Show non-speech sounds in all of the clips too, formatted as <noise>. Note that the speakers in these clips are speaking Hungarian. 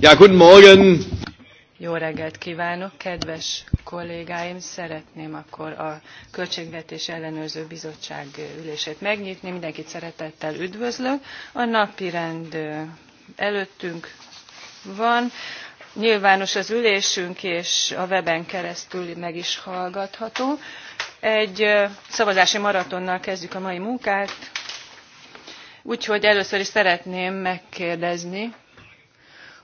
Ja, guten Morgen! Jó reggelt kívánok, kedves kollégáim! Szeretném akkor a Költségvetés Ellenőrző Bizottság ülését megnyitni. Mindenkit szeretettel üdvözlök. A napi rend előttünk van. Nyilvános az ülésünk, és a weben keresztül meg is hallgatható. Egy szavazási maratonnal kezdjük a mai munkát, úgyhogy először is szeretném megkérdezni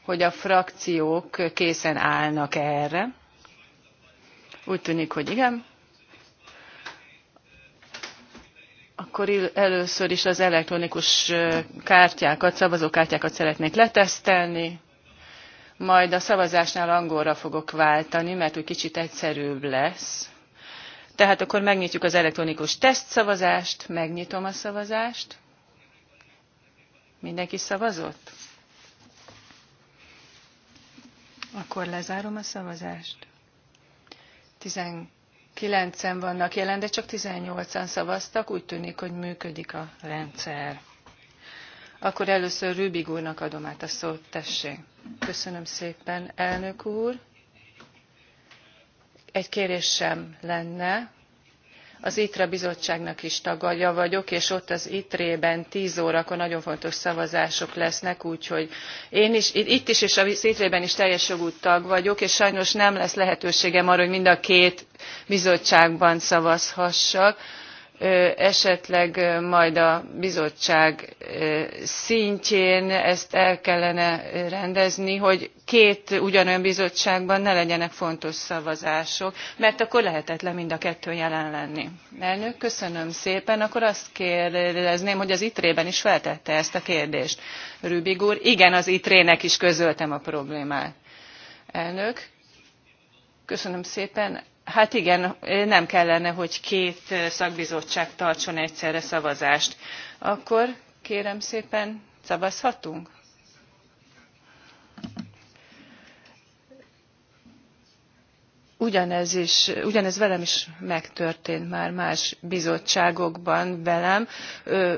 hogy a frakciók készen állnak erre. Úgy tűnik, hogy igen. Akkor először is az elektronikus kártyákat, szavazókártyákat szeretnék letesztelni, majd a szavazásnál angolra fogok váltani, mert úgy kicsit egyszerűbb lesz. Tehát akkor megnyitjuk az elektronikus tesztszavazást, megnyitom a szavazást. Mindenki szavazott? Akkor lezárom a szavazást. 19-en vannak jelen, de csak 18-an szavaztak, úgy tűnik, hogy működik a rendszer. Akkor először Rübig úrnak adom át a szót, tessék. Köszönöm szépen, elnök úr. Egy kérésem lenne, az itre bizottságnak is tagja vagyok és ott az itre ben ten órakor nagyon fontos szavazások lesznek úgyhogy én is itt is és az itre ben is teljes jogú tag vagyok és sajnos nem lesz lehetőségem arra hogy mind a két bizottságban szavazhassak esetleg majd a bizottság szintjén ezt el kellene rendezni, hogy két ugyanolyan bizottságban ne legyenek fontos szavazások, mert akkor lehetetlen mind a kettő jelen lenni. Elnök, köszönöm szépen. Akkor azt kérdezném, hogy az ITRE-ben is feltette ezt a kérdést. Rübig úr, igen, az ITRE-nek is közöltem a problémát. Elnök, köszönöm szépen Hát igen, nem kellene, hogy két szakbizottság tartson egyszerre szavazást. Akkor kérem szépen, szavazhatunk? Ugyanez, is, ugyanez velem is megtörtént már más bizottságokban velem,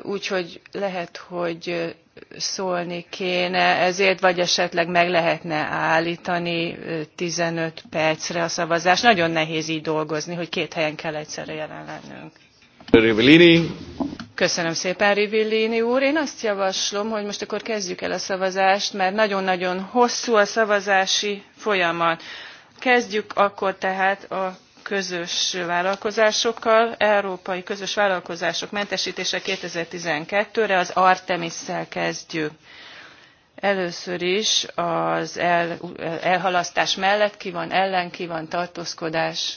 úgyhogy lehet, hogy szólni kéne, ezért vagy esetleg meg lehetne állítani 15 percre a szavazás. Nagyon nehéz így dolgozni, hogy két helyen kell egyszerre jelen lennünk. Rivellini. Köszönöm szépen, Rivellini úr. Én azt javaslom, hogy most akkor kezdjük el a szavazást, mert nagyon-nagyon hosszú a szavazási folyamat. Kezdjük akkor tehát a közös vállalkozásokkal, európai közös vállalkozások mentesítése 2012-re az Artemisszel kezdjük. Először is az el, elhalasztás mellett ki van ellen, ki van tartózkodás,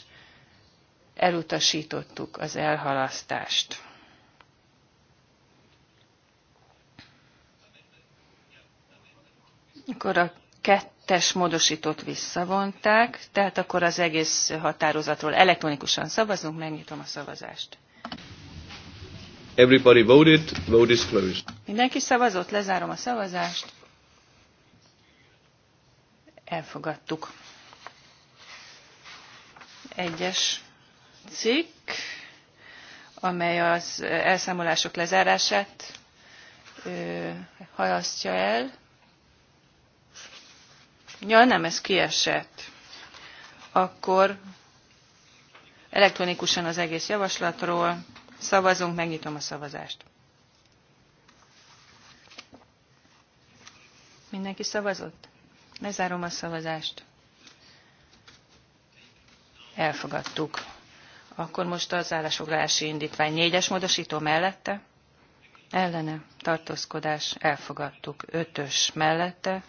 elutasítottuk az elhalasztást. Akkor a kettő kettes módosítót visszavonták, tehát akkor az egész határozatról elektronikusan szavazunk, megnyitom a szavazást. Everybody voted, vote is closed. Mindenki szavazott, lezárom a szavazást. Elfogadtuk. Egyes cikk, amely az elszámolások lezárását ö, hajasztja el Ja, nem, ez kiesett. Akkor elektronikusan az egész javaslatról szavazunk, megnyitom a szavazást. Mindenki szavazott? Lezárom a szavazást. Elfogadtuk. Akkor most az állásfoglalási indítvány négyes módosító mellette. Ellene tartózkodás elfogadtuk. Ötös mellette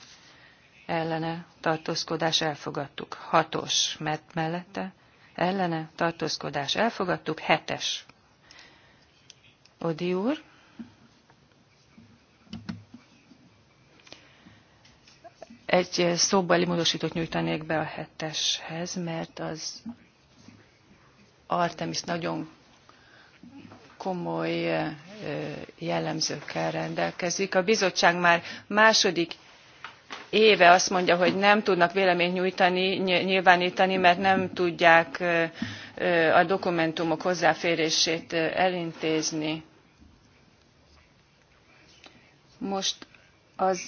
ellene tartózkodás elfogadtuk. Hatos mert mellette ellene tartózkodás elfogadtuk. Hetes. Odi úr. Egy szóbeli módosítót nyújtanék be a heteshez, mert az Artemis nagyon komoly jellemzőkkel rendelkezik. A bizottság már második éve azt mondja hogy nem tudnak véleményt nyújtani nyilvántani mert nem tudják a dokumentumok hozzáférését elintézni. most az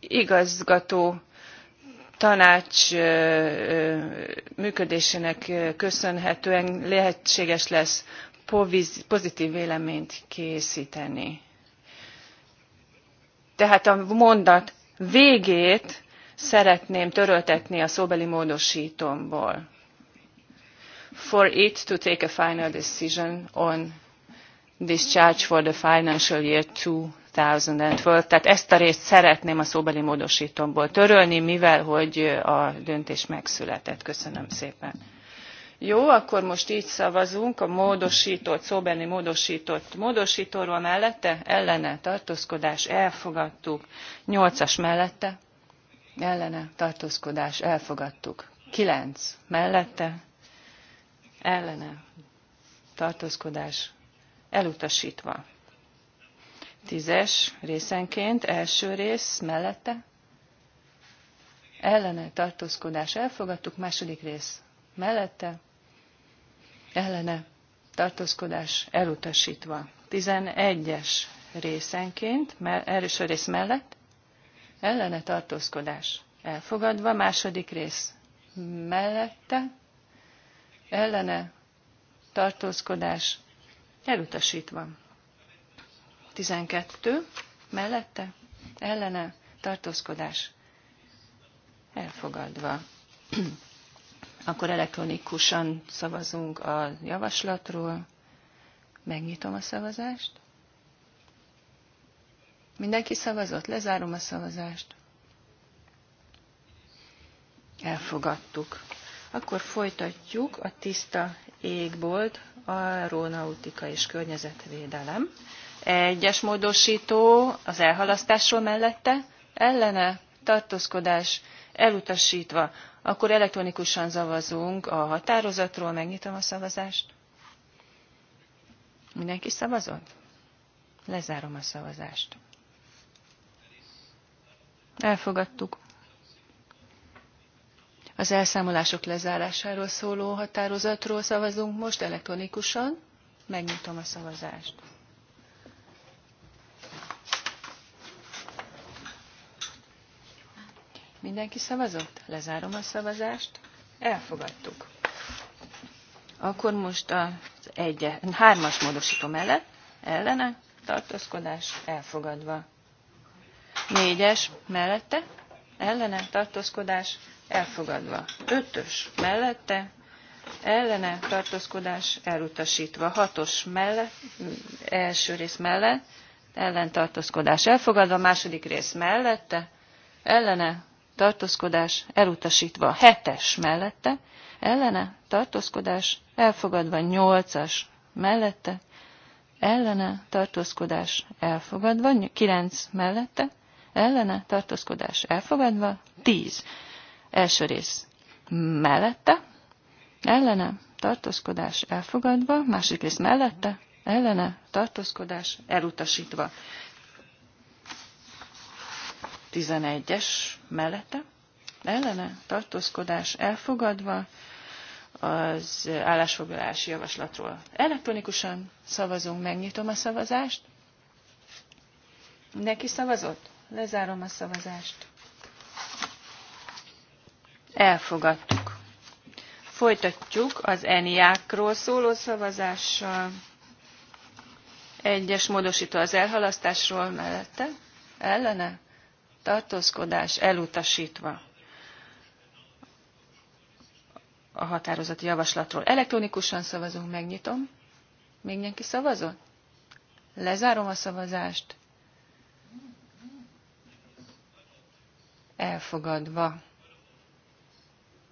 igazgató tanács működésének köszönhetően lehetséges lesz pozitv véleményt készteni. Tehát a mondat végét szeretném töröltetni a szóbeli módosítomból. For it to take a final decision on discharge for the financial year 2012. Tehát ezt a részt szeretném a szóbeli módosítomból törölni, mivel hogy a döntés megszületett. Köszönöm szépen. Jó, akkor most így szavazunk a módostott szóbeli módostott módostóról mellette, ellene tartózkodás, elfogadtuk. Nyolcas mellette, ellene tartózkodás, elfogadtuk. Kilenc mellette, ellene tartózkodás, elutasítva. Tízes részenként, első rész mellette, ellene tartózkodás, elfogadtuk, második rész mellette, ellene tartózkodás elutasítva. 11-es részenként, első rész mellett, ellene tartózkodás elfogadva, második rész mellette, ellene tartózkodás elutasítva. 12 mellette, ellene tartózkodás elfogadva. Akkor elektronikusan szavazunk a javaslatról. Megnyitom a szavazást. Mindenki szavazott? Lezárom a szavazást. Elfogadtuk. Akkor folytatjuk a tiszta égbolt, aeronautika és környezetvédelem. Egyes módosító az elhalasztásról mellette, ellene tartózkodás elutasítva. Akkor elektronikusan szavazunk a határozatról. Megnyitom a szavazást. Mindenki szavazott? Lezárom a szavazást. Elfogadtuk. Az elszámolások lezárásáról szóló határozatról szavazunk most elektronikusan. Megnyitom a szavazást. Mindenki szavazott? Lezárom a szavazást. Elfogadtuk. Akkor most az egy, hármas módosító mellett ellene tartózkodás elfogadva. Négyes mellette ellene tartózkodás elfogadva. Ötös mellette ellene tartózkodás elutasítva. Hatos mellett, első rész mellett tartózkodás, elfogadva, második rész mellette, ellene tartózkodás elutasítva. Hetes mellette, ellene, tartózkodás elfogadva. Nyolcas mellette, ellene, tartózkodás elfogadva. Kilenc mellette, ellene, tartózkodás elfogadva. Tíz. Első rész mellette, ellene, tartózkodás elfogadva, másik rész mellette, ellene, tartózkodás elutasítva. 11-es mellette, ellene tartózkodás elfogadva, az állásfoglalási javaslatról elektronikusan szavazunk, megnyitom a szavazást. Mindenki szavazott? Lezárom a szavazást. Elfogadtuk. Folytatjuk az ENIÁK-ról szóló szavazással. Egyes módosító az elhalasztásról mellette. Ellene? tartózkodás elutasítva a határozati javaslatról. Elektronikusan szavazunk, megnyitom. Még mindenki szavazott? Lezárom a szavazást. Elfogadva.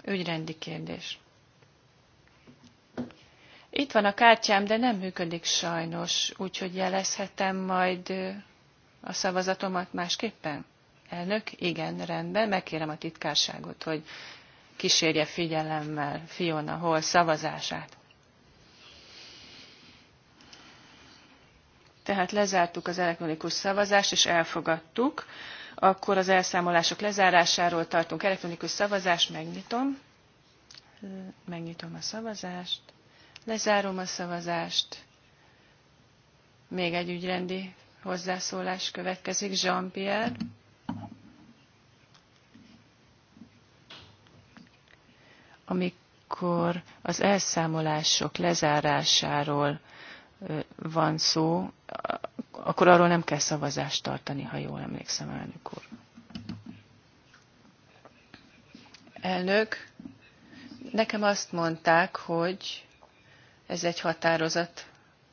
Ügyrendi kérdés. Itt van a kártyám, de nem működik sajnos, úgyhogy jelezhetem majd a szavazatomat másképpen? Elnök, igen, rendben. Megkérem a titkárságot, hogy kísérje figyelemmel Fiona Hall szavazását. Tehát lezártuk az elektronikus szavazást, és elfogadtuk. Akkor az elszámolások lezárásáról tartunk elektronikus szavazást, megnyitom. Megnyitom a szavazást. Lezárom a szavazást. Még egy ügyrendi hozzászólás következik, Jean-Pierre. amikor az elszámolások lezárásáról van szó, akkor arról nem kell szavazást tartani, ha jól emlékszem, elnök úr. Elnök, nekem azt mondták, hogy ez egy határozat,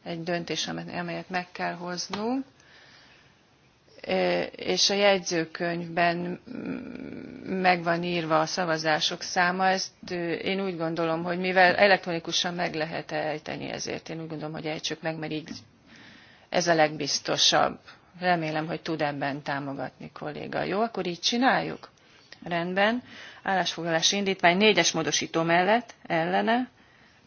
egy döntés, amelyet meg kell hoznunk és a jegyzőkönyvben meg van írva a szavazások száma, ezt én úgy gondolom, hogy mivel elektronikusan meg lehet ejteni, ezért én úgy gondolom, hogy ejtsük meg, mert így ez a legbiztosabb. Remélem, hogy tud ebben támogatni kolléga. Jó, akkor így csináljuk? Rendben. Állásfoglalási indítvány négyes módosító mellett, ellene,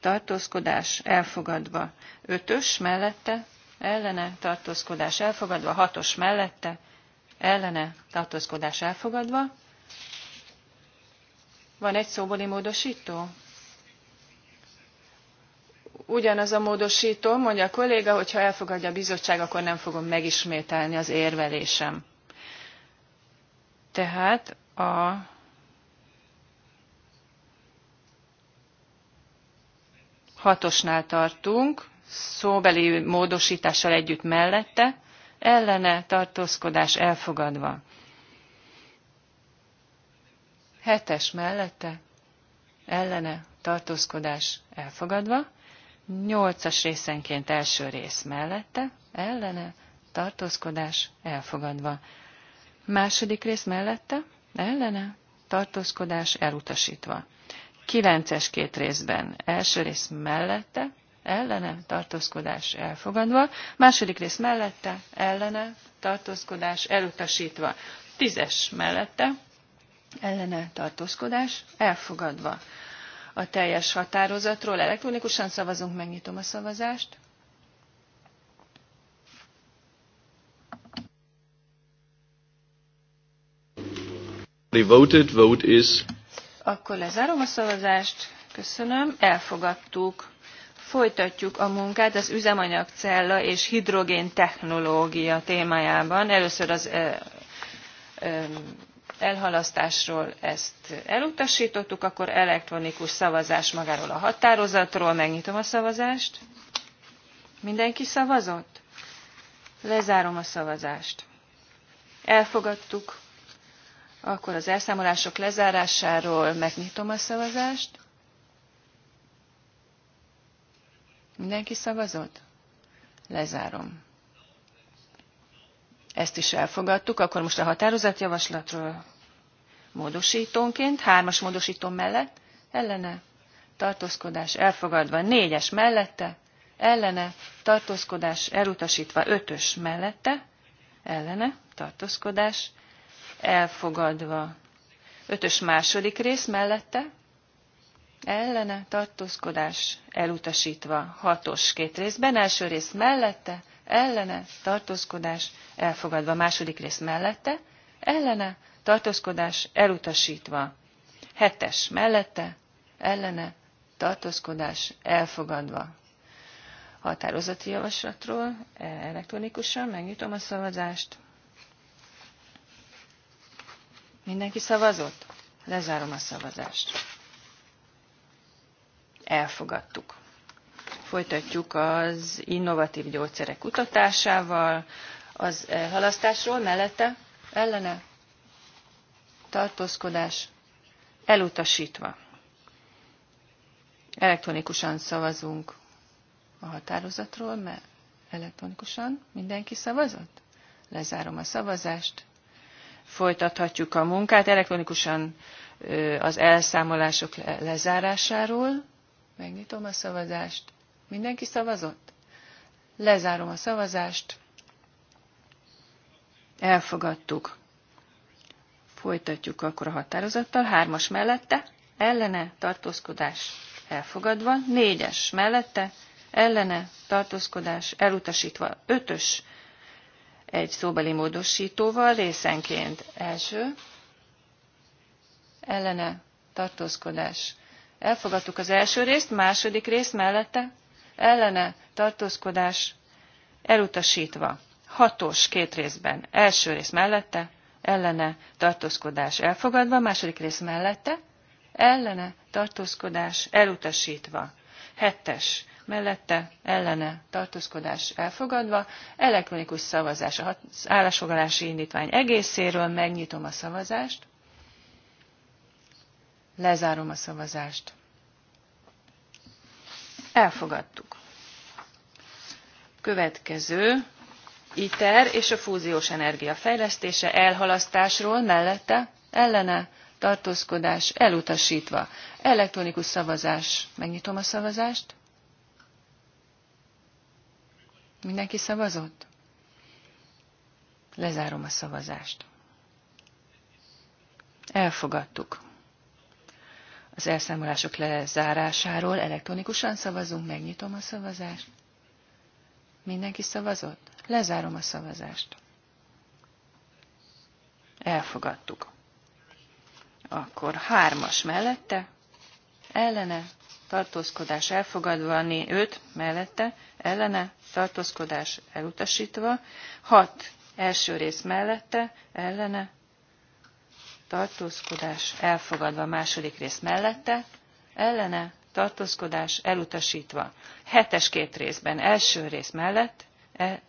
tartózkodás elfogadva. Ötös mellette, ellene tartózkodás elfogadva, hatos mellette ellene tartózkodás elfogadva. Van egy szóbeli módosító? Ugyanaz a módosító, mondja a kolléga, hogyha elfogadja a bizottság, akkor nem fogom megismételni az érvelésem. Tehát a hatosnál tartunk, szóbeli módosítással együtt mellette, ellene tartózkodás elfogadva. Hetes mellette, ellene tartózkodás elfogadva. Nyolcas részenként első rész mellette, ellene tartózkodás elfogadva. Második rész mellette, ellene tartózkodás elutasítva. Kilences két részben első rész mellette, ellene, tartózkodás elfogadva, második rész mellette, ellene, tartózkodás elutasítva, tízes mellette, ellene, tartózkodás elfogadva. A teljes határozatról elektronikusan szavazunk, megnyitom a szavazást. The Voted, vote is. Akkor lezárom a szavazást. Köszönöm. Elfogadtuk folytatjuk a munkát az üzemanyagcella és hidrogén technológia témájában. Először az elhalasztásról ezt elutasítottuk, akkor elektronikus szavazás magáról a határozatról. Megnyitom a szavazást. Mindenki szavazott? Lezárom a szavazást. Elfogadtuk. Akkor az elszámolások lezárásáról megnyitom a szavazást. Mindenki szavazott? Lezárom. Ezt is elfogadtuk. Akkor most a határozatjavaslatról módosítónként, hármas módosító mellett, ellene, tartózkodás elfogadva, négyes mellette, ellene, tartózkodás elutasítva, ötös mellette, ellene, tartózkodás elfogadva, ötös második rész mellette, ellene tartózkodás elutasítva hatos két részben, első rész mellette, ellene tartózkodás elfogadva, második rész mellette, ellene tartózkodás elutasítva, hetes mellette, ellene tartózkodás elfogadva. Határozati javaslatról e, elektronikusan megnyitom a szavazást. Mindenki szavazott? Lezárom a szavazást elfogadtuk. Folytatjuk az innovatív gyógyszerek kutatásával, az halasztásról mellette ellene tartózkodás elutasítva. Elektronikusan szavazunk a határozatról, mert elektronikusan mindenki szavazott? Lezárom a szavazást. Folytathatjuk a munkát elektronikusan az elszámolások lezárásáról. Megnyitom a szavazást. Mindenki szavazott? Lezárom a szavazást. Elfogadtuk. Folytatjuk akkor a határozattal. Hármas mellette, ellene, tartózkodás elfogadva. Négyes mellette, ellene, tartózkodás elutasítva. Ötös egy szóbeli módosítóval részenként. Első, ellene, tartózkodás Elfogadtuk az első részt, második rész mellette ellene tartózkodás elutasítva. Hatos két részben. Első rész mellette ellene tartózkodás elfogadva, második rész mellette ellene tartózkodás elutasítva. Hettes mellette ellene tartózkodás elfogadva, elektronikus szavazás az állásfoglalási indítvány egészéről, megnyitom a szavazást. Lezárom a szavazást. Elfogadtuk. Következő. ITER és a fúziós energia fejlesztése elhalasztásról mellette ellene tartózkodás elutasítva. Elektronikus szavazás. Megnyitom a szavazást. Mindenki szavazott? Lezárom a szavazást. Elfogadtuk az elszámolások lezárásáról. Elektronikusan szavazunk, megnyitom a szavazást. Mindenki szavazott? Lezárom a szavazást. Elfogadtuk. Akkor hármas mellette, ellene, tartózkodás elfogadva, né, öt mellette, ellene, tartózkodás elutasítva, hat első rész mellette, ellene, tartózkodás elfogadva, második rész mellette, ellene, tartózkodás elutasítva. Hetes két részben, első rész mellett, e,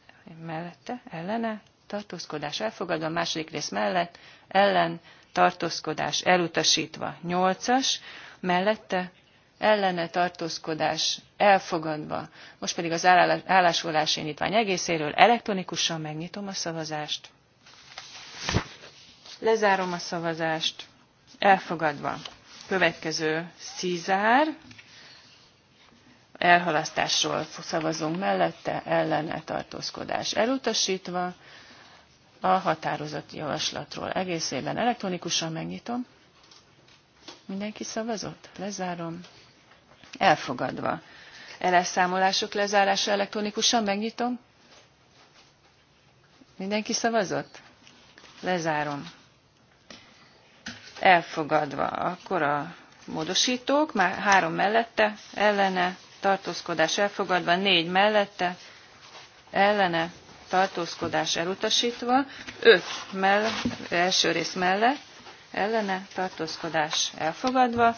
mellette, ellene, tartózkodás elfogadva, második rész mellett, ellen, tartózkodás elutasítva. Nyolcas, mellette, ellene tartózkodás elfogadva. Most pedig az állásolási indítvány egészéről elektronikusan megnyitom a szavazást. Lezárom a szavazást. Elfogadva. Következő Cízár. Elhalasztásról szavazunk mellette, ellene tartózkodás elutasítva. A határozati javaslatról egészében elektronikusan megnyitom. Mindenki szavazott? Lezárom. Elfogadva. Elszámolások lezárása elektronikusan megnyitom. Mindenki szavazott? Lezárom elfogadva. Akkor a módosítók, már három mellette, ellene, tartózkodás elfogadva, négy mellette, ellene, tartózkodás elutasítva, öt mell első rész mellett, ellene, tartózkodás elfogadva,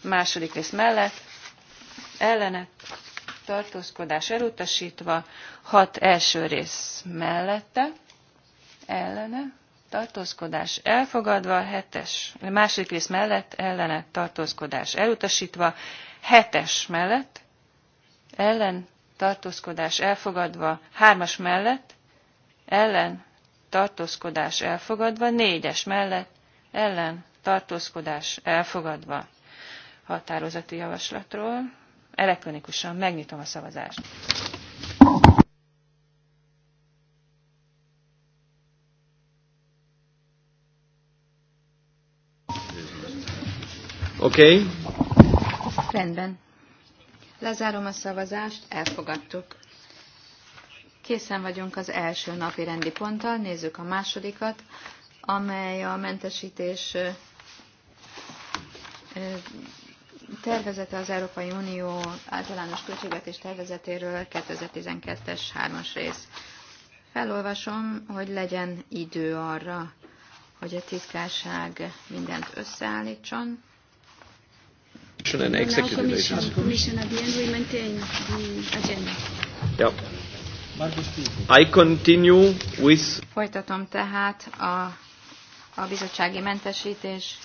második rész mellett, ellene, tartózkodás elutasítva, hat első rész mellette, ellene, tartózkodás elfogadva, hetes, második rész mellett ellene tartózkodás elutasítva, hetes mellett ellen tartózkodás elfogadva, hármas mellett ellen tartózkodás elfogadva, négyes mellett ellen tartózkodás elfogadva. Határozati javaslatról elektronikusan megnyitom a szavazást. Oké? Okay. Rendben. Lezárom a szavazást, elfogadtuk. Készen vagyunk az első napi rendi ponttal, nézzük a másodikat, amely a mentesítés tervezete az Európai Unió általános költségvetés tervezetéről 2012-es hármas rész. Felolvasom, hogy legyen idő arra, hogy a titkárság mindent összeállítson commission and executive and commission, agency. commission at the end we maintain the agenda. Yep. I continue with... Folytatom tehát a, a bizottsági mentesítés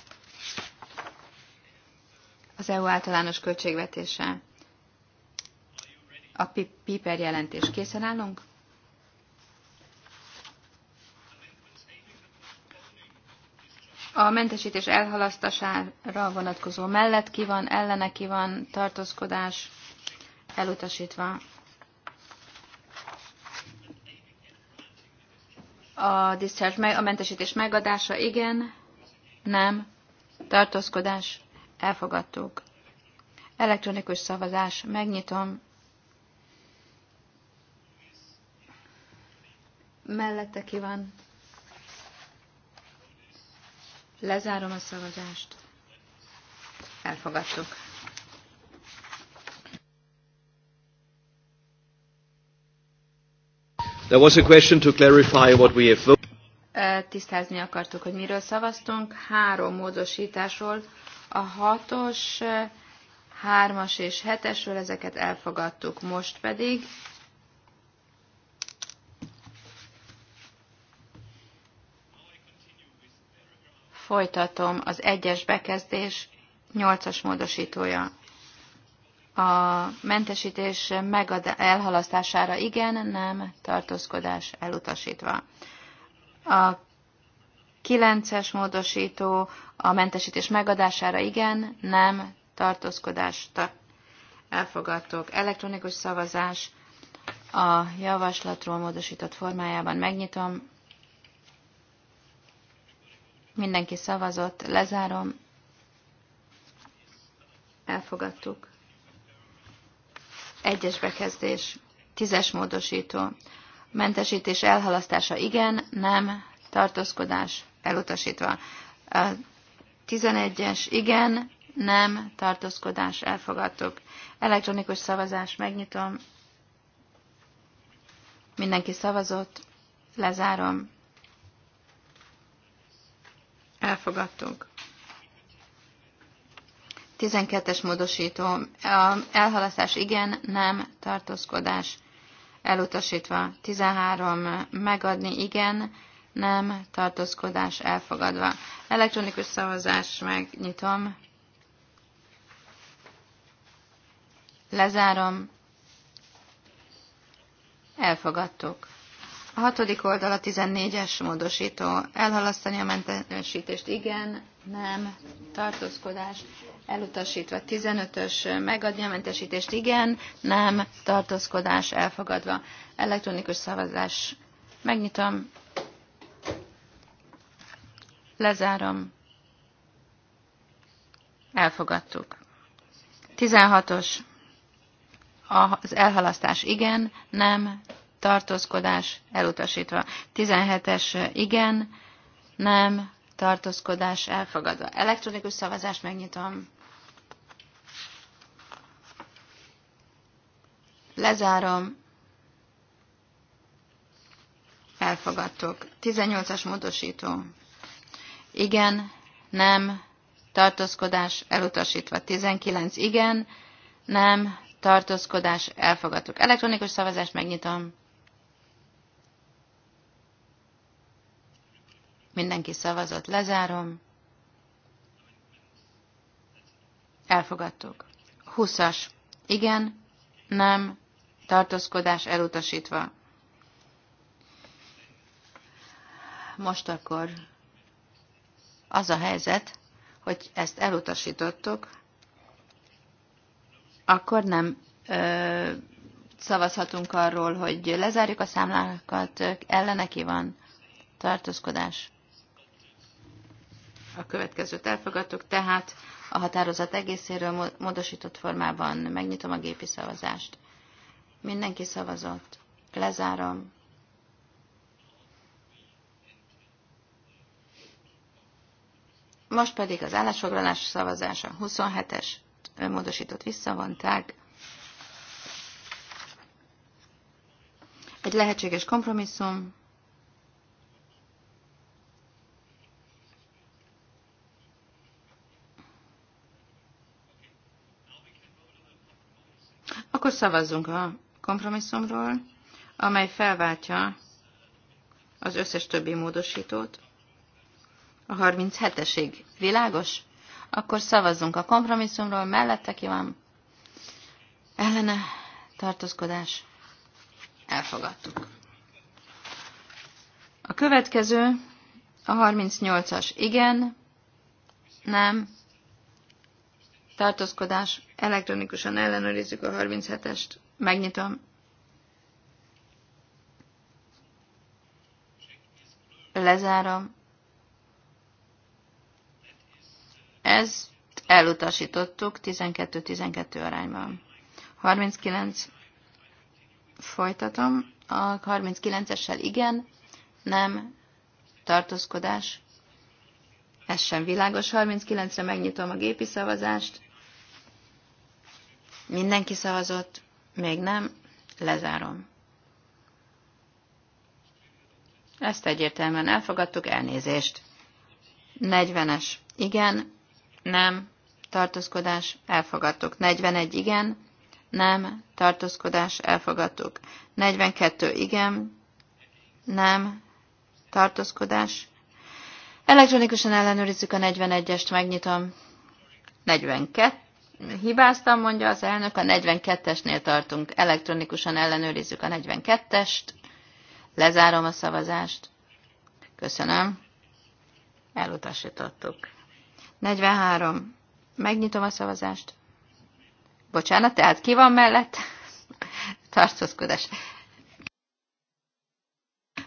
az EU általános költségvetése. A PIPER jelentés készen állunk? A mentesítés elhalasztására vonatkozó mellett ki van, ellene ki van, tartózkodás elutasítva. A discharge meg, a mentesítés megadása igen, nem, tartózkodás elfogadtuk. Elektronikus szavazás, megnyitom. Mellette ki van. Lezárom a szavazást. Elfogadtuk. There was a question to clarify what we have voted. Tisztázni akartuk, hogy miről szavaztunk. Három módosításról, a hatos, hármas és hetesről ezeket elfogadtuk. Most pedig Folytatom az egyes bekezdés nyolcas módosítója. A mentesítés megad elhalasztására igen, nem, tartózkodás elutasítva. A kilences módosító a mentesítés megadására igen, nem, tartózkodás elfogadtok. Elektronikus szavazás a javaslatról módosított formájában megnyitom. Mindenki szavazott, lezárom. Elfogadtuk. Egyes bekezdés. Tízes módosító. Mentesítés elhalasztása igen, nem, tartózkodás elutasítva. A 11 igen, nem, tartózkodás elfogadtuk. Elektronikus szavazás, megnyitom. Mindenki szavazott, lezárom elfogadtunk. 12-es módosító. Elhalasztás igen, nem, tartózkodás elutasítva. 13. Megadni igen, nem, tartózkodás elfogadva. Elektronikus szavazás megnyitom. Lezárom. Elfogadtuk. A hatodik oldal a 14-es módosító. Elhalasztani a mentesítést igen, nem, tartózkodás, elutasítva 15-ös, megadni a mentesítést igen, nem, tartózkodás, elfogadva. Elektronikus szavazás. Megnyitom. Lezárom. Elfogadtuk. 16-os. Az elhalasztás igen, nem, tartózkodás elutasítva. 17-es igen, nem, tartózkodás elfogadva. Elektronikus szavazást megnyitom. Lezárom. Elfogadtok. 18-as módosító. Igen, nem, tartózkodás elutasítva. 19. Igen, nem, tartózkodás elfogadtuk. Elektronikus szavazást megnyitom. Mindenki szavazott, lezárom. Elfogadtuk. 20-as. Igen, nem, tartózkodás elutasítva. Most akkor az a helyzet, hogy ezt elutasítottuk, akkor nem ö, szavazhatunk arról, hogy lezárjuk a számlákat, ellene ki van tartózkodás a következőt elfogadtuk, tehát a határozat egészéről módosított formában megnyitom a gépi szavazást. Mindenki szavazott. Lezárom. Most pedig az állásfoglalás szavazása 27-es módosított visszavonták. Egy lehetséges kompromisszum. Akkor szavazzunk a kompromisszumról, amely felváltja az összes többi módosítót a 37-esig. Világos? Akkor szavazzunk a kompromisszumról, mellette ki van ellene tartózkodás. Elfogadtuk. A következő a 38-as igen, nem, tartózkodás, elektronikusan ellenőrizzük a 37-est, megnyitom. Lezárom. Ezt elutasítottuk 12-12 arányban. 39. Folytatom. A 39-essel igen, nem, tartózkodás. Ez sem világos. 39-re megnyitom a gépi szavazást. Mindenki szavazott? Még nem? Lezárom. Ezt egyértelműen elfogadtuk, elnézést. 40-es. Igen, nem, tartózkodás, elfogadtuk. 41. Igen, nem, tartózkodás, elfogadtuk. 42. Igen, nem, tartózkodás. Elektronikusan ellenőrizzük a 41-est, megnyitom. 42. Hibáztam, mondja az elnök, a 42-esnél tartunk. Elektronikusan ellenőrizzük a 42-est. Lezárom a szavazást. Köszönöm. Elutasítottuk. 43. Megnyitom a szavazást. Bocsánat, tehát ki van mellett? <laughs> Tartózkodás.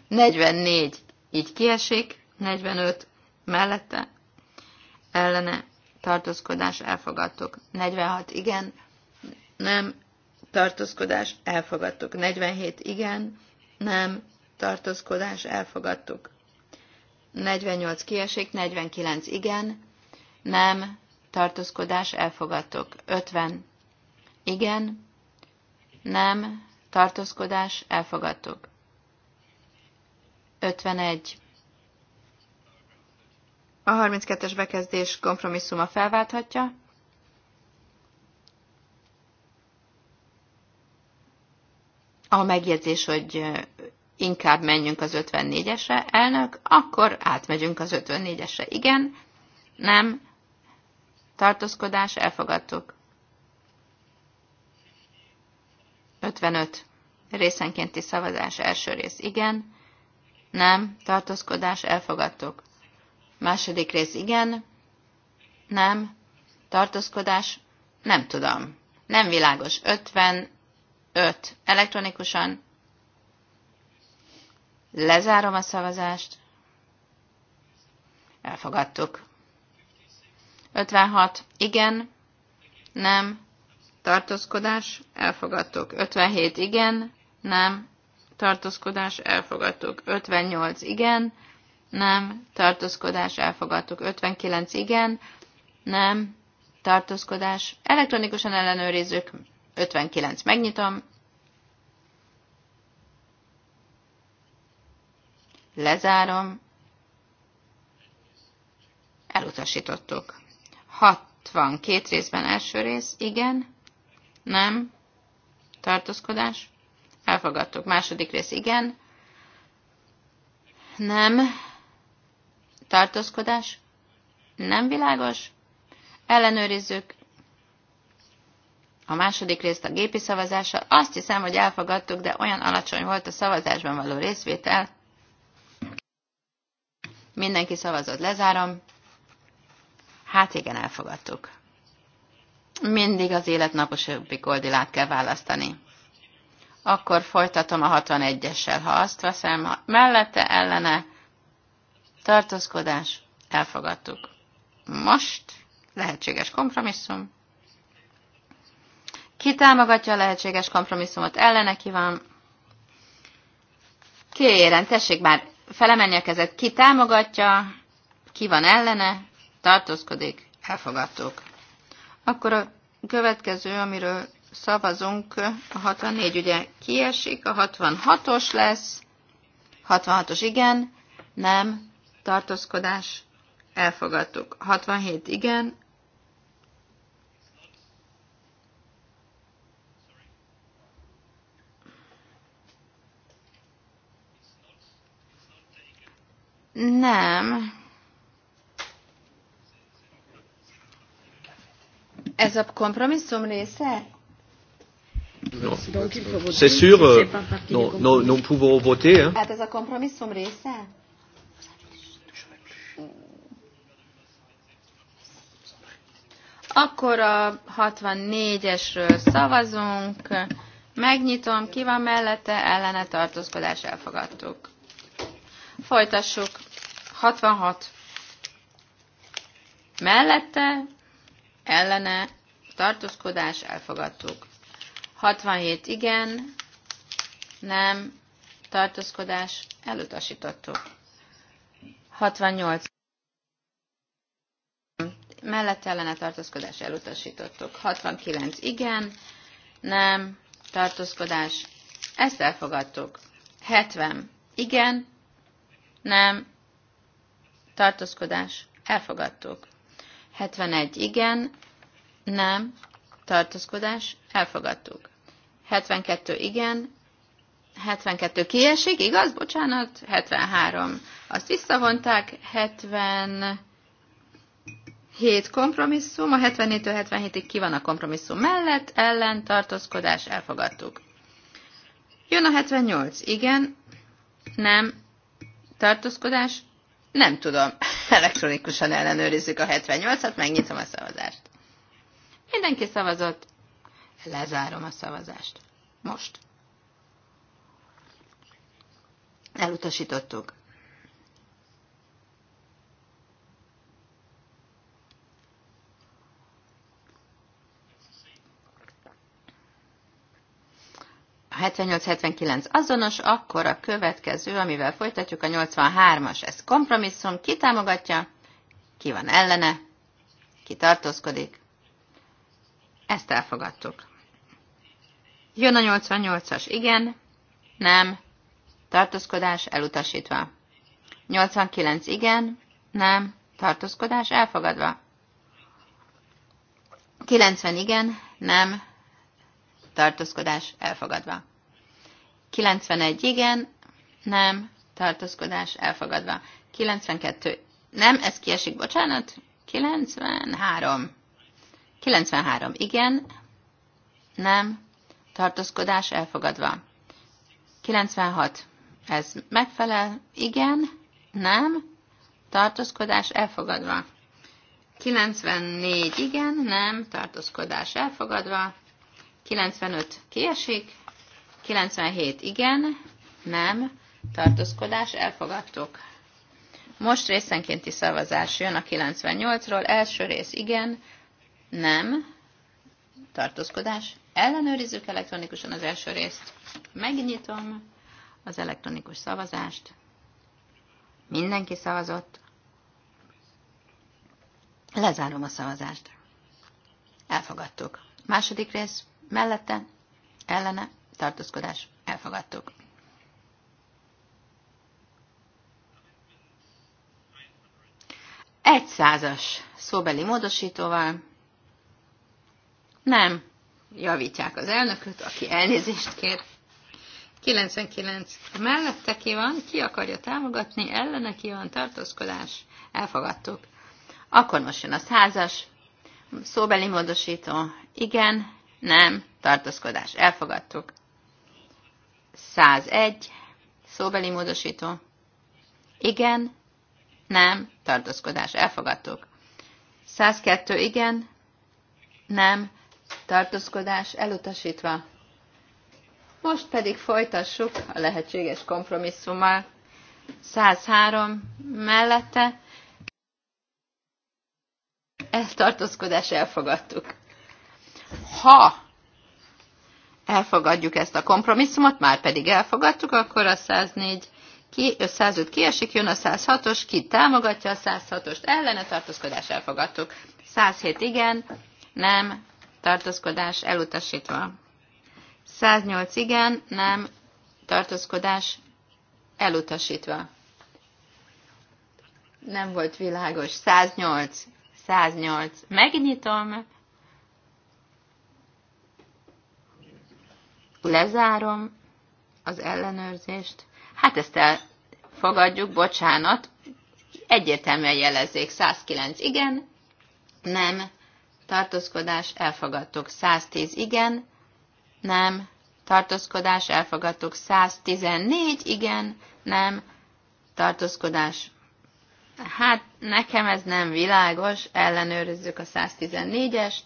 44. Így kiesik. 45. Mellette. Ellene tartózkodás elfogadtuk. 46 igen, nem, tartózkodás elfogadtuk. 47 igen, nem, tartózkodás elfogadtuk. 48 kiesik, 49 igen, nem, tartózkodás elfogadtuk. 50 igen, nem, tartózkodás elfogadtuk. 51 a 32-es bekezdés kompromisszuma felválthatja. A megjegyzés, hogy inkább menjünk az 54-esre, elnök, akkor átmegyünk az 54-esre. Igen, nem, tartózkodás, elfogadtuk. 55. Részenkénti szavazás első rész. Igen, nem, tartózkodás, elfogadtuk. Második rész igen, nem, tartózkodás, nem tudom. Nem világos. 55 elektronikusan. Lezárom a szavazást. Elfogadtuk. 56. Igen. Nem. Tartózkodás. Elfogadtuk. 57. Igen. Nem. Tartózkodás. Elfogadtuk. 58. Igen nem, tartózkodás, elfogadtuk. 59 igen, nem, tartózkodás, elektronikusan ellenőrizzük, 59 megnyitom, lezárom, elutasítottuk. 62 két részben első rész, igen, nem, tartózkodás, elfogadtuk. Második rész, igen, nem, Tartózkodás? Nem világos? Ellenőrizzük. A második részt a gépi szavazással. Azt hiszem, hogy elfogadtuk, de olyan alacsony volt a szavazásban való részvétel. Mindenki szavazott, lezárom. Hát igen, elfogadtuk. Mindig az élet naposabbik koldilát kell választani. Akkor folytatom a 61-essel, ha azt veszem mellette, ellene tartózkodás, elfogadtuk. Most lehetséges kompromisszum. Ki támogatja a lehetséges kompromisszumot, ellene ki van. Kérem, tessék már felemenni a kezet, ki támogatja, ki van ellene, tartózkodik, elfogadtuk. Akkor a következő, amiről szavazunk, a 64 ugye kiesik, a 66-os lesz, 66-os igen, nem, tartózkodás, elfogadtuk. 67 igen, Nem. Ez a kompromisszum része? C'est sûr, euh, non, non, non pouvons voter. Hein. Hát ez a kompromisszum része? Akkor a 64-esről szavazunk. Megnyitom, ki van mellette, ellene tartózkodás elfogadtuk. Folytassuk. 66. Mellette, ellene tartózkodás elfogadtuk. 67 igen, nem, tartózkodás elutasítottuk. 68 mellett ellene tartózkodás elutasítottuk. 69 igen, nem, tartózkodás, ezt elfogadtuk. 70 igen, nem, tartózkodás, elfogadtuk. 71 igen, nem, tartózkodás, elfogadtuk. 72 igen, 72 kiesik, igaz? Bocsánat, 73. Azt visszavonták, 70, 7 kompromisszum, a 74-től 77-ig ki van a kompromisszum mellett, ellen, tartózkodás, elfogadtuk. Jön a 78, igen, nem, tartózkodás, nem tudom, <laughs> elektronikusan ellenőrizzük a 78-at, megnyitom a szavazást. Mindenki szavazott, lezárom a szavazást. Most. Elutasítottuk. 78-79 azonos, akkor a következő, amivel folytatjuk, a 83-as. Ez kompromisszum, ki támogatja, ki van ellene, ki tartózkodik. Ezt elfogadtuk. Jön a 88-as, igen, nem, tartózkodás elutasítva. 89 igen, nem, tartózkodás elfogadva. 90 igen, nem, tartózkodás elfogadva. 91 igen, nem, tartózkodás elfogadva. 92 nem, ez kiesik, bocsánat. 93. 93 igen, nem, tartózkodás elfogadva. 96 ez megfelel, igen, nem, tartózkodás elfogadva. 94 igen, nem, tartózkodás elfogadva. 95 kiesik, 97 igen, nem, tartózkodás, elfogadtuk. Most részenkénti szavazás jön a 98-ról, első rész igen, nem, tartózkodás, ellenőrizzük elektronikusan az első részt, megnyitom az elektronikus szavazást, mindenki szavazott, lezárom a szavazást. Elfogadtuk. Második rész mellette, ellene, tartózkodás, elfogadtuk. Egy százas szóbeli módosítóval. Nem, javítják az elnököt, aki elnézést kér. 99 mellette ki van, ki akarja támogatni, ellene ki van, tartózkodás, elfogadtuk. Akkor most jön a százas, szóbeli módosító, igen, nem, tartózkodás, elfogadtuk. 101, szóbeli módosító, igen, nem, tartózkodás, elfogadtuk. 102, igen, nem, tartózkodás, elutasítva. Most pedig folytassuk a lehetséges kompromisszummal. 103 mellette ezt tartózkodás elfogadtuk ha elfogadjuk ezt a kompromisszumot, már pedig elfogadtuk, akkor a 104 ki, 105 kiesik, jön a 106-os, ki támogatja a 106-ost, ellene tartózkodás elfogadtuk. 107 igen, nem, tartózkodás elutasítva. 108 igen, nem, tartózkodás elutasítva. Nem volt világos. 108, 108. Megnyitom, Lezárom az ellenőrzést. Hát ezt elfogadjuk, bocsánat. Egyértelműen jelezzék. 109 igen, nem, tartózkodás, elfogadtuk. 110 igen, nem, tartózkodás, elfogadtuk. 114 igen, nem, tartózkodás. Hát nekem ez nem világos, ellenőrizzük a 114-est.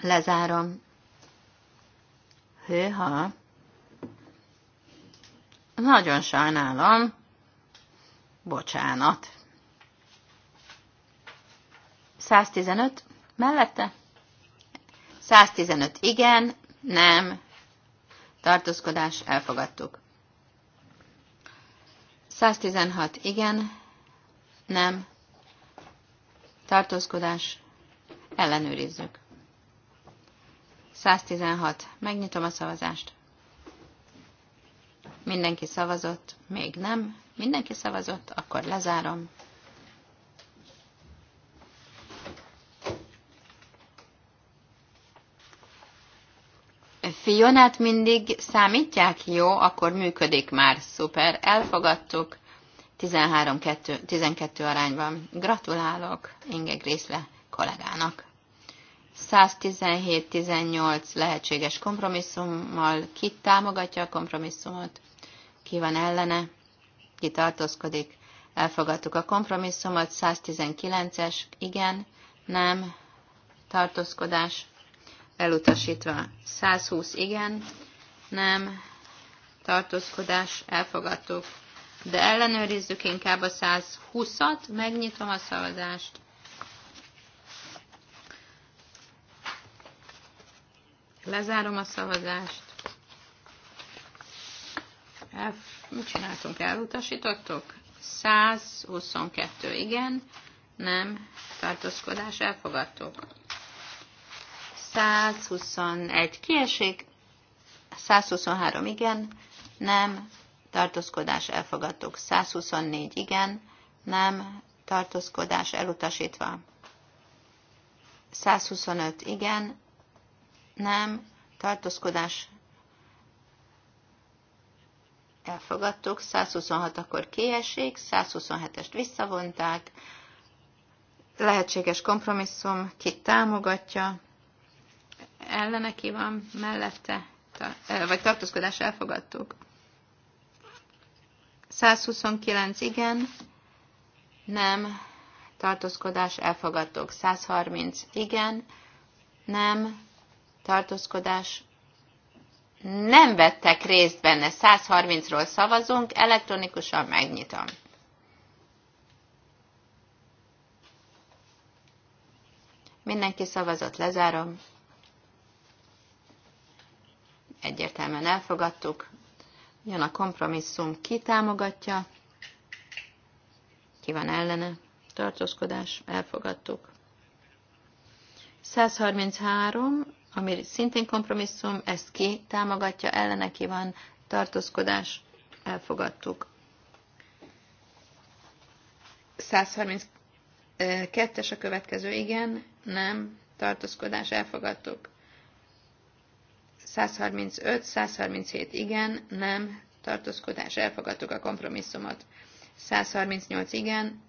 Lezárom. Hőha. Nagyon sajnálom. Bocsánat. 115 mellette? 115 igen, nem, tartózkodás, elfogadtuk. 116 igen, nem, tartózkodás, ellenőrizzük. 116. Megnyitom a szavazást. Mindenki szavazott? Még nem. Mindenki szavazott? Akkor lezárom. Fionát mindig számítják? Jó, akkor működik már. Szuper, elfogadtuk. 13-12 arányban. Gratulálok Inge Grészle kollégának. 117-18 lehetséges kompromisszummal ki támogatja a kompromisszumot, ki van ellene, ki tartózkodik. Elfogadtuk a kompromisszumot, 119-es, igen, nem, tartózkodás, elutasítva. 120, igen, nem, tartózkodás, elfogadtuk. De ellenőrizzük inkább a 120-at, megnyitom a szavazást. Lezárom a szavazást. F, mit csináltunk? Elutasítottuk? 122 igen, nem, tartózkodás elfogadtuk. 121 kiesik, 123 igen, nem, tartózkodás elfogadtuk. 124 igen, nem, tartózkodás elutasítva. 125 igen, nem, tartózkodás elfogadtuk, 126 akkor kiesik, 127-est visszavonták, lehetséges kompromisszum, ki támogatja, ellene ki van, mellette, eh, vagy tartózkodás elfogadtuk. 129 igen, nem, tartózkodás elfogadtuk. 130 igen, nem, tartózkodás nem vettek részt benne. 130-ról szavazunk, elektronikusan megnyitom. Mindenki szavazott, lezárom. Egyértelműen elfogadtuk. Jön a kompromisszum, ki támogatja, ki van ellene, tartózkodás, elfogadtuk. 133 ami szintén kompromisszum, ezt ki támogatja, ellene ki van, tartózkodás, elfogadtuk. 132-es a következő, igen, nem, tartózkodás, elfogadtuk. 135, 137, igen, nem, tartózkodás, elfogadtuk a kompromisszumot. 138, igen,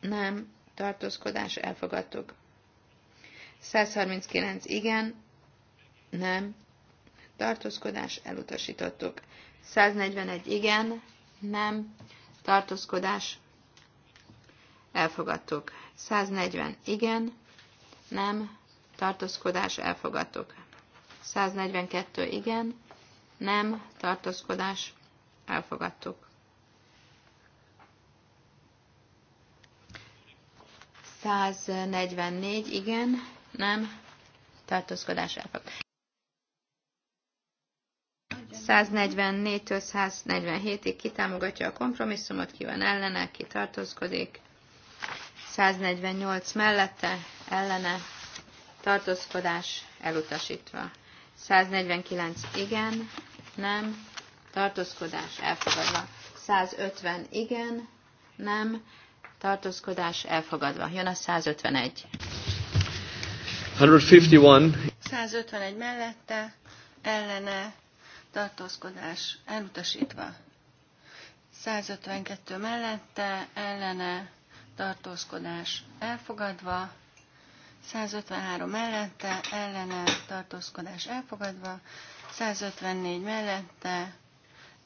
nem, tartózkodás, elfogadtuk. 139, igen, nem, tartózkodás, elutasítottuk. 141 igen, nem, tartózkodás, elfogadtuk. 140 igen, nem, tartózkodás, elfogadtuk. 142 igen, nem, tartózkodás, elfogadtuk. 144 igen, nem, tartózkodás elfog. 144-től 147-ig kitámogatja a kompromisszumot, ki van ellene, ki tartózkodik. 148 mellette, ellene, tartózkodás elutasítva. 149 igen, nem, tartózkodás elfogadva. 150 igen, nem, tartózkodás elfogadva. Jön a 151. 151. 151 mellette, ellene, tartózkodás elutasítva. 152 mellette, ellene, tartózkodás elfogadva. 153 mellette, ellene, tartózkodás elfogadva. 154 mellette,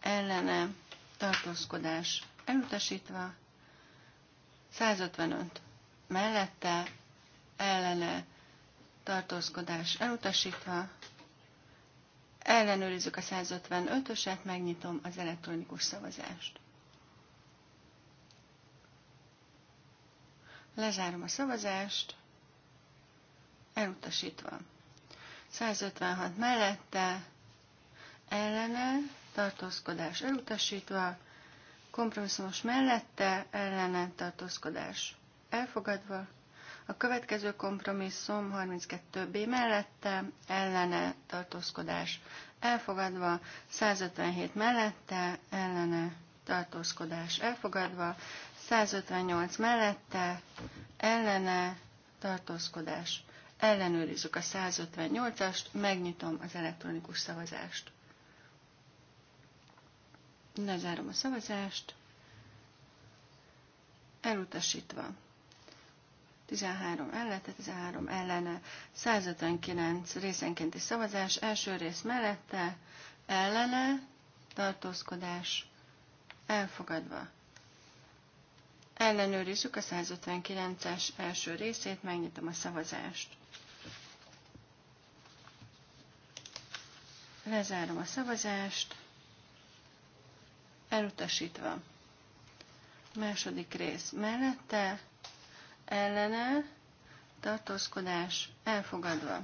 ellene, tartózkodás elutasítva. 155 mellette, ellene, tartózkodás elutasítva. Ellenőrizzük a 155-öset, megnyitom az elektronikus szavazást. Lezárom a szavazást, elutasítva. 156 mellette, ellene, tartózkodás elutasítva, kompromisszumos mellette, ellene, tartózkodás elfogadva, a következő kompromisszum 32B mellette ellene tartózkodás elfogadva, 157 mellette ellene tartózkodás elfogadva, 158 mellette ellene tartózkodás. Ellenőrizzük a 158-ast, megnyitom az elektronikus szavazást. Lezárom a szavazást. Elutasítva. 13 ellete, 13 ellene, 159 részenkénti szavazás, első rész mellette, ellene, tartózkodás, elfogadva. Ellenőrizzük a 159-es első részét, megnyitom a szavazást. Lezárom a szavazást, elutasítva. Második rész mellette, ellene tartózkodás elfogadva.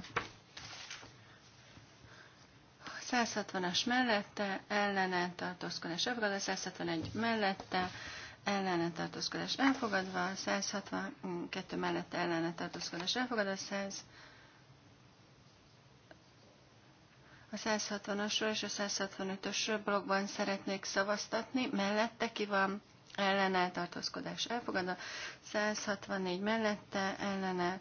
160-as mellette ellene tartózkodás elfogadva, 161 mellette ellene tartózkodás elfogadva, 162 mellette ellene tartózkodás elfogadva, 100 a 160-asról és a 165-ösről blogban szeretnék szavaztatni, mellette ki van ellene tartózkodás elfogadva, 164 mellette ellene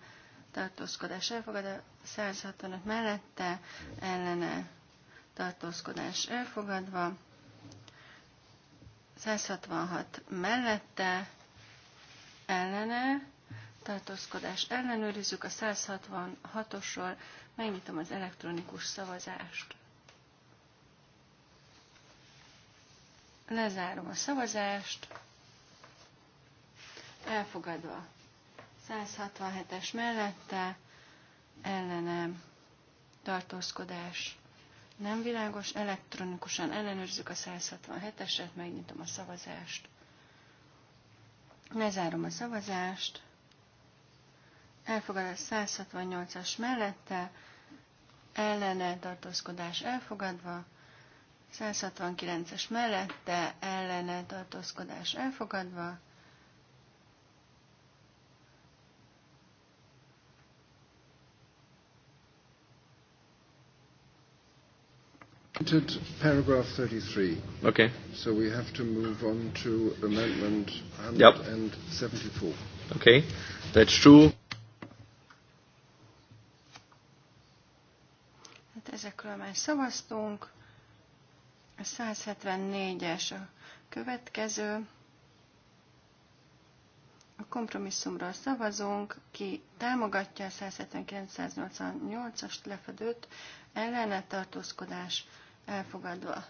tartózkodás elfogadva, 165 mellette ellene tartózkodás elfogadva, 166 mellette ellene tartózkodás ellenőrizzük a 166-osról, megnyitom az elektronikus szavazást. Lezárom a szavazást elfogadva. 167-es mellette ellenem tartózkodás nem világos, elektronikusan ellenőrzzük a 167-eset, megnyitom a szavazást. Lezárom a szavazást. a 168-as mellette, ellene tartózkodás elfogadva, 169-es mellette, ellene tartózkodás elfogadva, Paragraph 33. Okay. So we have to move on to amendment 174. Yep. Okay, that's true. Hát ezekről már szavaztunk. A 174-es a következő. A kompromisszumról szavazunk, ki támogatja a 179-188-as lefedőt, ellene tartózkodás elfogadva.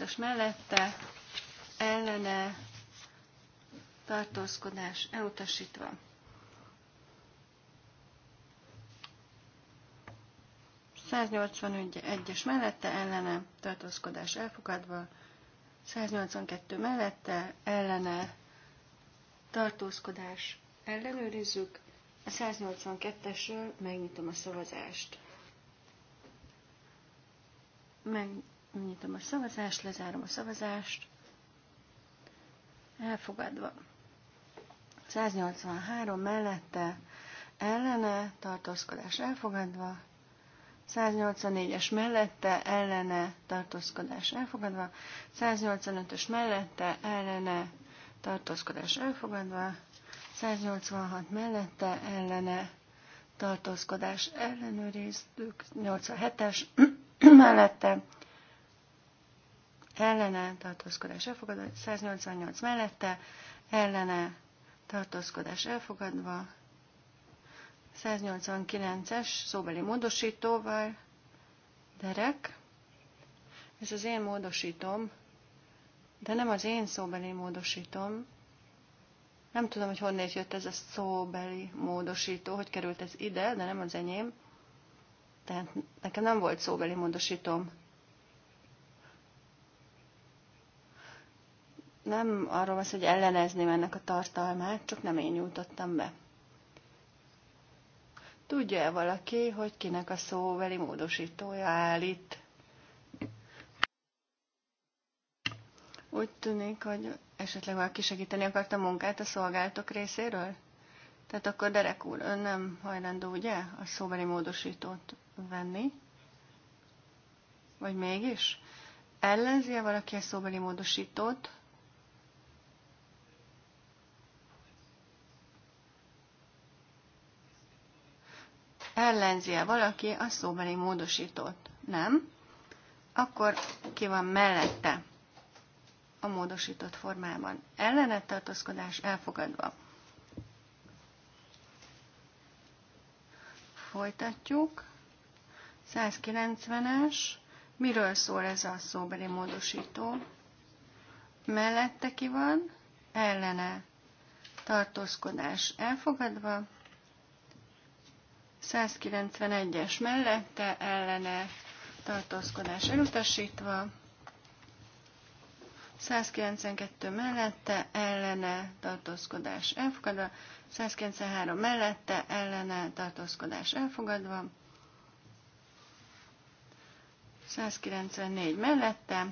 as mellette ellene tartózkodás elutasítva. 181-es mellette ellene tartózkodás elfogadva, 182 mellette ellene tartózkodás ellenőrizzük, a 182-esről megnyitom a szavazást. Megnyitom a szavazást, lezárom a szavazást. Elfogadva. 183 mellette ellene tartózkodás elfogadva, 184-es mellette ellene tartózkodás elfogadva, 185-ös mellette ellene tartózkodás elfogadva, 186 mellette ellene tartózkodás ellenőriztük, 87-es <clears throat> mellette ellene tartózkodás elfogadva, 188 mellette ellene tartózkodás elfogadva, 189-es szóbeli módosítóval, derek. Ez az én módosítom, de nem az én szóbeli módosítom. Nem tudom, hogy honnét jött ez a szóbeli módosító, hogy került ez ide, de nem az enyém. Tehát nekem nem volt szóbeli módosítom. Nem arról van hogy ellenezném ennek a tartalmát, csak nem én nyújtottam be. Tudja-e valaki, hogy kinek a szóveli módosítója áll itt? Úgy tűnik, hogy esetleg valaki segíteni akart a munkát a szolgáltok részéről? Tehát akkor Derek úr, ön nem hajlandó, ugye, a szóbeli módosítót venni? Vagy mégis? Ellenzi-e valaki a szóbeli módosítót? ellenzi-e valaki a szóbeli módosítót? Nem. Akkor ki van mellette a módosított formában? Ellenet tartózkodás elfogadva. Folytatjuk. 190-es. Miről szól ez a szóbeli módosító? Mellette ki van? Ellene tartózkodás elfogadva, 191-es mellette ellene tartózkodás elutasítva, 192 mellette ellene tartózkodás elfogadva, 193 mellette ellene tartózkodás elfogadva, 194 mellette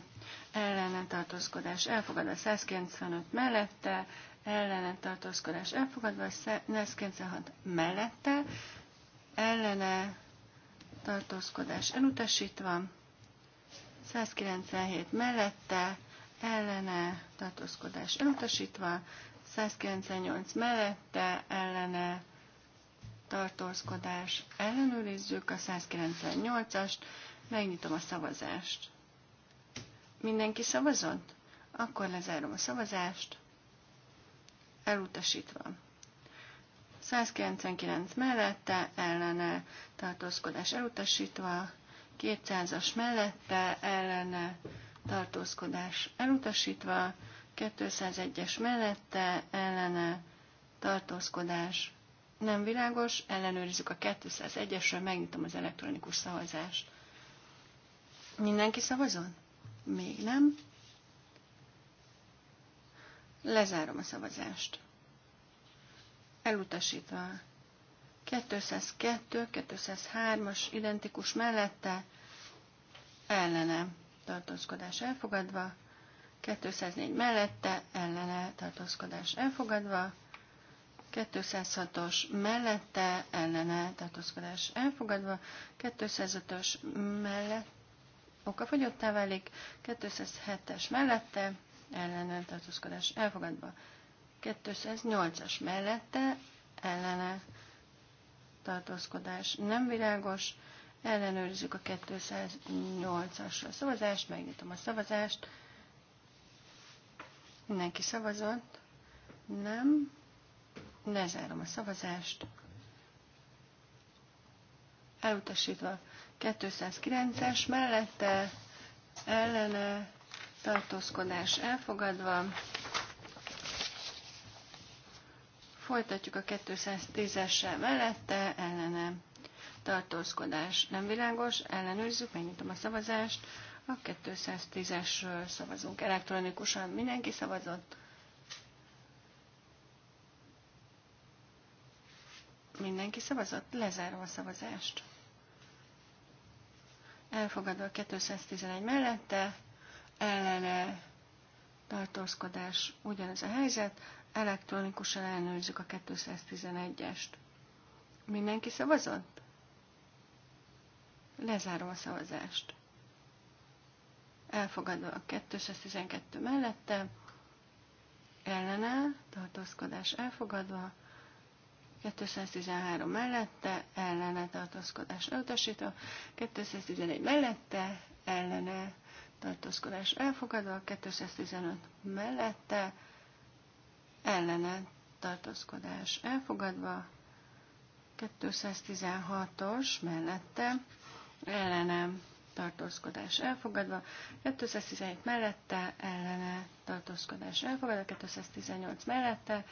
ellene tartózkodás elfogadva, 195 mellette ellene tartózkodás elfogadva, 196 mellette ellene tartózkodás elutasítva, 197 mellette ellene tartózkodás elutasítva, 198 mellette ellene tartózkodás ellenőrizzük a 198-ast, megnyitom a szavazást. Mindenki szavazott? Akkor lezárom a szavazást. Elutasítva. 199 mellette ellene tartózkodás elutasítva, 200-as mellette ellene tartózkodás elutasítva, 201-es mellette ellene tartózkodás nem világos, ellenőrizzük a 201-esről, megnyitom az elektronikus szavazást. Mindenki szavazon? Még nem. Lezárom a szavazást elutasítva. 202, 203-as identikus mellette ellene tartózkodás elfogadva, 204 mellette ellene tartózkodás elfogadva, 206-os mellette ellene tartózkodás elfogadva, 205-ös mellett okafogyottá válik, 207-es mellette ellene tartózkodás elfogadva, 208-as mellette ellene tartózkodás nem világos, ellenőrizzük a 208-asra a szavazást, megnyitom a szavazást, mindenki szavazott, nem, lezárom a szavazást, elutasítva 209-es mellette ellene tartózkodás elfogadva, Folytatjuk a 210-essel mellette, ellene tartózkodás nem világos, ellenőrizzük, megnyitom a szavazást. A 210-esről szavazunk elektronikusan, mindenki szavazott. Mindenki szavazott? Lezárom a szavazást. Elfogadva a 211 mellette, ellene tartózkodás ugyanaz a helyzet, Elektronikusan ellenőrizzük a 211-est. Mindenki szavazott? Lezárom a szavazást. Elfogadva a 212 mellette, ellene, tartózkodás elfogadva, 213 mellette, ellene tartózkodás elutasítva, 211 mellette, ellene tartózkodás elfogadva, 215 mellette, ellene tartózkodás elfogadva, 216-os mellette ellene tartózkodás elfogadva, 217 mellette ellene tartózkodás elfogadva, 218 mellette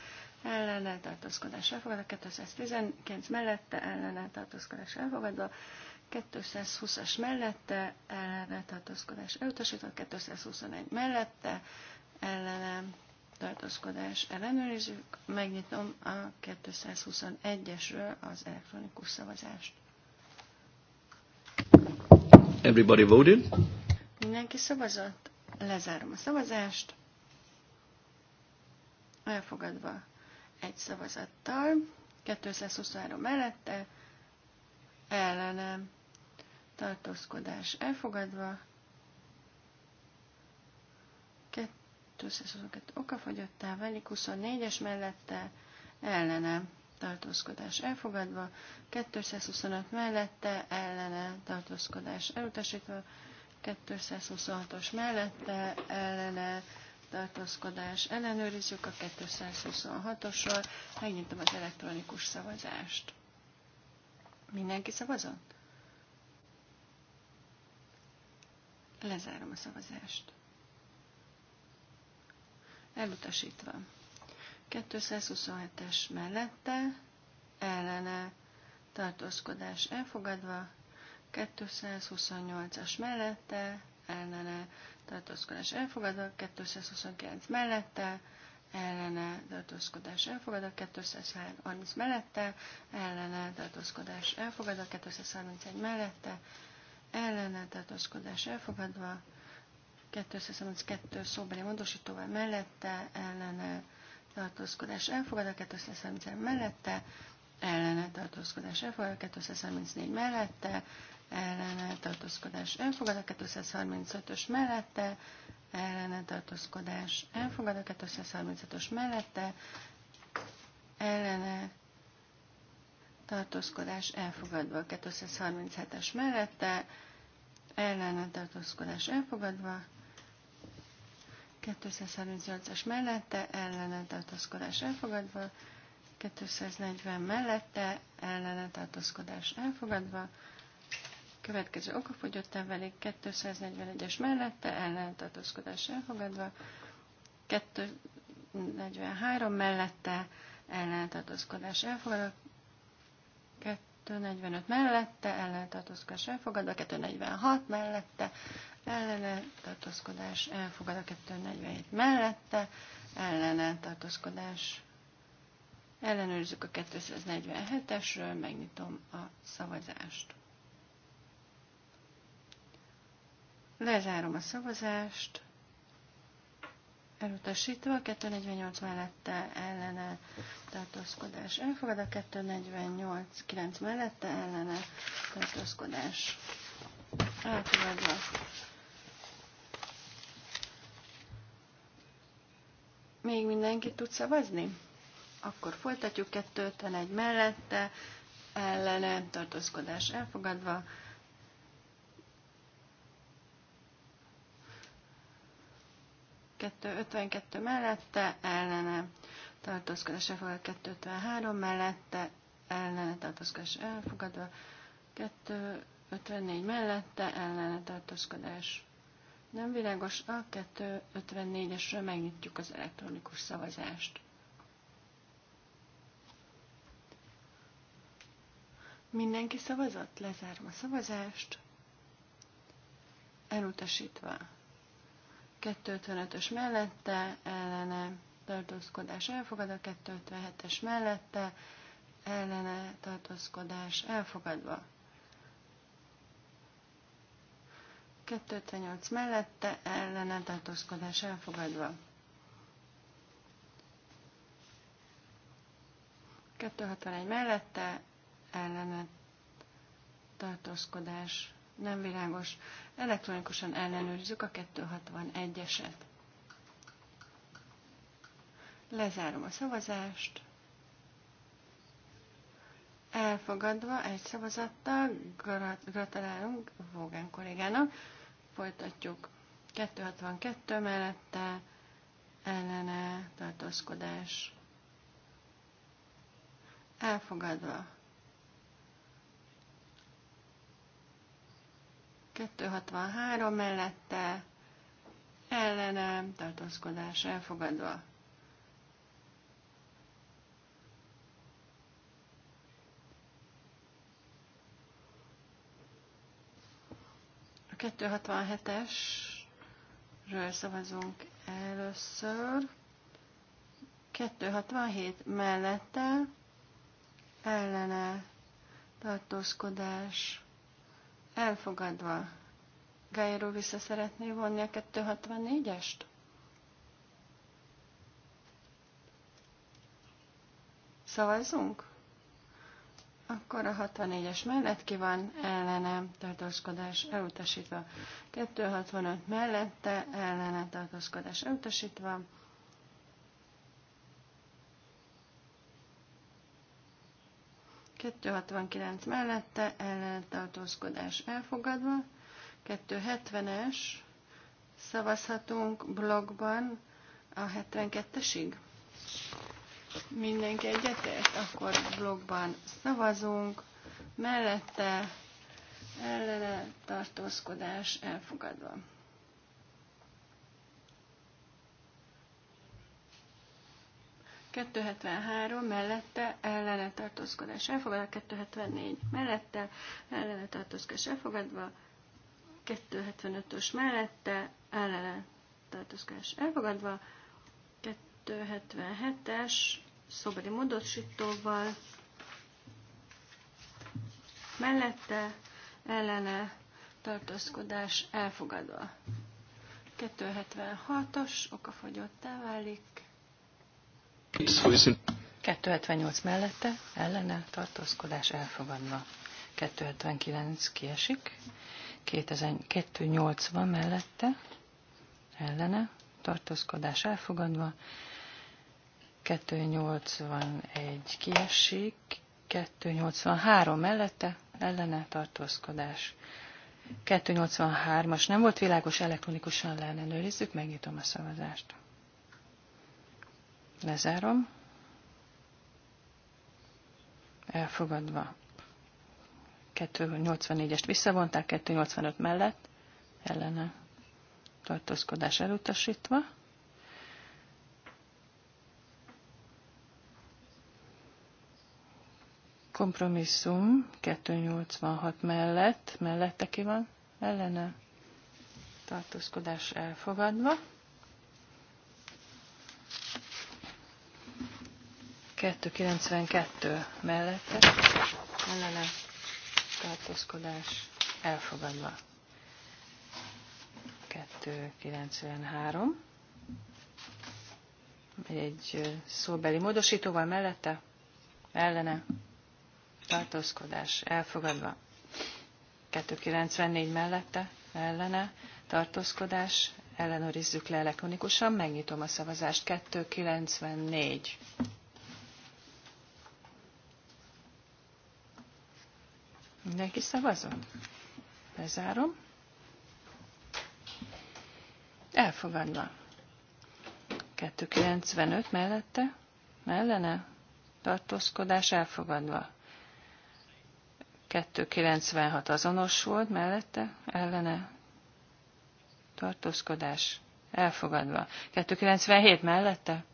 ellene tartózkodás elfogadva, 219 mellette ellene tartózkodás elfogadva, 220-as mellette ellene tartózkodás elutasítva, 221 mellette ellene tartózkodás ellenőrizzük. Megnyitom a 221-esről az elektronikus szavazást. Everybody voted? Mindenki szavazott. Lezárom a szavazást. Elfogadva egy szavazattal. 223 mellette. Ellenem. Tartózkodás elfogadva. 222 okafogyottá válik, 24-es mellette ellene tartózkodás elfogadva, 225 mellette ellene tartózkodás elutasítva, 226-os mellette ellene tartózkodás ellenőrizzük a 226-osról, megnyitom az elektronikus szavazást. Mindenki szavazott? Lezárom a szavazást elutasítva. 227-es mellette, ellene tartózkodás elfogadva, 228-as mellette, ellene tartózkodás elfogadva, 229 mellette, ellene tartózkodás elfogadva, 230 mellette, ellene tartózkodás elfogadva, 231 mellette, ellene tartózkodás elfogadva, 232 szóbeli módosítóval mellette, ellene tartózkodás elfogadva, 233 mellette, ellene tartózkodás elfogadva, 234 mellette, ellene tartózkodás elfogadva, 235-ös mellette, ellene tartózkodás elfogadva, 235-ös mellette, ellene tartózkodás elfogadva, 237-es mellette, ellene tartózkodás elfogadva, 238-as mellette ellene tartózkodás elfogadva, 240 mellette ellene tartózkodás elfogadva, következő okafogyott emelék, 241-es mellette ellene tartózkodás elfogadva, 243 mellette ellene tartózkodás elfogadva, 245 mellette, tartózkodás elfogadva, 246 mellette, ellene tartózkodás elfogad a 247 mellette, ellene tartózkodás ellenőrzük a 247-esről, megnyitom a szavazást. Lezárom a szavazást, elutasítva, a 248 mellette ellene tartózkodás elfogad, a 248 9 mellette ellene tartózkodás elfogadva. Még mindenki tud szavazni? Akkor folytatjuk kettőten egy mellette, ellene, tartózkodás elfogadva. Kettő 52 mellette, ellene, tartózkodás elfogadva, 253 mellette, ellene, tartózkodás elfogadva, 254 mellette, ellene, tartózkodás nem világos, a 254 esről megnyitjuk az elektronikus szavazást. Mindenki szavazott? Lezárom a szavazást. Elutasítva. 255-ös mellette, ellene, tartózkodás elfogadva, 257-es mellette, ellene, tartózkodás elfogadva. 258 mellette ellene tartózkodás elfogadva. 261 mellette ellene tartózkodás nem világos. Elektronikusan ellenőrizzük a 261-eset. Lezárom a szavazást. Elfogadva egy szavazattal gratulálunk Vogán kollégának folytatjuk. 262 mellette ellene tartózkodás. Elfogadva. 263 mellette ellene tartózkodás elfogadva. 267-esről szavazunk először. 267 mellette ellene tartózkodás elfogadva. Gájró vissza szeretné vonni a 264-est? Szavazzunk? Akkor a 64-es mellett ki van ellene tartózkodás elutasítva. 265 mellette ellene tartózkodás elutasítva. ...269 mellette ellentartózkodás elfogadva, 270-es szavazhatunk blogban a 72-esig. Mindenki egyetért, akkor blogban szavazunk. Mellette ellene tartózkodás elfogadva. ...273 mellette ellene tartózkodás elfogadva, 274 mellette ellene tartózkodás elfogadva, 275-ös mellette ellene tartózkodás elfogadva, 277-es szobori módosítóval mellette ellene tartózkodás elfogadva. 276-os okafogyottá válik. 278 mellette ellene tartózkodás elfogadva. 279 kiesik. 280 mellette ellene tartózkodás elfogadva. 281 kiesik, 283 mellette, ellene tartózkodás. 283-as nem volt világos, elektronikusan leellenőrizzük, megnyitom a szavazást. Lezárom. Elfogadva. 284-est visszavonták, 285 mellett, ellene tartózkodás elutasítva. Kompromisszum 286 mellett, mellette ki van, ellene tartózkodás elfogadva. 292 mellette ellene tartózkodás elfogadva. 293 egy szóbeli módosítóval mellette ellene tartózkodás elfogadva. 294 mellette ellene tartózkodás ellenőrizzük le elektronikusan, megnyitom a szavazást. 294. Mindenki szavazom. Bezárom. Elfogadva. 295 mellette, ellene, tartózkodás elfogadva. 296 azonos volt mellette, ellene tartózkodás elfogadva. 297 mellette,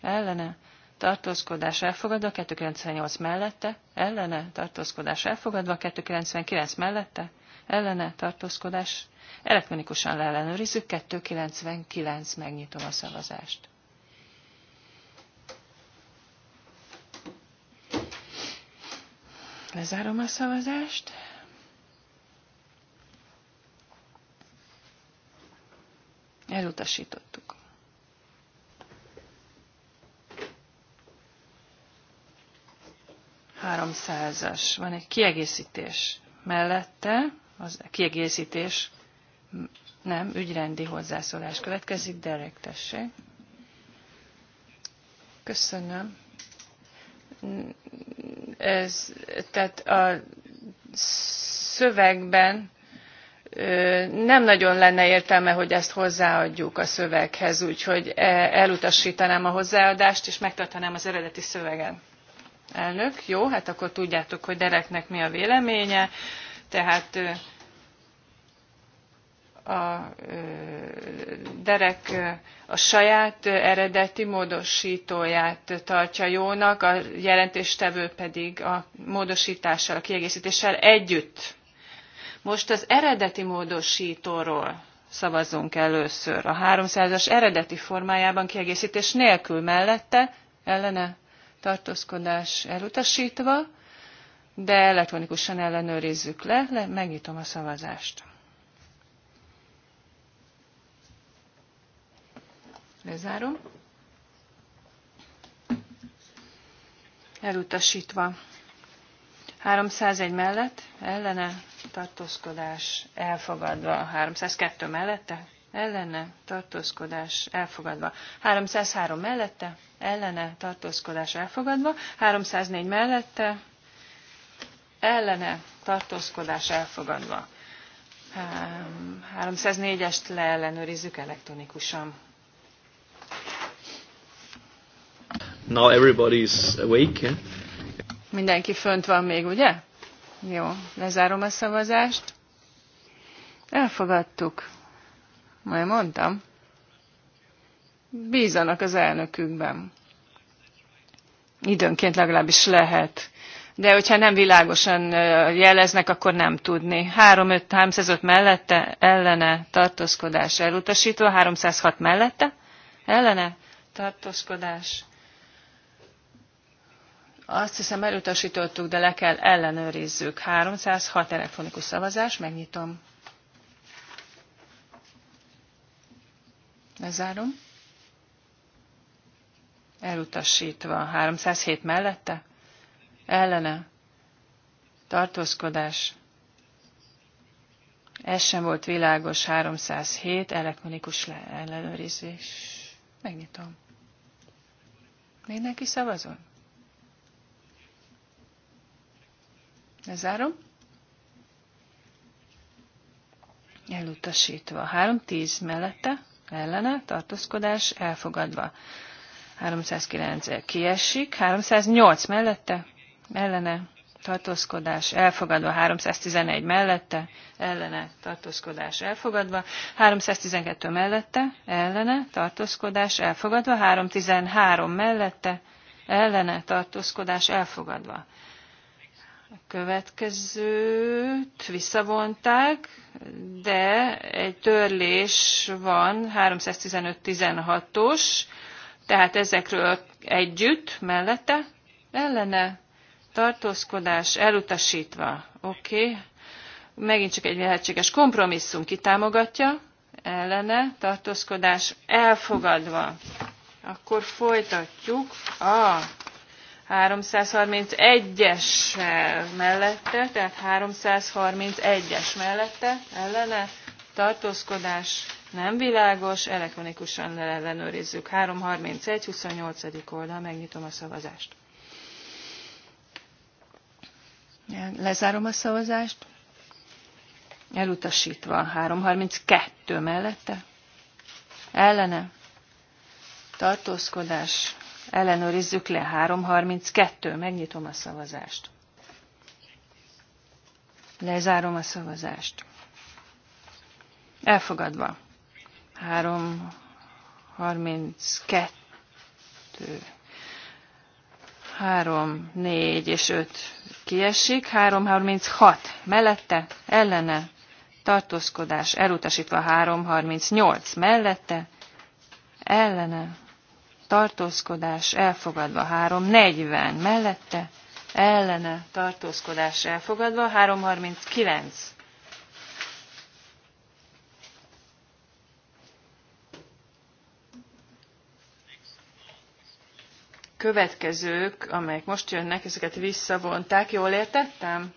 ellene tartózkodás elfogadva, 298 mellette, ellene tartózkodás elfogadva, 299 mellette, ellene tartózkodás. Elektronikusan leellenőrizzük, 299 megnyitom a szavazást. Lezárom a szavazást. Elutasítottuk. Háromszázas. Van egy kiegészítés mellette, az kiegészítés nem, ügyrendi hozzászólás következik, Derek, tessék. Köszönöm tehát a szövegben nem nagyon lenne értelme, hogy ezt hozzáadjuk a szöveghez, úgyhogy e, elutasítanám a hozzáadást, és megtartanám az eredeti szövegen. Elnök, jó, hát akkor tudjátok, hogy Dereknek mi a véleménye, tehát a derek a saját eredeti módosítóját tartja jónak, a jelentéstevő pedig a módosítással, a kiegészítéssel együtt. Most az eredeti módosítóról szavazunk először. A 300-as eredeti formájában kiegészítés nélkül mellette, ellene tartózkodás elutasítva, de elektronikusan ellenőrizzük le, le megnyitom a szavazást. Lezárom. Elutasítva. 301 mellett, ellene, tartózkodás, elfogadva. 302 mellette, ellene, tartózkodás, elfogadva. 303 mellette, ellene, tartózkodás, elfogadva. 304 mellette, ellene, tartózkodás, elfogadva. 304-est leellenőrizzük elektronikusan. Now is awake. Yeah? Mindenki fönt van még, ugye? Jó, lezárom a szavazást. Elfogadtuk. Majd mondtam. Bízanak az elnökükben. Időnként legalábbis lehet. De hogyha nem világosan jeleznek, akkor nem tudni. 305, 305 mellette, ellene, tartózkodás elutasítva, 306 mellette, ellene, tartózkodás azt hiszem elutasítottuk, de le kell ellenőrizzük. 306 elektronikus szavazás, megnyitom. Lezárom. Elutasítva. 307 mellette? Ellene. Tartózkodás. Ez sem volt világos. 307 elektronikus ellenőrizés. Megnyitom. Mindenki szavazott? Lezárom. Elutasítva. 3-10 mellette, ellene, tartózkodás elfogadva. 309 kiesik, 308 mellette, ellene, tartózkodás elfogadva, 311 mellette, ellene, tartózkodás elfogadva, 312 mellette, ellene, tartózkodás elfogadva, 313 mellette, ellene, tartózkodás elfogadva. A következőt visszavonták, de egy törlés van, 315-16-os, tehát ezekről együtt, mellette, ellene, tartózkodás, elutasítva, oké. Okay. Megint csak egy lehetséges kompromisszum kitámogatja, ellene, tartózkodás, elfogadva. Akkor folytatjuk a 331-es mellette, tehát 331-es mellette ellene tartózkodás nem világos, elektronikusan ellenőrizzük. 331, 28. oldal, megnyitom a szavazást. Lezárom a szavazást. Elutasítva 332 mellette. Ellene. Tartózkodás Ellenőrizzük le. 332. Megnyitom a szavazást. Lezárom a szavazást. Elfogadva. 332. 3, 4 és 5 kiesik, 3, 36 mellette, ellene, tartózkodás, elutasítva 3, 38 mellette, ellene, tartózkodás elfogadva 340 mellette, ellene tartózkodás elfogadva 339. Következők, amelyek most jönnek, ezeket visszavonták, jól értettem?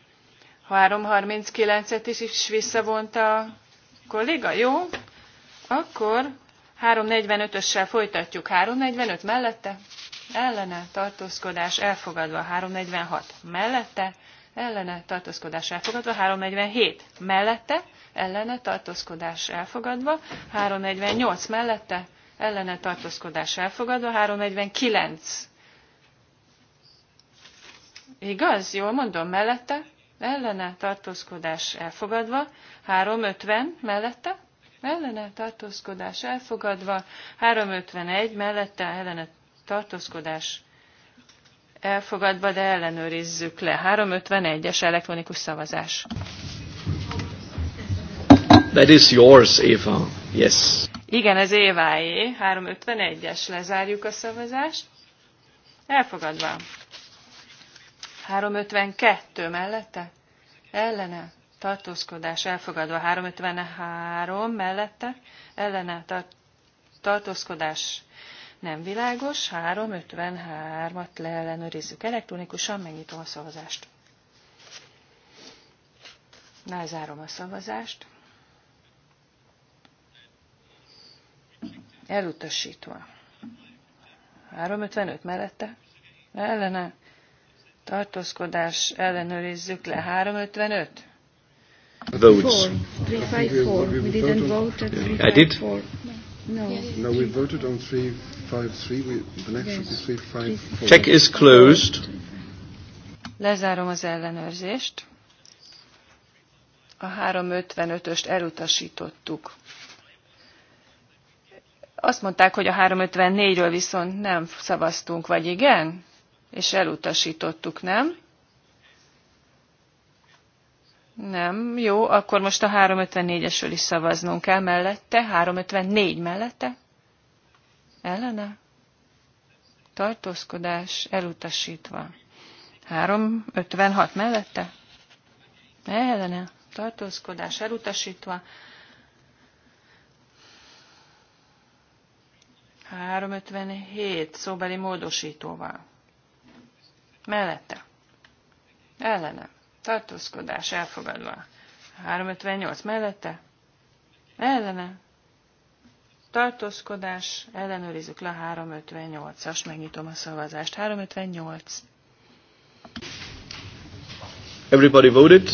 339-et is, is visszavonta a kolléga, jó? Akkor 345-össel folytatjuk. 345 mellette, ellene tartózkodás elfogadva. 346 mellette, ellene tartózkodás elfogadva. 347 mellette, ellene tartózkodás elfogadva. 348 mellette, ellene tartózkodás elfogadva. 349 Igaz? Jól mondom, mellette? Ellene tartózkodás elfogadva. 350 mellette? ellene tartózkodás elfogadva, 351 mellette ellene tartózkodás elfogadva, de ellenőrizzük le. 351-es elektronikus szavazás. That is yours, Eva. Yes. Igen, ez Éváé. 351-es. Lezárjuk a szavazást. Elfogadva. 352 mellette? Ellene tartózkodás elfogadva 353 mellette, ellene tartózkodás nem világos, 353-at leellenőrizzük elektronikusan, megnyitom a szavazást. Lezárom a szavazást. Elutasítva. 355 mellette, ellene tartózkodás ellenőrizzük le 355. Votes. Four. Three five four. We, we didn't vote at three five, I did. Four. No. Yes. No, we voted on three five three. We, the next yes. should be three five four. Check is closed. Lezárom az ellenőrzést. A 355-öst elutasítottuk. Azt mondták, hogy a 354-ről viszont nem szavaztunk, vagy igen? És elutasítottuk, nem? Nem, jó, akkor most a 354-esről is szavaznunk kell mellette. 354 mellette? Ellene? Tartózkodás elutasítva. 356 mellette? Ellene? Tartózkodás elutasítva. 357 szóbeli módosítóval. Mellette. Ellenem tartózkodás elfogadva. 358 mellette, ellene, tartózkodás, ellenőrizzük le 358-as, megnyitom a szavazást. 358. Everybody voted.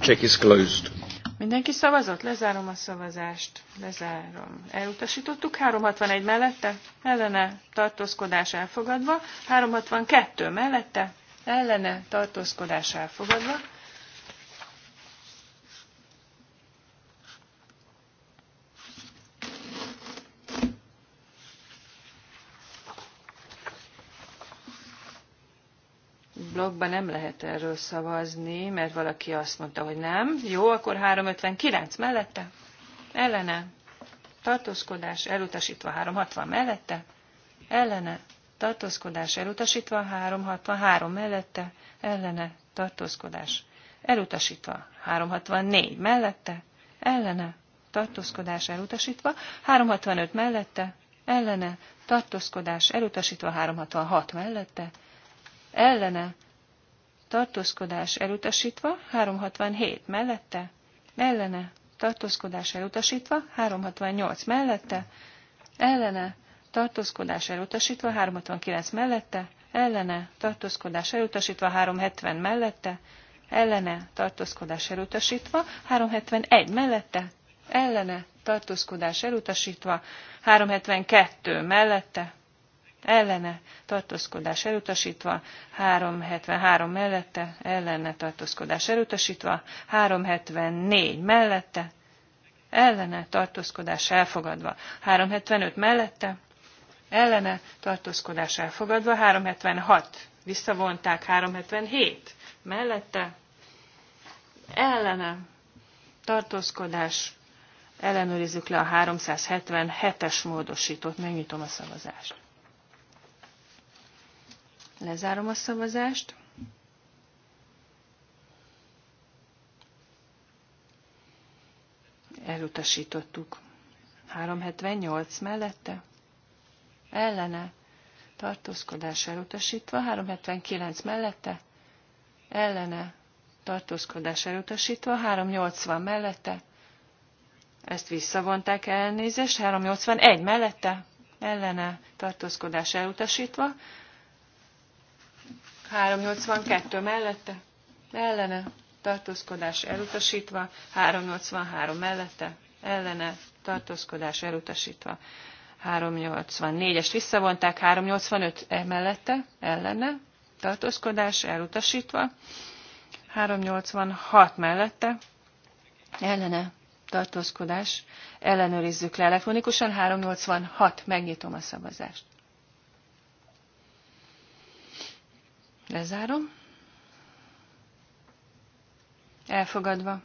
Check is closed. Mindenki szavazott? Lezárom a szavazást. Lezárom. Elutasítottuk. 361 mellette, ellene, tartózkodás elfogadva. 362 mellette, ellene tartózkodás elfogadva. blogban nem lehet erről szavazni, mert valaki azt mondta, hogy nem. Jó, akkor 359 mellette, ellene, tartózkodás, elutasítva 360 mellette, ellene, tartózkodás elutasítva, 363 mellette, ellene, tartózkodás elutasítva, 364 mellette, ellene, tartózkodás elutasítva, 365 mellette, ellene, tartózkodás elutasítva, 366 mellette, ellene, tartózkodás elutasítva, 367 mellette, ellene, tartózkodás elutasítva, 368 mellette, ellene, tartózkodás elutasítva, 369 mellette, ellene, tartózkodás elutasítva, 370 mellette, ellene, tartózkodás elutasítva, 371 mellette, ellene, tartózkodás elutasítva, 372 mellette, ellene, tartózkodás elutasítva, 373 mellette, ellene, tartózkodás elutasítva, 374 mellette, ellene, tartózkodás elfogadva, 375 mellette, ellene tartózkodás elfogadva, 376 visszavonták, 377 mellette ellene tartózkodás ellenőrizzük le a 377-es módosítót, megnyitom a szavazást. Lezárom a szavazást. Elutasítottuk. 378 mellette ellene tartózkodás elutasítva, 379 mellette, ellene tartózkodás elutasítva, 380 mellette, ezt visszavonták elnézést, 381 mellette, ellene tartózkodás elutasítva, 382 mellette, ellene tartózkodás elutasítva, 383 mellette, ellene tartózkodás elutasítva, 384-est visszavonták, 385 emellette, ellene, tartózkodás elutasítva, 386 mellette, ellene, tartózkodás, ellenőrizzük le elektronikusan, 386, megnyitom a szavazást. Lezárom. Elfogadva.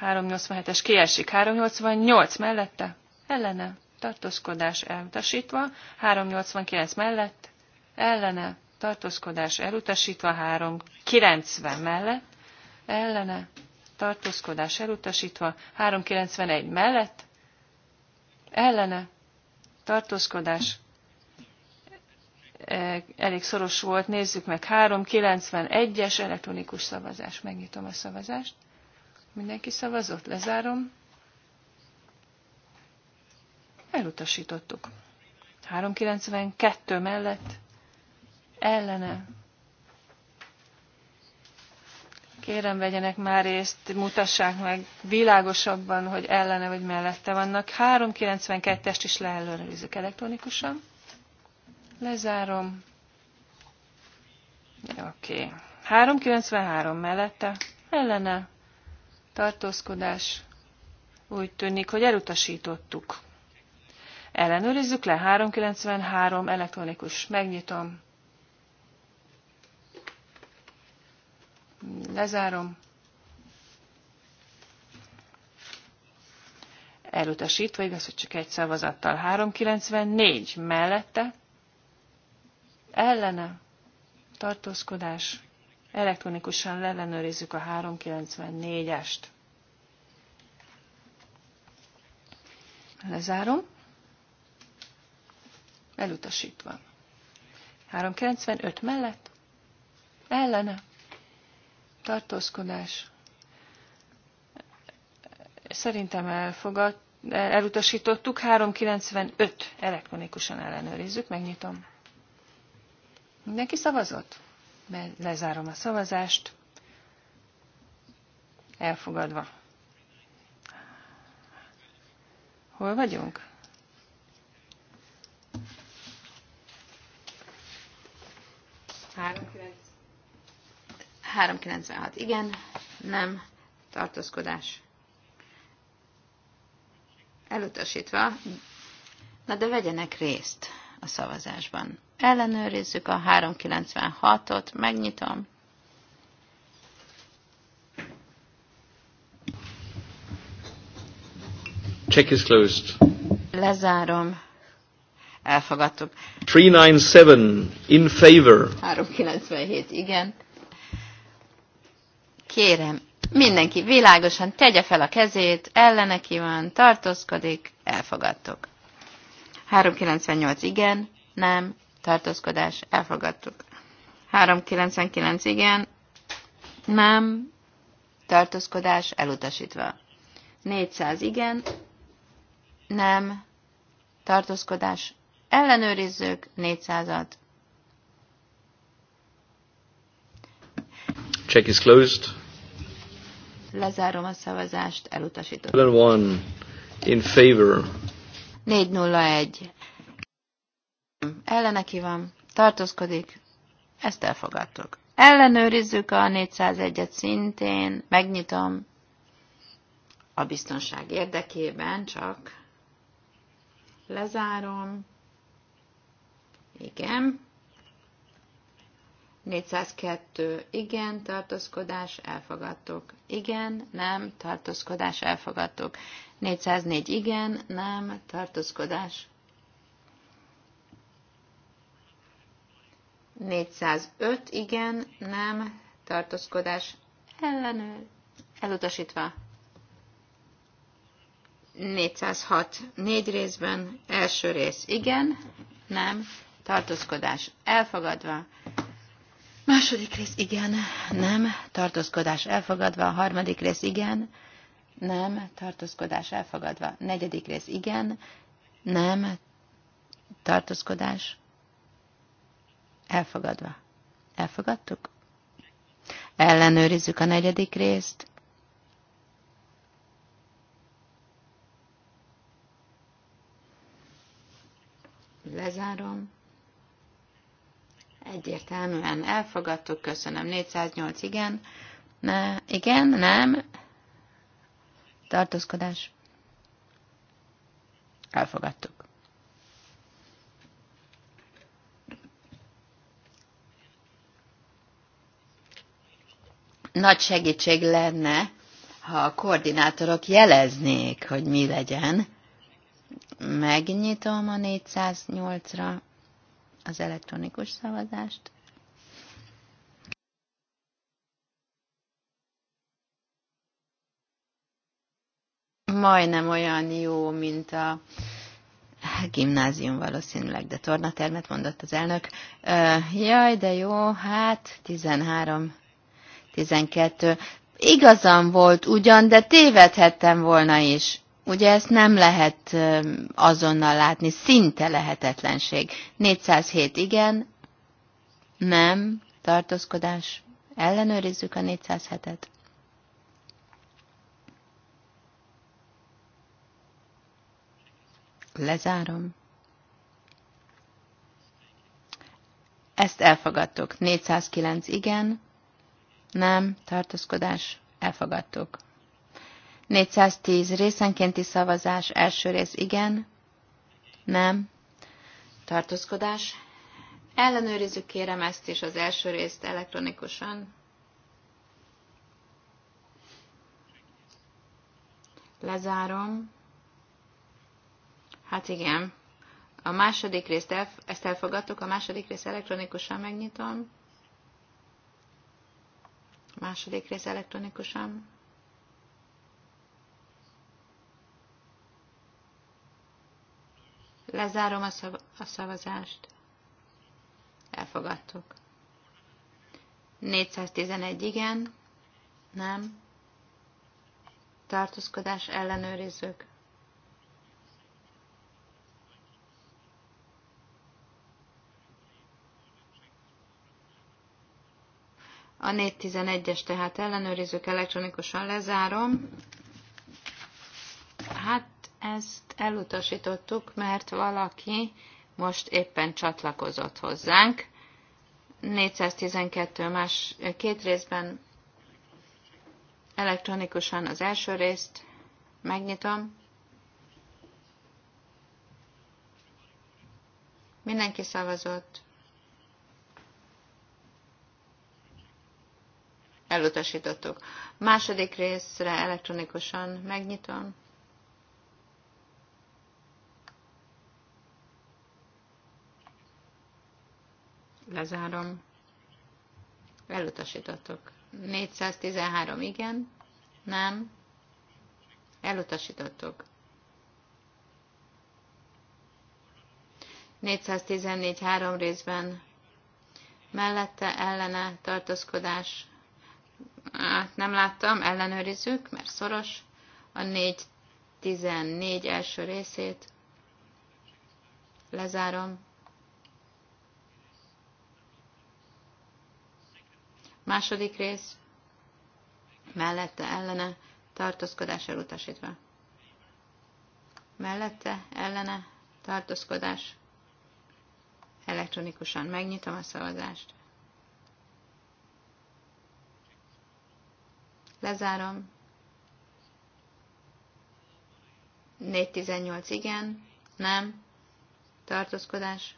387-es kiesik, 388 mellette, ellene, tartózkodás elutasítva, 389 mellett, ellene, tartózkodás elutasítva, 390 mellett, ellene, tartózkodás elutasítva, 391 mellett, ellene, tartózkodás e, elég szoros volt, nézzük meg, 391-es elektronikus szavazás. Megnyitom a szavazást. Mindenki szavazott, lezárom. Elutasítottuk. 392 mellett ellene. Kérem, vegyenek már részt, mutassák meg világosabban, hogy ellene vagy mellette vannak. 392-est is leellenőrizzük elektronikusan. Lezárom. Oké. Okay. 393 mellette ellene tartózkodás. Úgy tűnik, hogy elutasítottuk. Ellenőrizzük le. 393 elektronikus. Megnyitom. Lezárom. Elutasítva, igaz, hogy csak egy szavazattal. 394 mellette. Ellene. Tartózkodás. Elektronikusan ellenőrizzük a 394-est. Lezárom elutasítva. 395 mellett, ellene, tartózkodás. Szerintem elfogad, elutasítottuk, 395 elektronikusan ellenőrizzük, megnyitom. Mindenki szavazott? Lezárom a szavazást. Elfogadva. Hol vagyunk? 396 igen, nem, tartózkodás. Elutasítva, na de vegyenek részt a szavazásban. Ellenőrizzük a 396-ot, megnyitom. Check is closed. Lezárom. Elfogadtuk. 397 in favor. 397 igen Kérem, mindenki világosan tegye fel a kezét, ellene van, tartózkodik, elfogadtuk. 398 igen, nem, tartózkodás, elfogadtuk. 399 igen, nem, tartózkodás, elutasítva. 400 igen, nem, tartózkodás, ellenőrizzük 400-at. Check is closed. Lezárom a szavazást, elutasítottam. 401. Ellene ki van, tartózkodik, ezt elfogadtuk. Ellenőrizzük a 401-et szintén, megnyitom a biztonság érdekében, csak lezárom. Igen, 402. Igen, tartózkodás, elfogadtok. Igen, nem, tartózkodás, elfogadtok. 404. Igen, nem, tartózkodás. 405. Igen, nem, tartózkodás, ellenőr, elutasítva. 406. Négy részben, első rész, igen, nem, tartózkodás, elfogadva. Második rész igen, nem, tartózkodás elfogadva. A harmadik rész igen, nem, tartózkodás elfogadva. Negyedik rész igen, nem, tartózkodás elfogadva. Elfogadtuk? Ellenőrizzük a negyedik részt. Lezárom. Egyértelműen elfogadtuk, köszönöm. 408 igen. Ne, igen, nem. Tartózkodás. Elfogadtuk. Nagy segítség lenne, ha a koordinátorok jeleznék, hogy mi legyen. Megnyitom a 408-ra az elektronikus szavazást. Majdnem olyan jó, mint a gimnázium valószínűleg, de tornatermet mondott az elnök. Jaj, de jó, hát 13, 12. Igazam volt ugyan, de tévedhettem volna is. Ugye ezt nem lehet azonnal látni, szinte lehetetlenség. 407 igen, nem, tartózkodás, ellenőrizzük a 407-et. Lezárom. Ezt elfogadtuk. 409 igen, nem, tartózkodás, elfogadtuk. 410 részenkénti szavazás, első rész igen, nem, tartózkodás. Ellenőrizzük kérem ezt is az első részt elektronikusan. Lezárom. Hát igen. A második részt el, ezt elfogadtuk, a második részt elektronikusan megnyitom. A második rész elektronikusan. Lezárom a, szav- a szavazást. Elfogadtuk. 411 igen, nem. Tartózkodás ellenőrizzük. A 411-es tehát ellenőrizzük elektronikusan, lezárom. Hát ezt elutasítottuk, mert valaki most éppen csatlakozott hozzánk. 412 más két részben elektronikusan az első részt megnyitom. Mindenki szavazott. Elutasítottuk. Második részre elektronikusan megnyitom. Lezárom. Elutasítottuk. 413 igen, nem. Elutasítottuk. 414 három részben mellette ellene tartózkodás. Hát nem láttam, ellenőrizzük, mert szoros. A 414 első részét lezárom. Második rész, mellette ellene tartózkodás elutasítva. Mellette ellene tartózkodás. Elektronikusan megnyitom a szavazást. Lezárom. 418 igen, nem, tartózkodás,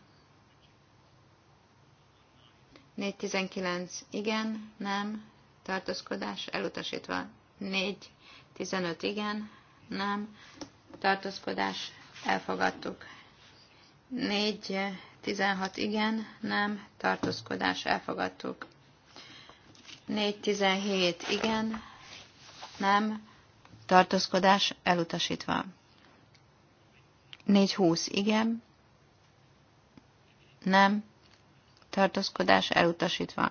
419 igen, nem, tartózkodás elutasítva. 415 igen, nem, tartózkodás elfogadtuk. 416 igen, nem, tartózkodás elfogadtuk. 417 igen, nem, tartózkodás elutasítva. 420 igen, nem, tartózkodás elutasítva.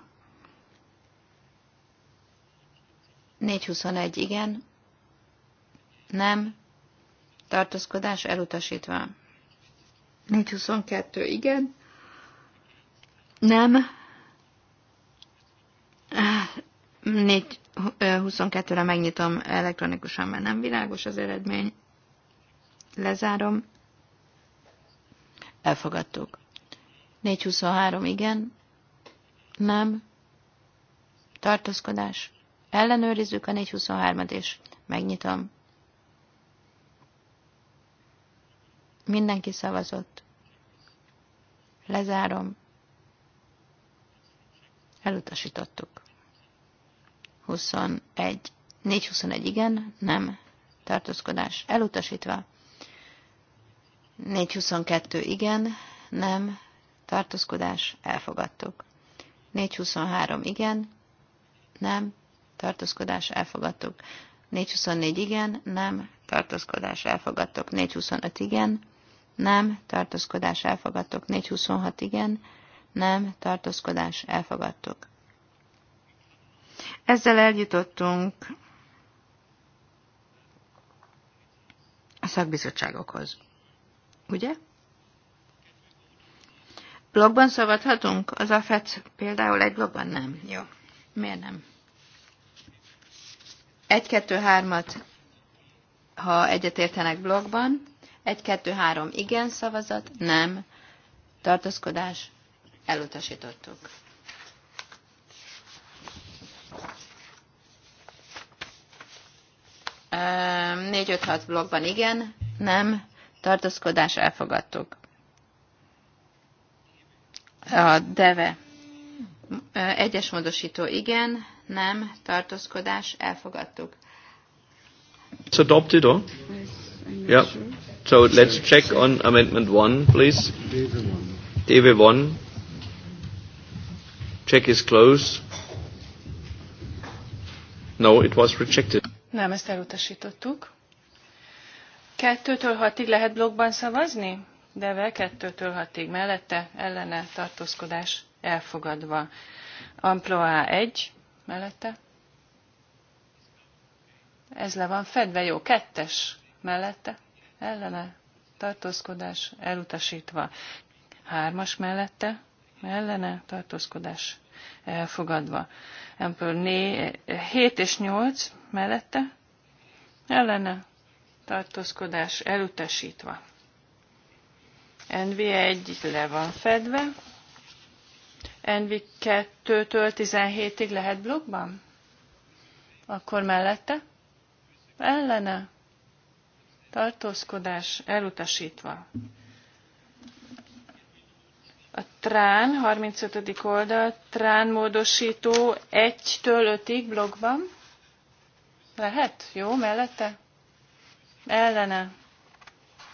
421 igen, nem, tartózkodás elutasítva. 422 igen, nem, 422-re megnyitom elektronikusan, mert nem világos az eredmény. Lezárom. Elfogadtuk. 423 igen, nem, tartózkodás. Ellenőrizzük a 423-at, és megnyitom. Mindenki szavazott. Lezárom. Elutasítottuk. 21. 421 igen, nem. Tartózkodás elutasítva. 422 igen, nem tartózkodás, elfogadtuk. 423 igen, nem, tartózkodás, elfogadtuk. 424 igen, nem, tartózkodás, elfogadtuk. 425 igen, nem, tartózkodás, elfogadtuk. 426 igen, nem, tartózkodás, elfogadtuk. Ezzel eljutottunk a szakbizottságokhoz. Ugye? Blogban szabadhatunk? Az a FEC például egy blogban nem. Jó. Miért nem? Egy, kettő, hármat, ha egyetértenek blogban. Egy, kettő, három, igen szavazat, nem. tartozkodás elutasítottuk. Négy, öt, hat blogban igen, nem. tartozkodás elfogadtuk. A deve. Egyes módosító igen, nem, tartózkodás, elfogadtuk. It's adopted, or? Yeah. So let's check on amendment one, please. Deve one. Check is closed. No, it was rejected. Nem, ezt elutasítottuk. Kettőtől hatig lehet blogban szavazni? devel 2-től 6-ig mellette ellene tartózkodás elfogadva. Amploa 1 mellette. Ez le van fedve, jó, kettes mellette, ellene, tartózkodás, elutasítva. Hármas mellette, ellene, tartózkodás, elfogadva. Ebből 7 és 8 mellette, ellene, tartózkodás, elutasítva. NV1 le van fedve. NV2-től 17-ig lehet blokkban? Akkor mellette? Ellene. Tartózkodás elutasítva. A Trán, 35. oldal, Trán módosító 1-től 5-ig blogban. Lehet? Jó, mellette? Ellene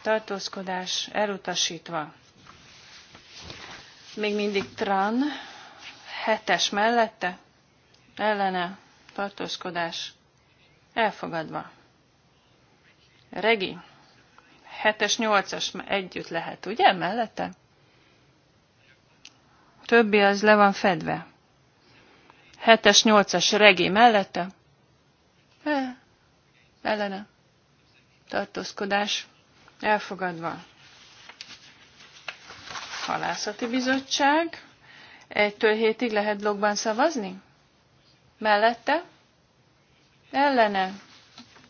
tartózkodás elutasítva. Még mindig tran, hetes mellette, ellene, tartózkodás elfogadva. Regi, hetes, nyolcas együtt lehet, ugye, mellette? Többi az le van fedve. Hetes, nyolcas regi mellette? E, ellene. Tartózkodás Elfogadva. Halászati bizottság. egytől hétig lehet blogban szavazni? Mellette? Ellene.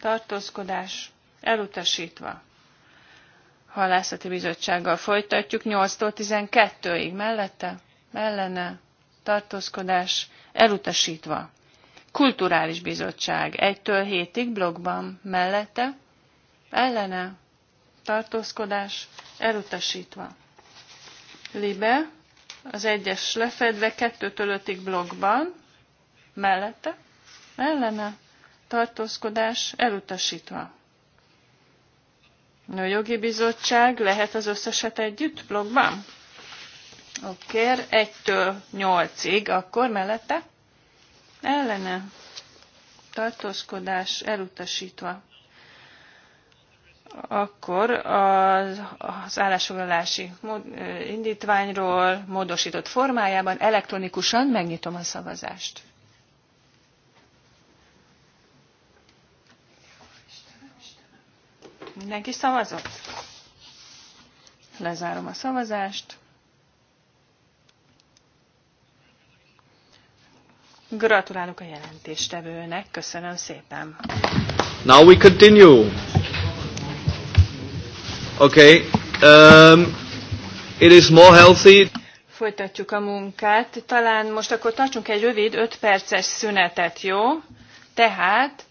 Tartózkodás. Elutasítva. Halászati bizottsággal folytatjuk. 8-tól 12-ig. Mellette? Ellene. Tartózkodás. Elutasítva. Kulturális bizottság. 1-től 7-ig blogban. Mellette? Ellene tartózkodás elutasítva. Libe, az egyes lefedve kettőtől ötig blokkban, mellette, ellene, tartózkodás elutasítva. A jogi bizottság lehet az összeset együtt blogban? Oké, 1-től 8 akkor mellette? Ellene. Tartózkodás elutasítva akkor az, az állásfoglalási indítványról módosított formájában elektronikusan megnyitom a szavazást. Mindenki szavazott? Lezárom a szavazást. Gratulálok a jelentéstevőnek, köszönöm szépen. Now we continue. Okay. Um, it is more healthy. Folytatjuk a munkát. Talán most akkor tartsunk egy rövid 5 perces szünetet, jó? Tehát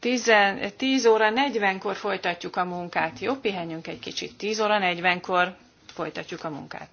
10, 10 óra 40-kor folytatjuk a munkát, jó? Pihenjünk egy kicsit. 10 óra 40-kor folytatjuk a munkát.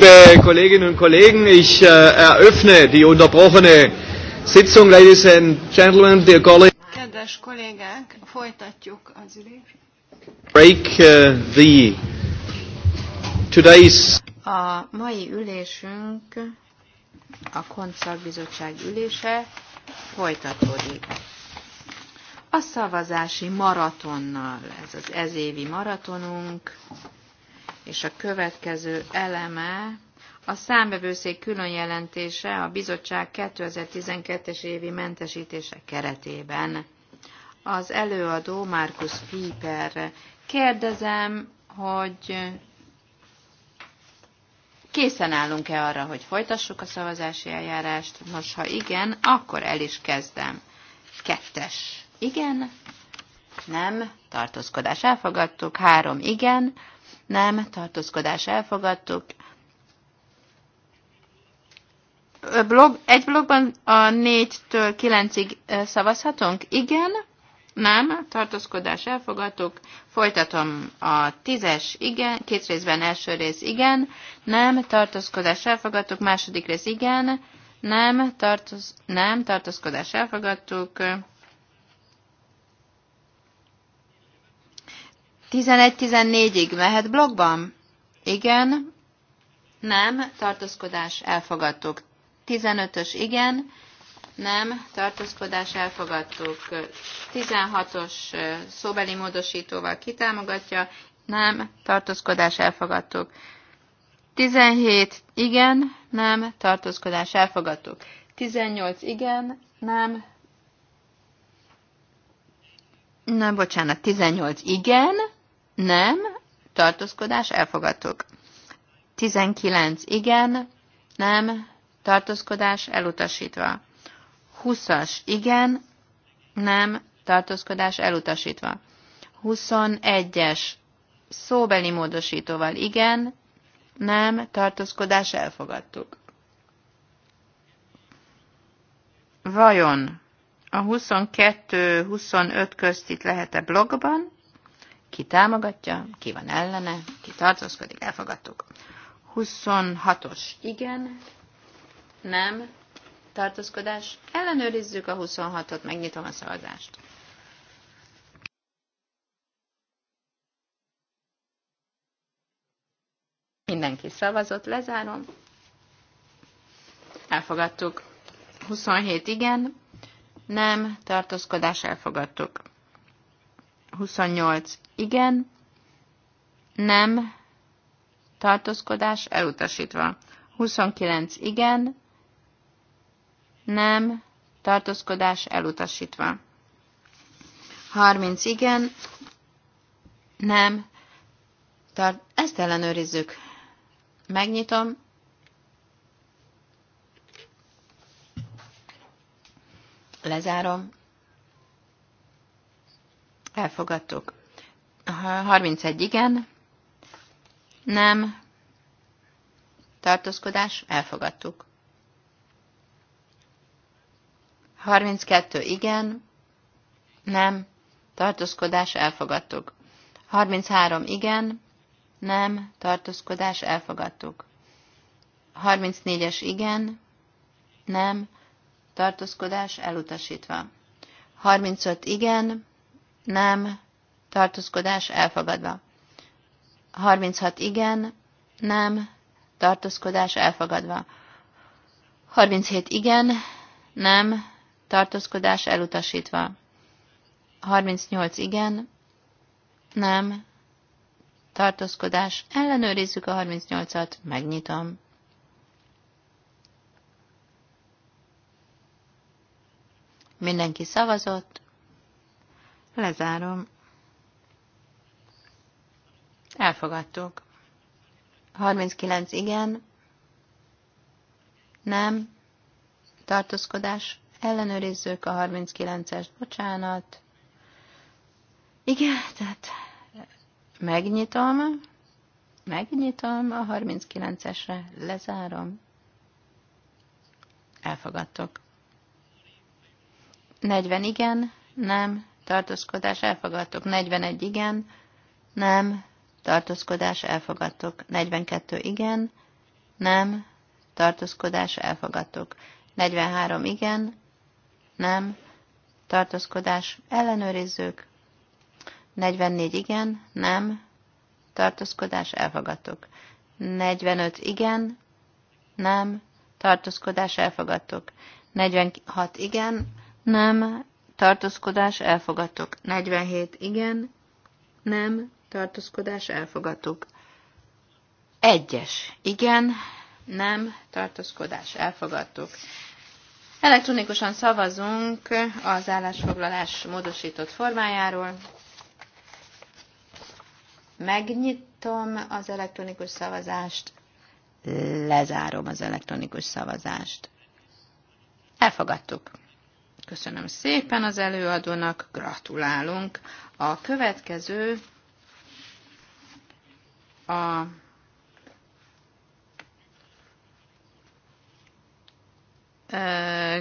liebe Kolleginnen und Kollegen, ich äh, eröffne die unterbrochene Sitzung, ladies and gentlemen, dear colleagues. Kedves kollégák, folytatjuk az ülést. Break uh, the today's a mai ülésünk a koncertbizottság ülése folytatódik. A szavazási maratonnal, ez az ezévi maratonunk, és a következő eleme a számbevőszék külön jelentése a bizottság 2012-es évi mentesítése keretében. Az előadó Markus Pieper. Kérdezem, hogy készen állunk-e arra, hogy folytassuk a szavazási eljárást? Nos, ha igen, akkor el is kezdem. Kettes. Igen. Nem. Tartózkodás elfogadtuk. Három. Igen nem, tartózkodás elfogadtuk. Blog, egy blogban a 4-től 9-ig szavazhatunk? Igen, nem, tartózkodás elfogadtuk. Folytatom a tízes, igen, két részben első rész, igen, nem, tartózkodás elfogadtuk, második rész, igen, nem, tartoz, nem tartózkodás elfogadtuk. 11-14-ig mehet blogban? Igen. Nem. Tartózkodás elfogadtuk. 15-ös igen. Nem. Tartózkodás elfogadtuk. 16-os szóbeli módosítóval kitámogatja. Nem. Tartózkodás elfogadtuk. 17 igen. Nem. Tartózkodás elfogadtuk. 18 igen. Nem. Nem, bocsánat, 18 igen, nem, tartózkodás, elfogadtuk. 19, igen, nem, tartózkodás, elutasítva. 20-as, igen, nem, tartózkodás, elutasítva. 21-es, szóbeli módosítóval, igen, nem, tartózkodás, elfogadtuk. Vajon a 22-25 közt itt lehet-e blogban? Ki támogatja, ki van ellene, ki tartózkodik, elfogadtuk. 26-os igen, nem, tartózkodás. Ellenőrizzük a 26-ot, megnyitom a szavazást. Mindenki szavazott, lezárom. Elfogadtuk. 27 igen, nem, tartózkodás elfogadtuk. 28. Igen, nem, tartózkodás elutasítva. 29. Igen, nem, tartózkodás elutasítva. 30. Igen, nem, Tar- ezt ellenőrizzük. Megnyitom. Lezárom. Elfogadtuk. 31 igen. Nem. Tartózkodás. Elfogadtuk. 32 igen. Nem. Tartózkodás. Elfogadtuk. 33 igen. Nem. Tartózkodás. Elfogadtuk. 34-es igen. Nem. Tartózkodás. Elutasítva. 35 igen nem, tartózkodás elfogadva. 36 igen, nem, tartózkodás elfogadva. 37 igen, nem, tartózkodás elutasítva. 38 igen, nem, tartózkodás, ellenőrizzük a 38-at, megnyitom. Mindenki szavazott, Lezárom. Elfogadtuk. 39 igen. Nem. Tartózkodás. Ellenőrizzük a 39 es Bocsánat. Igen, tehát megnyitom. Megnyitom a 39-esre. Lezárom. Elfogadtok. 40 igen, nem, tartózkodás elfogadtok. 41 igen, nem, tartózkodás elfogadtok. 42 igen, nem, tartózkodás elfogadtok. 43 igen, nem, tartózkodás ellenőrizzük. 44 igen, nem, tartózkodás elfogadtok. 45 igen, nem, tartózkodás elfogadtok. 46 igen, nem, tartózkodás elfogadtuk. 47 igen, nem, tartózkodás elfogadtuk. Egyes igen, nem, tartózkodás elfogadtuk. Elektronikusan szavazunk az állásfoglalás módosított formájáról. Megnyitom az elektronikus szavazást, lezárom az elektronikus szavazást. Elfogadtuk. Köszönöm szépen az előadónak, gratulálunk. A következő a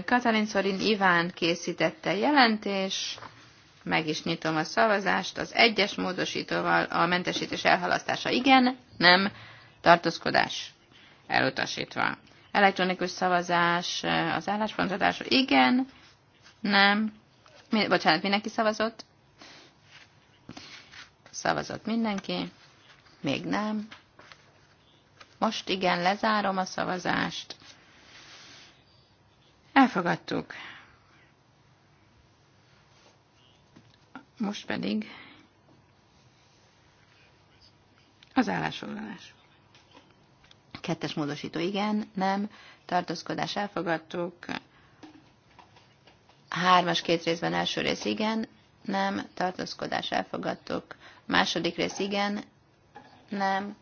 Katalin Szorin Iván készítette jelentés, meg is nyitom a szavazást, az egyes módosítóval a mentesítés elhalasztása igen, nem, tartózkodás elutasítva. Elektronikus szavazás az álláspontadása igen, nem. Mi, bocsánat, mindenki szavazott? Szavazott mindenki? Még nem. Most igen, lezárom a szavazást. Elfogadtuk. Most pedig az állásfoglalás. Kettes módosító igen, nem, tartózkodás elfogadtuk, Hármas két részben első rész igen, nem, tartózkodás elfogadtuk. Második rész igen, nem,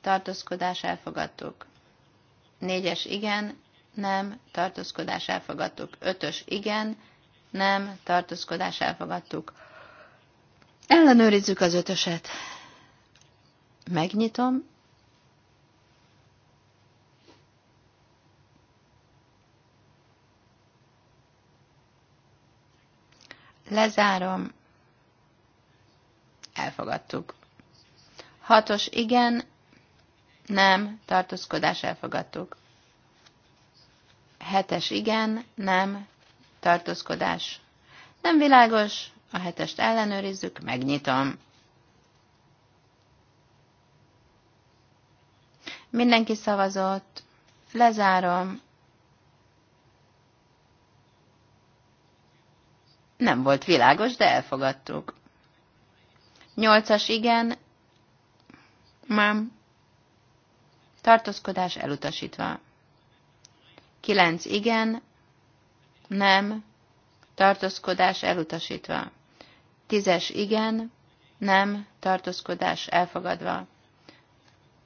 tartózkodás elfogadtuk. Négyes igen, nem, tartózkodás elfogadtuk. Ötös igen, nem, tartózkodás elfogadtuk. Ellenőrizzük az ötöset. Megnyitom, Lezárom. Elfogadtuk. Hatos igen, nem, tartózkodás elfogadtuk. Hetes igen, nem, tartózkodás. Nem világos, a hetest ellenőrizzük, megnyitom. Mindenki szavazott, lezárom, Nem volt világos, de elfogadtuk. Nyolcas igen, mám. Tartózkodás elutasítva. Kilenc igen, nem. Tartózkodás elutasítva. Tízes igen, nem. Tartózkodás elfogadva.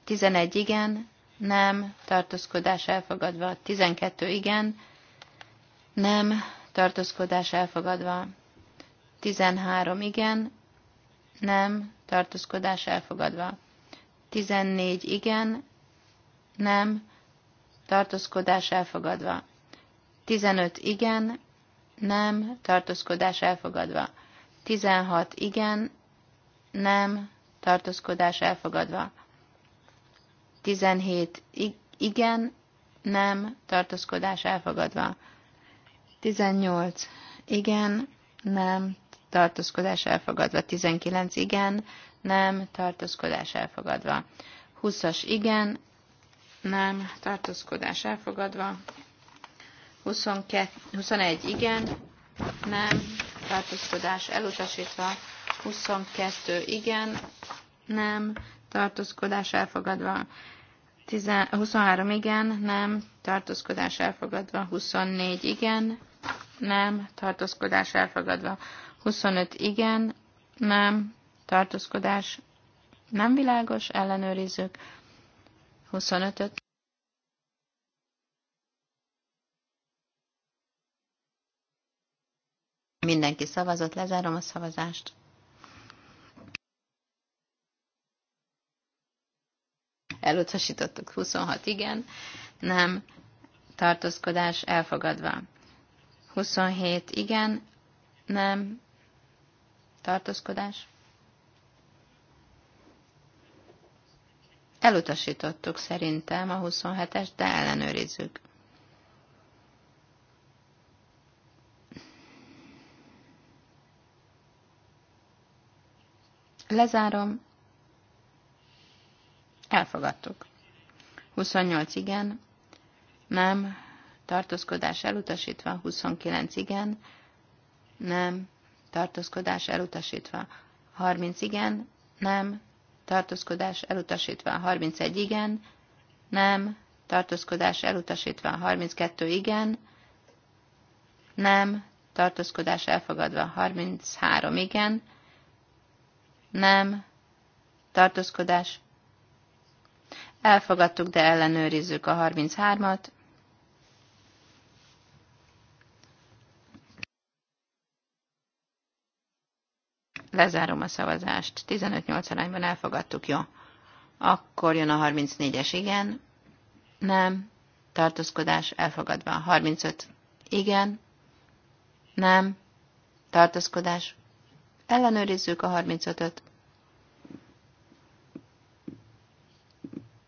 Tizenegy igen, nem. Tartózkodás elfogadva. Tizenkettő igen, nem tartózkodás elfogadva. 13 igen, nem, tartózkodás elfogadva. 14 igen, nem, tartózkodás elfogadva. 15 igen, nem, tartózkodás elfogadva. 16 igen, nem, tartózkodás elfogadva. 17 igen, nem, tartózkodás elfogadva. 18. Igen, nem, tartózkodás elfogadva. 19. Igen, nem, tartózkodás elfogadva. 20-as igen, nem, tartózkodás elfogadva. 22, 21 igen, nem, tartózkodás elutasítva. 22 igen, nem, tartózkodás elfogadva. 23 igen, nem, tartózkodás elfogadva. 24 igen, nem, tartózkodás elfogadva. 25 igen, nem, tartózkodás nem világos, ellenőrizzük. 25-öt. Mindenki szavazott, lezárom a szavazást. Elutasítottuk 26 igen, nem, tartózkodás elfogadva. 27 igen, nem, tartózkodás. Elutasítottuk szerintem a 27-es, de ellenőrizzük. Lezárom. Elfogadtuk. 28 igen, nem, tartózkodás elutasítva, 29 igen, nem, tartózkodás elutasítva, 30 igen, nem, tartózkodás elutasítva, 31 igen, nem, tartózkodás elutasítva, 32 igen, nem, tartózkodás elfogadva, 33 igen, nem, tartózkodás. Elfogadtuk, de ellenőrizzük a 33-at. Lezárom a szavazást. 15-8 arányban elfogadtuk, jó. Akkor jön a 34-es, igen. Nem. Tartózkodás elfogadva. 35. Igen. Nem. Tartózkodás. Ellenőrizzük a 35-öt.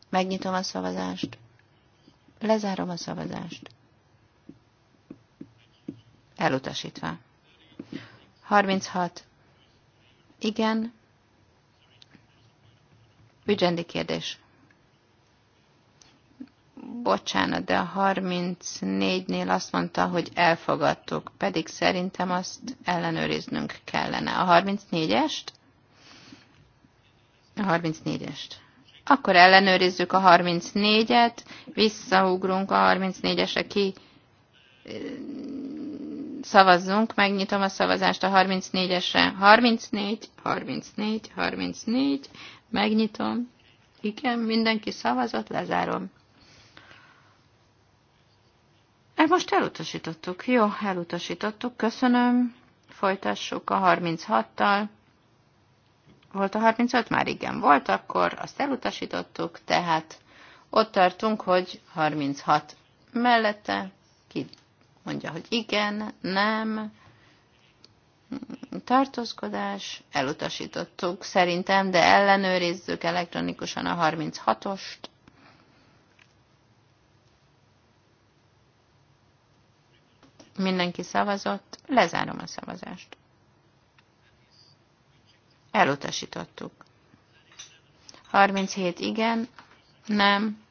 Megnyitom a szavazást. Lezárom a szavazást. Elutasítva. 36. Igen. Ügyrendi kérdés. Bocsánat, de a 34-nél azt mondta, hogy elfogadtuk, pedig szerintem azt ellenőriznünk kellene. A 34-est? A 34-est. Akkor ellenőrizzük a 34-et, visszaugrunk a 34-esre ki szavazzunk, megnyitom a szavazást a 34-esre. 34, 34, 34, megnyitom. Igen, mindenki szavazott, lezárom. Hát most elutasítottuk. Jó, elutasítottuk. Köszönöm. Folytassuk a 36-tal. Volt a 35? Már igen, volt akkor. Azt elutasítottuk, tehát ott tartunk, hogy 36 mellette ki mondja, hogy igen, nem, tartózkodás, elutasítottuk szerintem, de ellenőrizzük elektronikusan a 36-ost. Mindenki szavazott, lezárom a szavazást. Elutasítottuk. 37 igen, nem,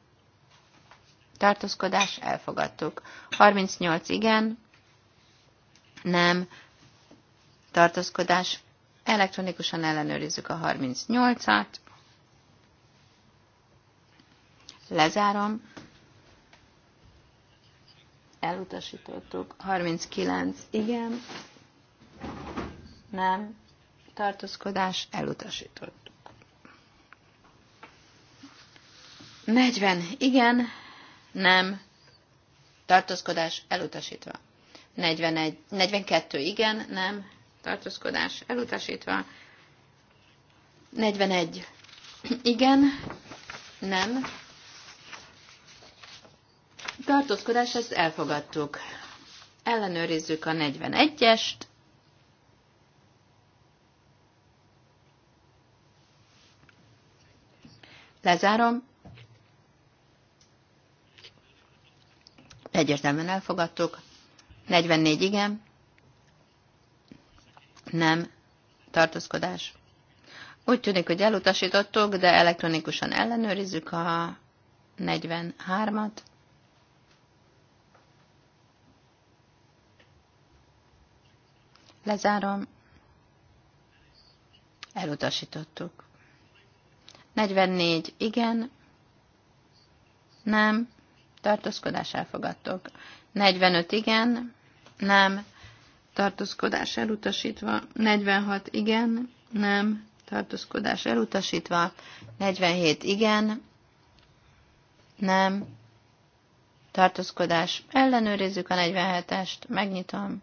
tartózkodás, elfogadtuk. 38 igen, nem, tartózkodás, elektronikusan ellenőrizzük a 38-at, lezárom, elutasítottuk, 39 igen, nem, tartózkodás, elutasítottuk. 40 igen, nem, tartózkodás elutasítva. 41, 42 igen, nem, tartózkodás elutasítva. 41 igen, nem, tartózkodás, ezt elfogadtuk. Ellenőrizzük a 41-est. Lezárom. Egyértelműen elfogadtuk. 44 igen. Nem. Tartózkodás. Úgy tűnik, hogy elutasítottuk, de elektronikusan ellenőrizzük a 43-at. Lezárom. Elutasítottuk. 44. Igen. Nem tartózkodás elfogadtok. 45 igen, nem, tartózkodás elutasítva. 46 igen, nem, tartózkodás elutasítva. 47 igen, nem, tartózkodás. Ellenőrizzük a 47-est, megnyitom.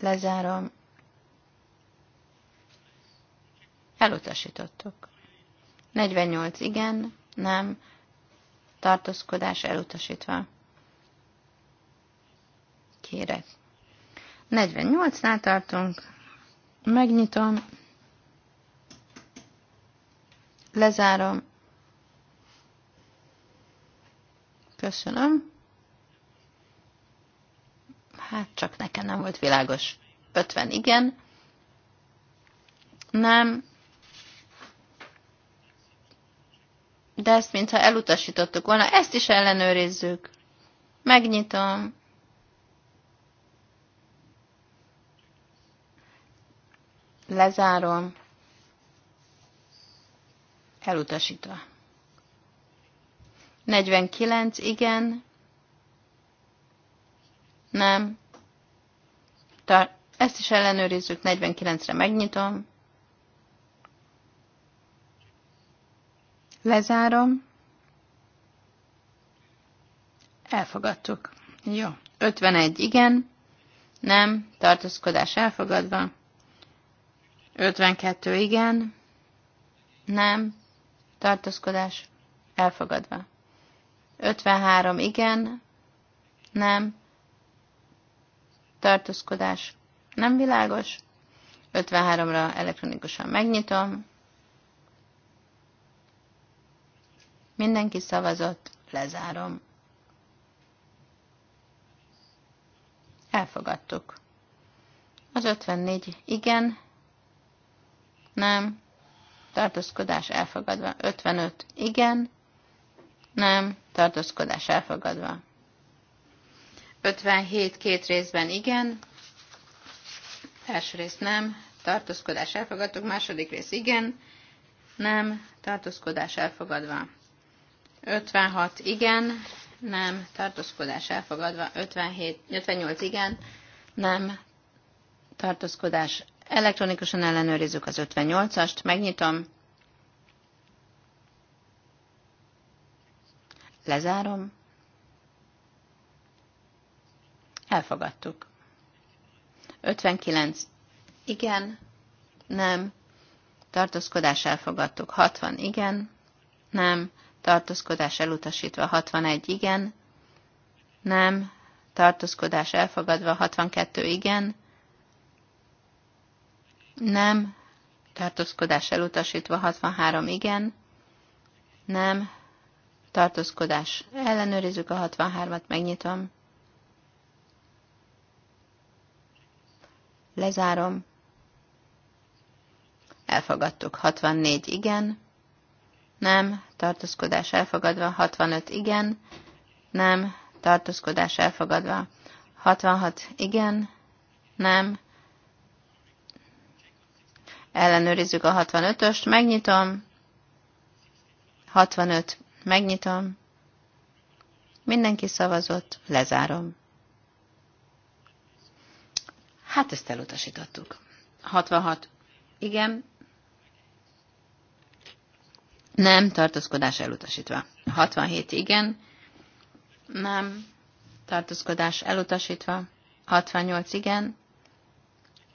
Lezárom. Elutasítottuk. 48 igen, nem, tartózkodás elutasítva. Kérek. 48-nál tartunk, megnyitom, lezárom, köszönöm. Hát csak nekem nem volt világos. 50 igen, nem, de ezt mintha elutasítottuk volna. Ezt is ellenőrizzük. Megnyitom. Lezárom. Elutasítva. 49, igen. Nem. Tar- ezt is ellenőrizzük, 49-re megnyitom. Lezárom. Elfogadtuk. Jó. 51 igen, nem, tartózkodás elfogadva. 52 igen, nem, tartózkodás elfogadva. 53 igen, nem, tartózkodás nem világos. 53-ra elektronikusan megnyitom. Mindenki szavazott, lezárom. Elfogadtuk. Az 54 igen, nem, tartózkodás elfogadva. 55 igen, nem, tartózkodás elfogadva. 57 két részben igen, első rész nem, tartózkodás elfogadtuk, második rész igen, nem, tartózkodás elfogadva. 56 igen, nem, tartózkodás elfogadva, 57, 58 igen, nem, tartózkodás. Elektronikusan ellenőrizzük az 58-ast, megnyitom, lezárom, elfogadtuk. 59 igen, nem, tartózkodás elfogadtuk. 60 igen, nem, tartózkodás elutasítva 61 igen, nem, tartózkodás elfogadva 62 igen, nem, tartózkodás elutasítva 63 igen, nem, tartózkodás ellenőrizzük a 63-at, megnyitom, lezárom, elfogadtuk 64 igen, nem, tartózkodás elfogadva, 65 igen, nem, tartózkodás elfogadva, 66 igen, nem, ellenőrizzük a 65-öst, megnyitom, 65, megnyitom, mindenki szavazott, lezárom. Hát ezt elutasítottuk. 66. Igen, nem, tartózkodás elutasítva. 67 igen. Nem, tartózkodás elutasítva. 68 igen.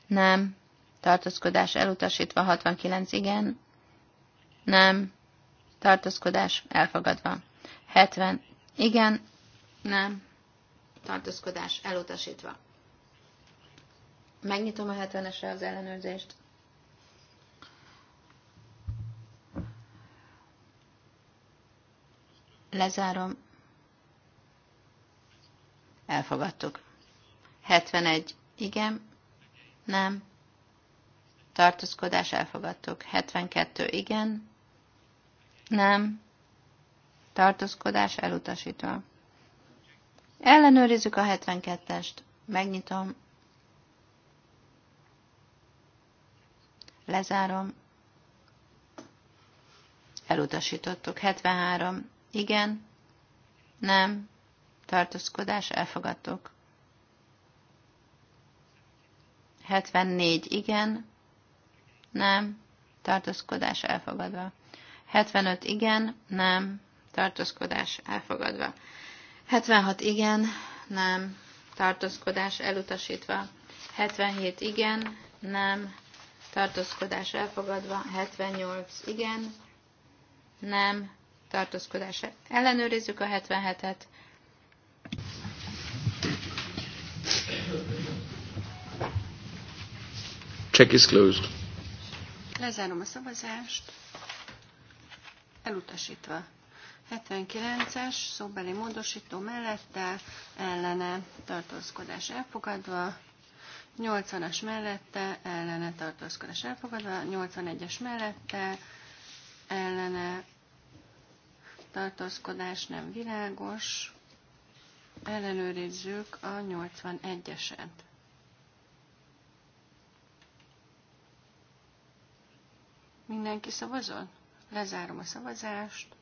Nem, tartózkodás elutasítva. 69 igen. Nem, tartózkodás elfogadva. 70 igen. Nem, tartózkodás elutasítva. Megnyitom a 70-esre az ellenőrzést. Lezárom. Elfogadtuk. 71. Igen. Nem. Tartózkodás elfogadtuk. 72. Igen. Nem. Tartózkodás elutasítva. Ellenőrizzük a 72-est. Megnyitom. Lezárom. Elutasítottuk. 73. Igen. Nem. Tartózkodás. elfogadtok. 74. Igen. Nem. Tartózkodás. Elfogadva. 75. Igen. Nem. Tartózkodás. Elfogadva. 76. Igen. Nem. Tartózkodás. Elutasítva. 77. Igen. Nem. Tartózkodás elfogadva. 78. Igen. Nem tartózkodás. Ellenőrizzük a 77-et. Check is closed. Lezárom a szavazást. Elutasítva. 79-es szóbeli módosító mellette ellene tartózkodás elfogadva. 80-as mellette ellene tartózkodás elfogadva, 81-es mellette ellene tartózkodás nem világos, ellenőrizzük a 81-eset. Mindenki szavazol? Lezárom a szavazást.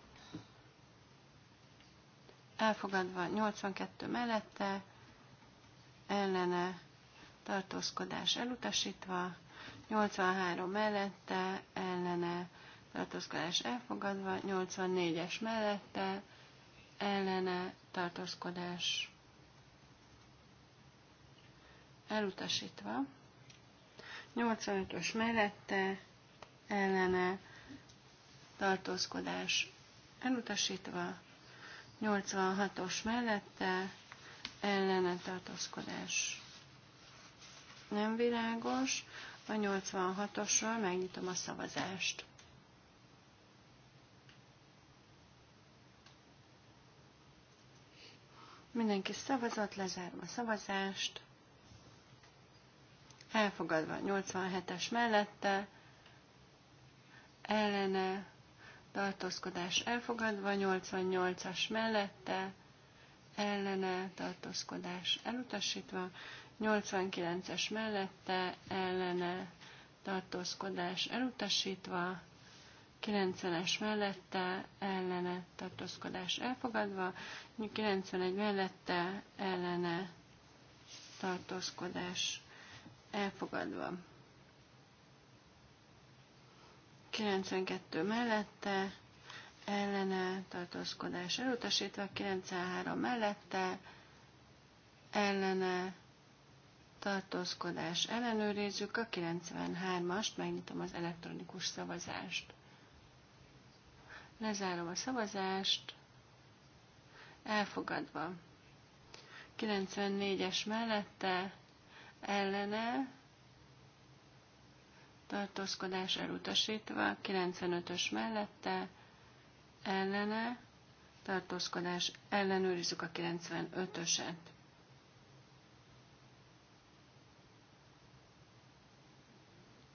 Elfogadva 82 mellette, ellene tartózkodás elutasítva, 83 mellette, ellene tartózkodás elfogadva, 84-es mellette, ellene tartózkodás elutasítva, 85-ös mellette, ellene tartózkodás elutasítva, 86-os mellette, ellene tartózkodás nem világos, a 86-osról megnyitom a szavazást. Mindenki szavazott, lezárom a szavazást. Elfogadva 87-es mellette, ellene tartózkodás elfogadva, 88-as mellette, ellene tartózkodás elutasítva, 89-es mellette, ellene tartózkodás elutasítva, 90-es mellette ellene tartózkodás elfogadva, 91 mellette ellene tartózkodás elfogadva. 92 mellette ellene tartózkodás elutasítva, 93 mellette ellene tartózkodás ellenőrizzük a 93-ast, megnyitom az elektronikus szavazást. Lezárom a szavazást. Elfogadva. 94-es mellette ellene tartózkodás elutasítva, 95-ös mellette ellene tartózkodás ellenőrizzük a 95-öset.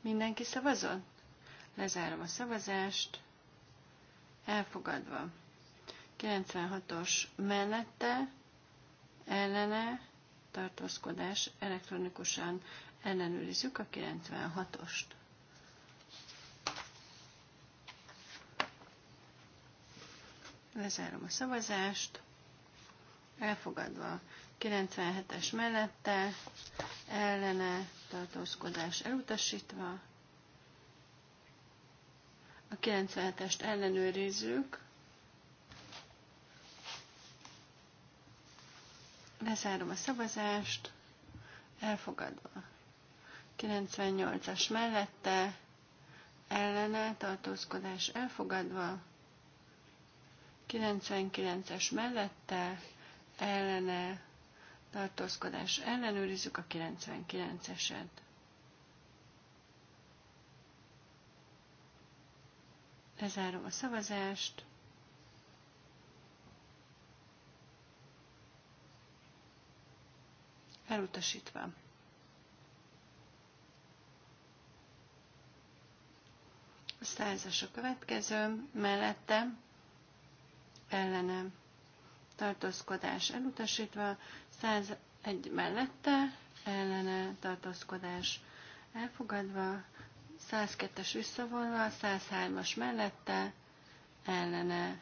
Mindenki szavazott? Lezárom a szavazást elfogadva. 96-os mellette, ellene, tartózkodás, elektronikusan ellenőrizzük a 96-ost. Lezárom a szavazást. Elfogadva. 97-es mellette, ellene, tartózkodás elutasítva. A 97-est ellenőrizzük. Lezárom a szavazást. Elfogadva. 98-as mellette ellene tartózkodás elfogadva. 99-es mellette ellene tartózkodás ellenőrizzük a 99-eset. Lezárom a szavazást. Elutasítva. A százas a következő, mellette, ellenem, tartózkodás elutasítva, 101 mellette, ellene, tartózkodás elfogadva, 102-es visszavonva, 103-as mellette, ellene.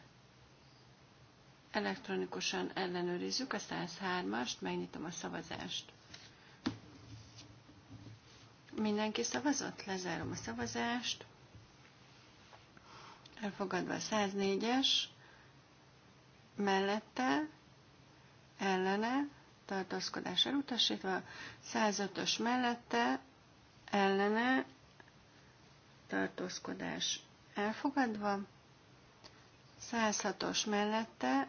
Elektronikusan ellenőrizzük a 103-ast, megnyitom a szavazást. Mindenki szavazott? Lezárom a szavazást. Elfogadva a 104-es, mellette, ellene, tartózkodás elutasítva, 105-ös mellette, ellene, tartózkodás elfogadva, 106-os mellette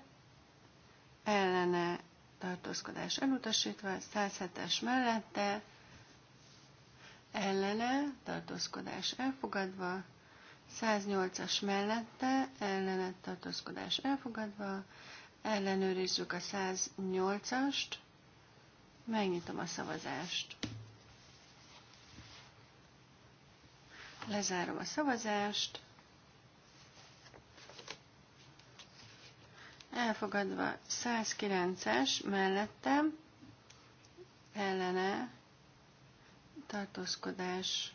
ellene tartózkodás elutasítva, 107-es mellette ellene tartózkodás elfogadva, 108-as mellette ellene tartózkodás elfogadva, ellenőrizzük a 108-ast, megnyitom a szavazást. Lezárom a szavazást. Elfogadva 109-es mellettem ellene tartózkodás.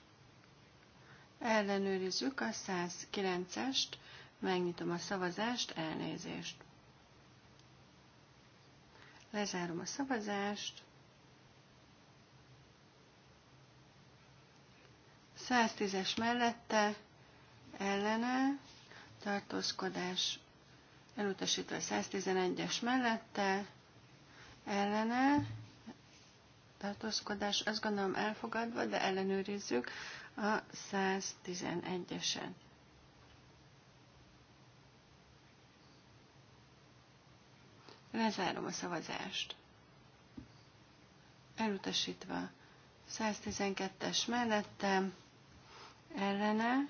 Ellenőrizzük a 109-est, megnyitom a szavazást, elnézést. Lezárom a szavazást. 110-es mellette ellene tartózkodás elutasítva 111-es mellette ellene tartózkodás, azt gondolom elfogadva, de ellenőrizzük a 111-esen. Lezárom a szavazást. Elutasítva 112-es mellettem ellene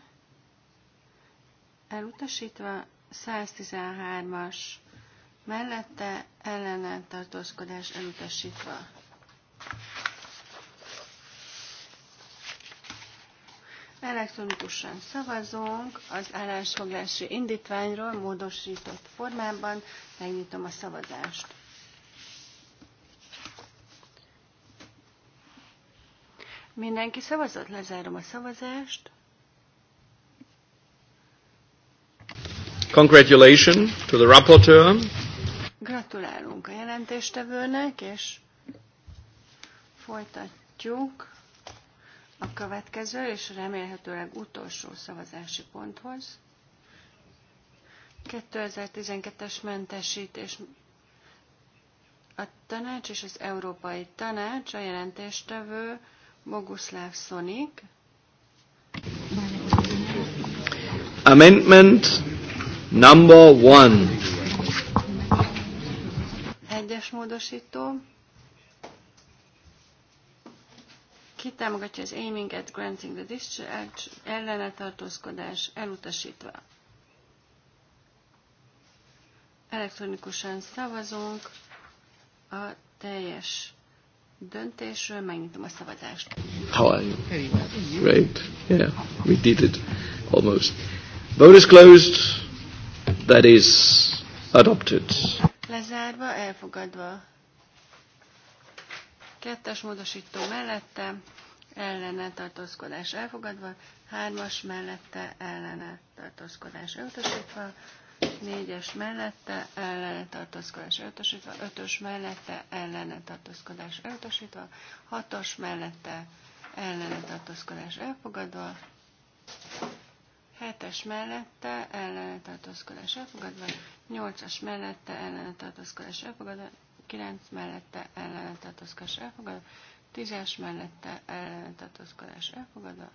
elutasítva, 113-as mellette ellene tartózkodás elutasítva. Elektronikusan szavazunk az állásfoglási indítványról módosított formában. Megnyitom a szavazást. Mindenki szavazott? Lezárom a szavazást. Congratulations to the rapporteur. Gratulálunk a jelentéstevőnek, és folytatjuk a következő és remélhetőleg utolsó szavazási ponthoz. 2012-es mentesítés a tanács és az Európai Tanács a jelentéstevő Boguslav Sonik. Amendment number one. Egyes módosító. Ki támogatja az aiming at granting the discharge ellene tartózkodás elutasítva? Elektronikusan szavazunk a teljes döntésről, megnyitom a szavazást. How are you? Great. Yeah, we did it almost. Vote is closed. That is adopted. Lezárva, elfogadva. Kettes módosító mellette, ellene tartózkodás elfogadva, hármas mellette ellene tartózkodás elutasítva, négyes mellette ellene tartózkodás elutasítva, ötös mellette ellene tartózkodás elutasítva, hatos mellette ellene tartózkodás elfogadva, hetes mellette ellene tartózkodás elfogadva, nyolcas mellette ellene tartózkodás elfogadva, kilenc mellette ellene tartózkodás elfogadva, tízes mellette ellene tartózkodás elfogadva,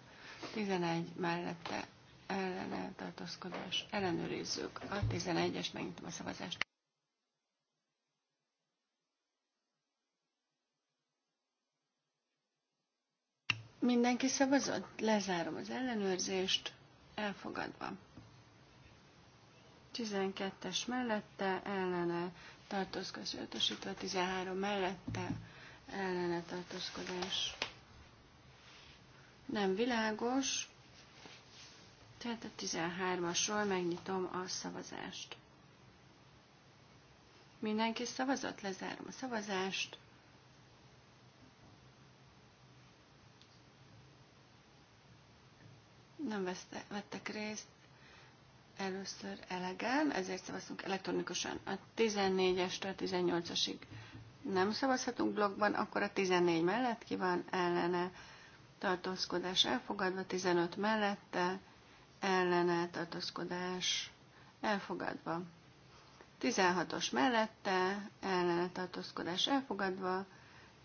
tizenegy mellette ellene tartózkodás. Ellenőrizzük. A 11-es megnyitom a szavazást. Mindenki szavazott? Lezárom az ellenőrzést. Elfogadva. 12-es mellette ellene tartózkodás ötösítve, 13 mellette ellene tartózkodás. Nem világos. Tehát a 13-asról megnyitom a szavazást. Mindenki szavazott, lezárom a szavazást. Nem veszte, vettek részt először elegán, ezért szavazunk elektronikusan. A 14-estől a 18-asig nem szavazhatunk blogban, akkor a 14 mellett ki van ellene tartózkodás elfogadva, 15 mellette, ellene tartózkodás elfogadva. 16-os mellette ellene tartózkodás elfogadva,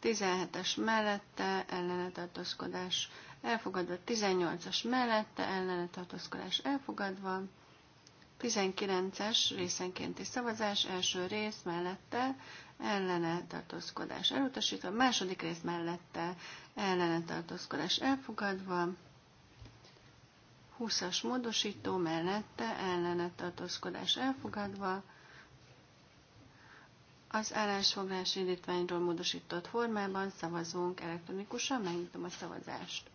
17-es mellette ellene tartózkodás elfogadva, 18-as mellette ellene tartózkodás elfogadva, 19-es részenkénti szavazás első rész mellette ellene tartózkodás elutasítva, második rész mellette ellene tartózkodás elfogadva, 20-as módosító mellette ellene tartózkodás elfogadva, az állásfoglalás indítványról módosított formában szavazunk elektronikusan, megnyitom a szavazást.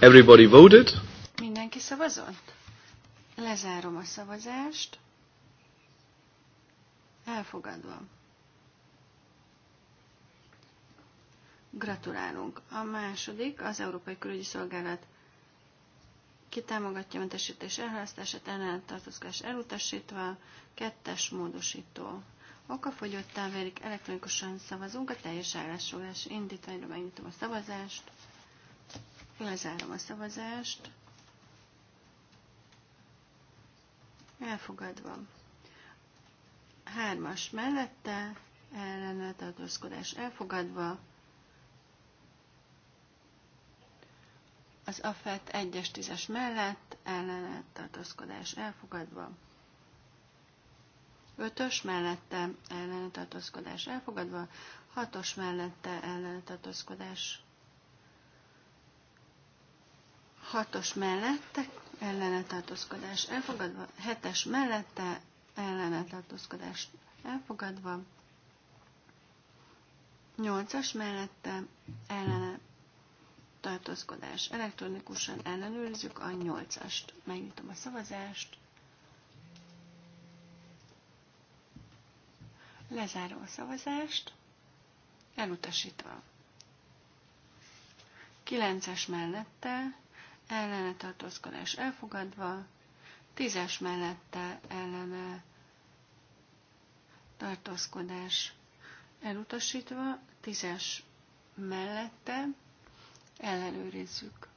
Everybody voted? Mindenki szavazott? Lezárom a szavazást. Elfogadva. Gratulálunk. A második az Európai Külügyi Szolgálat kitámogatja mentesítés elhalasztását, ellen tartozkodás elutasítva, kettes módosító. Okafogyottá vélik elektronikusan szavazunk a teljes állásolás indítványra, megnyitom a szavazást, lezárom a szavazást, elfogadva. Hármas mellette, ellene tartózkodás elfogadva, Az AFET 1-es 10-es mellett ellenet tartózkodás elfogadva. 5-ös mellette ellene tartózkodás elfogadva, 6-os mellette ellene tartózkodás 6-os mellette ellene tartózkodás elfogadva, 7-es mellette ellene tartózkodás elfogadva, 8-as mellette ellene tartózkodás. Elektronikusan ellenőrizzük a 8-ast. Megnyitom a szavazást. Lezárom a szavazást. Elutasítva. 9-es mellette ellene tartózkodás elfogadva. 10-es mellette ellene tartózkodás elutasítva. 10-es mellette ellenőrizzük.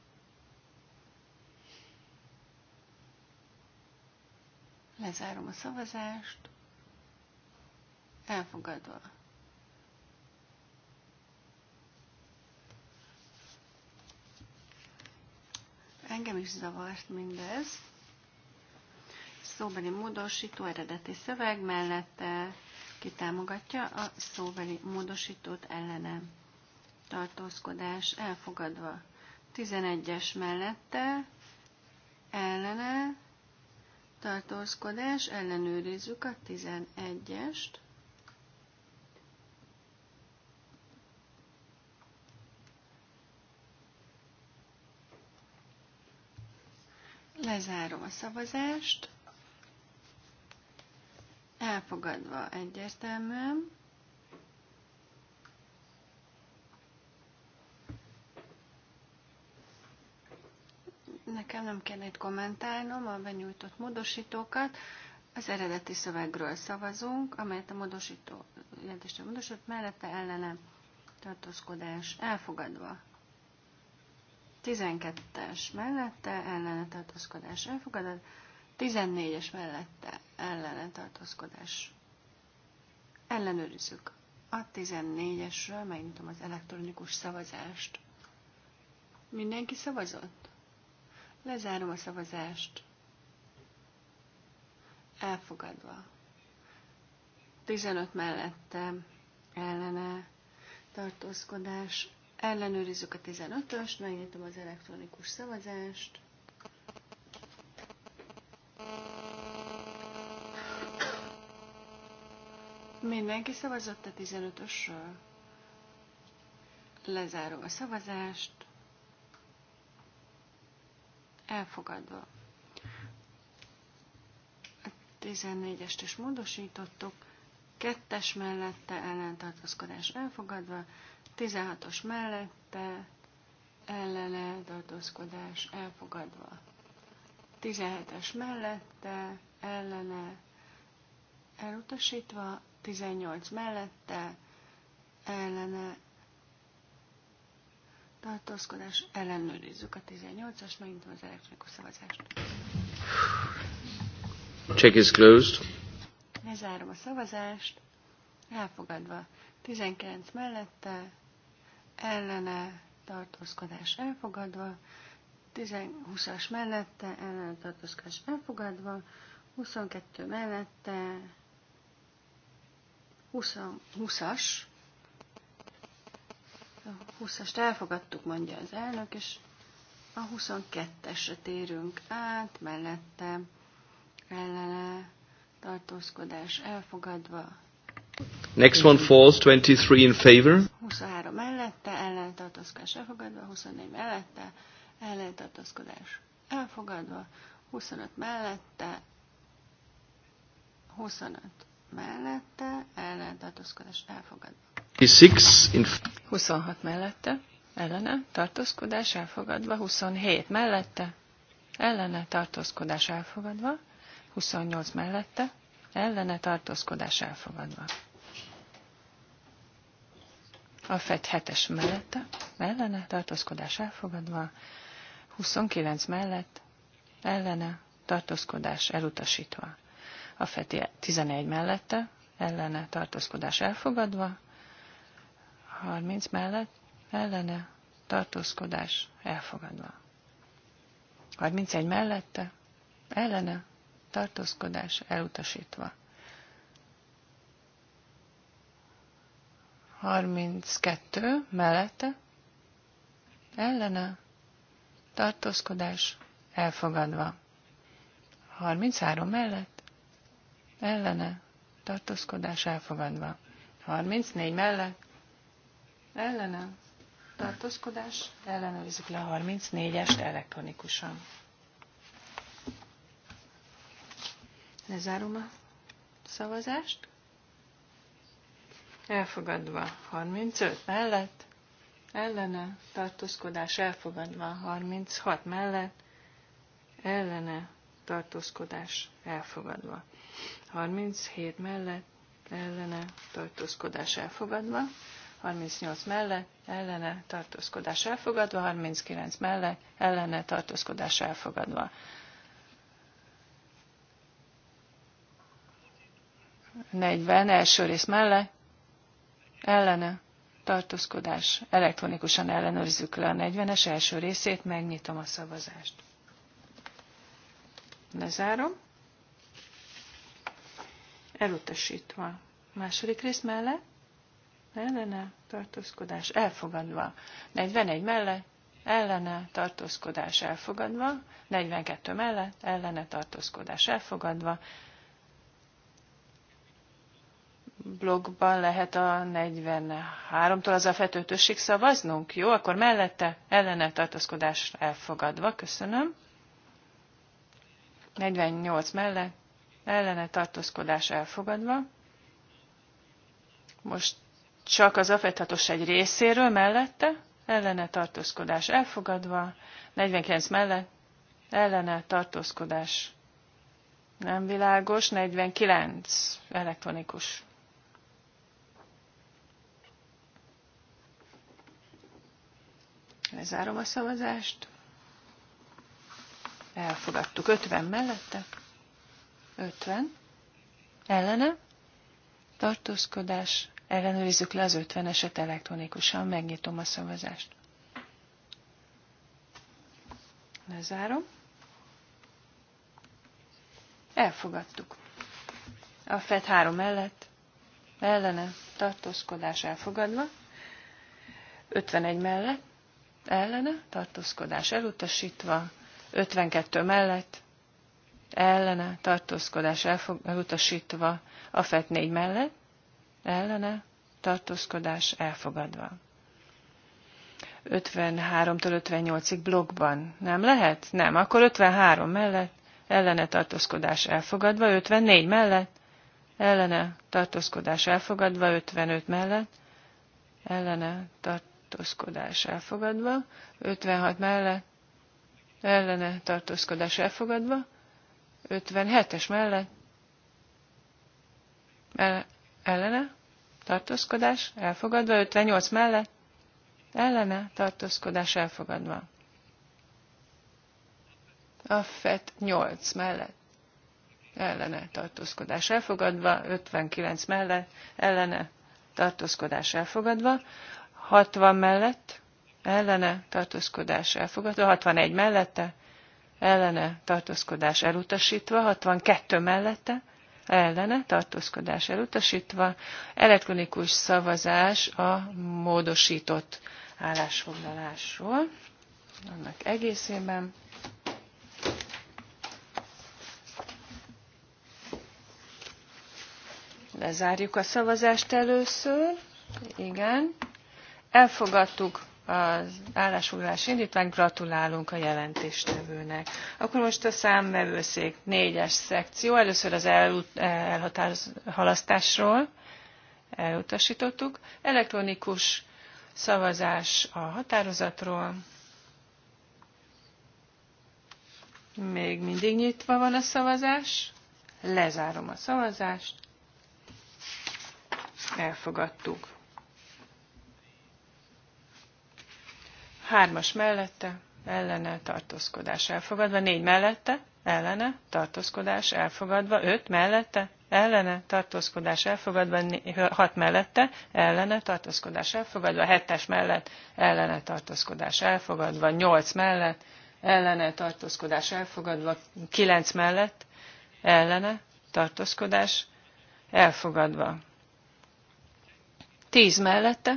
Lezárom a szavazást. Elfogadva. Engem is zavart mindez. Szóbeli módosító eredeti szöveg mellette kitámogatja a szóbeli módosítót ellenem tartózkodás elfogadva. 11-es mellette ellene tartózkodás, ellenőrizzük a 11-est. Lezárom a szavazást. Elfogadva egyértelműen. Nekem nem kell itt kommentálnom a benyújtott módosítókat. Az eredeti szövegről szavazunk, amelyet a módosító, jelentésre módosított mellette ellene tartózkodás elfogadva. 12-es mellette ellene tartózkodás elfogadva. 14-es mellette ellene tartózkodás. Ellenőrizzük. A 14-esről megnyitom az elektronikus szavazást. Mindenki szavazott? Lezárom a szavazást. Elfogadva. 15 mellette ellene tartózkodás. Ellenőrizzük a 15-öst, megnyitom az elektronikus szavazást. Mindenki szavazott a 15-ösről. Lezárom a szavazást elfogadva. A 14-est is módosítottuk, kettes mellette ellentartózkodás elfogadva, 16-os mellette ellene elfogadva. 17-es mellette ellene elutasítva, 18 mellette ellene tartózkodás, ellenőrizzük a 18-as, megnyitom az elektronikus szavazást. Check is closed. Lezárom a szavazást, elfogadva 19 mellette, ellene tartózkodás elfogadva, 20-as mellette, ellene tartózkodás elfogadva, 22 mellette, 20-as a 20-ast elfogadtuk, mondja az elnök, és a 22-esre térünk át, mellette ellene tartózkodás elfogadva. Next one falls, 23 in favor. 23 mellette, tartózkodás elfogadva, 24 mellette, tartózkodás elfogadva, 25 mellette, 25 mellette, tartózkodás elfogadva. 26 mellette, ellene, tartózkodás elfogadva, 27 mellette, ellene, tartózkodás elfogadva, 28 mellette, ellene, tartózkodás elfogadva. A FED 7-es mellette, ellene, tartózkodás elfogadva, 29 mellett, ellene, tartózkodás elutasítva. A FED 11 mellette, ellene, tartózkodás elfogadva, 30 mellett ellene tartózkodás elfogadva. 31 mellette ellene tartózkodás elutasítva. 32 mellette ellene tartózkodás elfogadva. 33 mellett ellene tartózkodás elfogadva. 34 mellett ellene tartózkodás, ellenőrizzük le a 34-est elektronikusan. Lezárom a szavazást. Elfogadva 35 mellett, ellene tartózkodás elfogadva 36 mellett, ellene tartózkodás elfogadva 37 mellett, ellene tartózkodás elfogadva 38 mellett, ellene tartózkodás elfogadva, 39 mellett, ellene tartózkodás elfogadva. Negyven első rész mellett, ellene tartózkodás. Elektronikusan ellenőrzzük le a 40-es első részét, megnyitom a szavazást. Lezárom. Elutasítva. Második rész mellett ellene tartózkodás elfogadva, 41 mellett ellene tartózkodás elfogadva, 42 mellett ellene tartózkodás elfogadva, blogban lehet a 43-tól az a fetőtösség szavaznunk? Jó, akkor mellette ellene tartózkodás elfogadva, köszönöm. 48 mellett ellene tartózkodás elfogadva. Most csak az afethatos egy részéről mellette, ellene tartózkodás elfogadva, 49 mellett, ellene tartózkodás nem világos, 49 elektronikus. Lezárom a szavazást. Elfogadtuk 50 mellette. 50. Ellene. Tartózkodás Ellenőrizzük le az 50-eset elektronikusan, megnyitom a szavazást. Lezárom. Elfogadtuk. A FED három mellett, ellene, tartózkodás elfogadva. 51 mellett, ellene, tartózkodás elutasítva. 52 mellett, ellene, tartózkodás elutasítva. A FED négy mellett, ellene tartózkodás elfogadva. 53-től 58-ig blokkban. Nem lehet? Nem. Akkor 53 mellett ellene tartózkodás elfogadva, 54 mellett ellene tartózkodás elfogadva, 55 mellett ellene tartózkodás elfogadva, 56 mellett ellene tartózkodás elfogadva, 57-es mellett ellene tartózkodás elfogadva, 58 mellett ellene tartózkodás elfogadva. A FET 8 mellett ellene tartózkodás elfogadva, 59 mellett ellene tartózkodás elfogadva, 60 mellett ellene tartózkodás elfogadva, 61 mellette ellene tartózkodás elutasítva, 62 mellette ellene tartózkodás elutasítva, elektronikus szavazás a módosított állásfoglalásról, annak egészében. Lezárjuk a szavazást először. Igen. Elfogadtuk az állásfoglalás indítvány, gratulálunk a jelentéstevőnek. Akkor most a számvevőszék négyes szekció, először az elhalasztásról elutasítottuk, elektronikus szavazás a határozatról, még mindig nyitva van a szavazás, lezárom a szavazást, elfogadtuk. Hármas mellette, ellene, tartózkodás elfogadva. Négy mellette, ellene, tartózkodás elfogadva. Öt mellette, ellene, tartózkodás elfogadva. Hat mellette, ellene, tartózkodás elfogadva. Hetes mellett, ellene, tartózkodás elfogadva. Nyolc mellett, ellene, tartózkodás elfogadva. Kilenc mellett, ellene, tartózkodás elfogadva. Tíz mellette,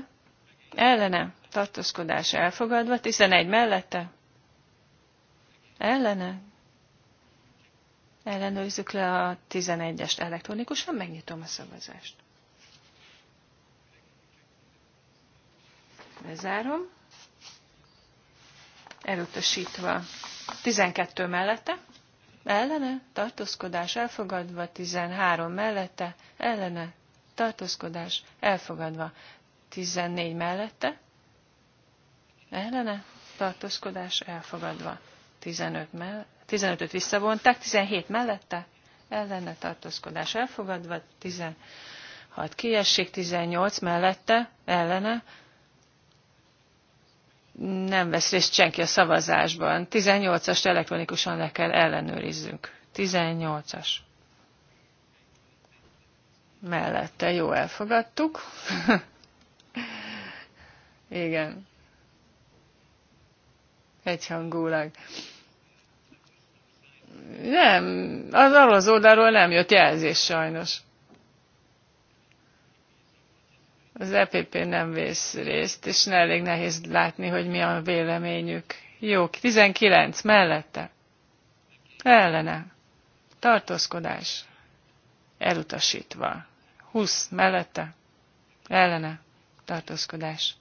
ellene, tartózkodás elfogadva, 11 mellette, ellene, ellenőrizzük le a 11-est elektronikusan, megnyitom a szavazást. Bezárom. Elutasítva. 12 mellette, ellene, tartózkodás elfogadva, 13 mellette, ellene, tartózkodás elfogadva, 14 mellette, ellene tartózkodás elfogadva. 15 mell 15-öt visszavonták, 17 mellette ellene tartózkodás elfogadva, 16 kiesség, 18 mellette ellene nem vesz részt senki a szavazásban. 18 as elektronikusan le kell ellenőrizzünk. 18-as. Mellette jó elfogadtuk. <laughs> Igen egyhangulag. Nem, az arról az oldalról nem jött jelzés sajnos. Az EPP nem vész részt, és ne elég nehéz látni, hogy mi a véleményük. Jó, 19 mellette. Ellene. Tartózkodás. Elutasítva. 20 mellette. Ellene. Tartózkodás.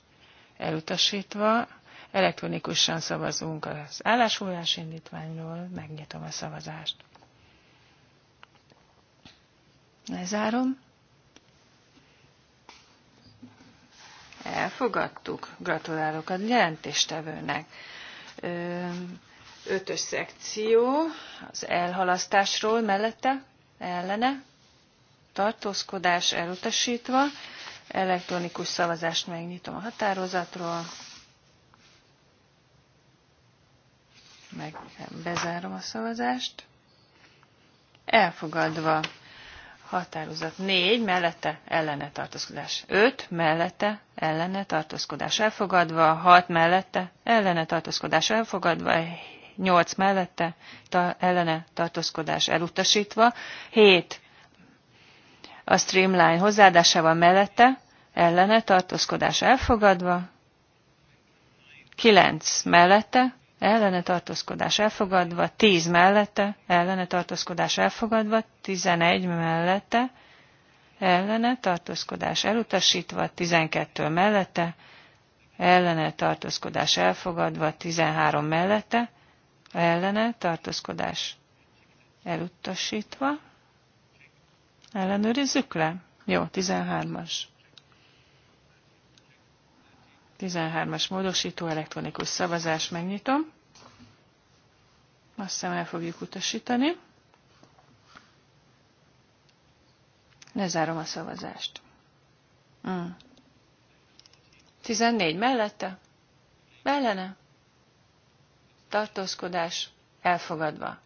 Elutasítva. Elektronikusan szavazunk az állásfoglalás indítványról, megnyitom a szavazást. Lezárom. Elfogadtuk. Gratulálok a jelentéstevőnek. Ötös szekció az elhalasztásról mellette, ellene, tartózkodás elutasítva. Elektronikus szavazást megnyitom a határozatról. Meg bezárom a szavazást. Elfogadva határozat 4, mellette ellene tartózkodás 5, mellette ellene tartózkodás elfogadva, 6 mellette ellene tartózkodás elfogadva, 8 mellette ta, ellene tartózkodás elutasítva, 7 a streamline hozzáadásával mellette ellene tartózkodás elfogadva, 9 mellette ellene tartózkodás elfogadva, 10 mellette, ellene tartózkodás elfogadva, 11 mellette, ellene tartózkodás elutasítva, 12 mellette, ellene tartózkodás elfogadva, 13 mellette, ellene tartózkodás elutasítva. Ellenőrizzük le? Jó, 13-as. 13-as módosító elektronikus szavazás, megnyitom. Azt hiszem el fogjuk utasítani. Lezárom a szavazást. Mm. 14 mellette? Bellene? Tartózkodás elfogadva.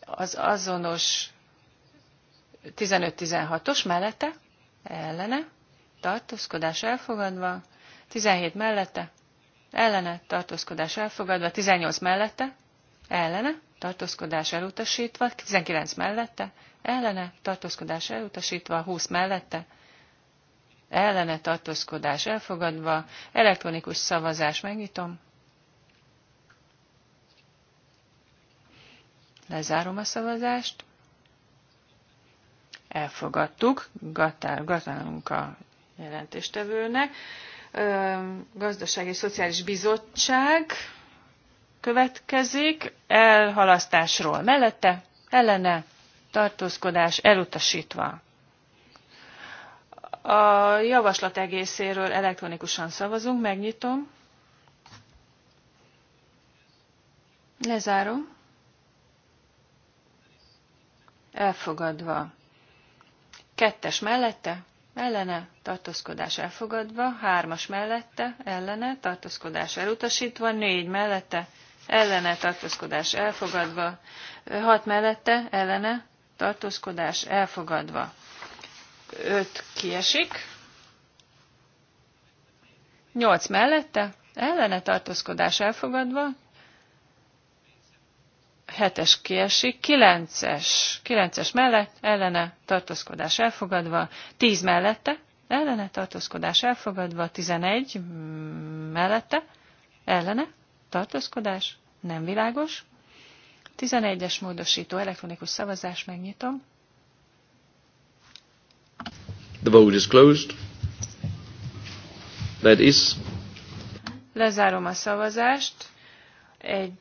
Az azonos 15-16-os mellette? ellene, tartózkodás elfogadva, 17 mellette, ellene, tartózkodás elfogadva, 18 mellette, ellene, tartózkodás elutasítva, 19 mellette, ellene, tartózkodás elutasítva, 20 mellette, ellene, tartózkodás elfogadva, elektronikus szavazás, megnyitom. Lezárom a szavazást elfogadtuk, gratulálunk a jelentéstevőnek. Gazdaság és Szociális Bizottság következik, elhalasztásról mellette, ellene, tartózkodás elutasítva. A javaslat egészéről elektronikusan szavazunk, megnyitom. Lezárom. Elfogadva. Kettes mellette, ellene, tartózkodás elfogadva. Hármas mellette, ellene, tartózkodás elutasítva. Négy mellette, ellene, tartózkodás elfogadva. Hat mellette, ellene, tartózkodás elfogadva. Öt kiesik. Nyolc mellette, ellene tartózkodás elfogadva, hetes kiesik, kilences, kilences mellett, ellene, tartózkodás elfogadva, tíz mellette, ellene, tartózkodás elfogadva, tizenegy mellette, ellene, tartózkodás, nem világos. Tizenegyes módosító elektronikus szavazás, megnyitom. The vote is closed. That is. Lezárom a szavazást. Egy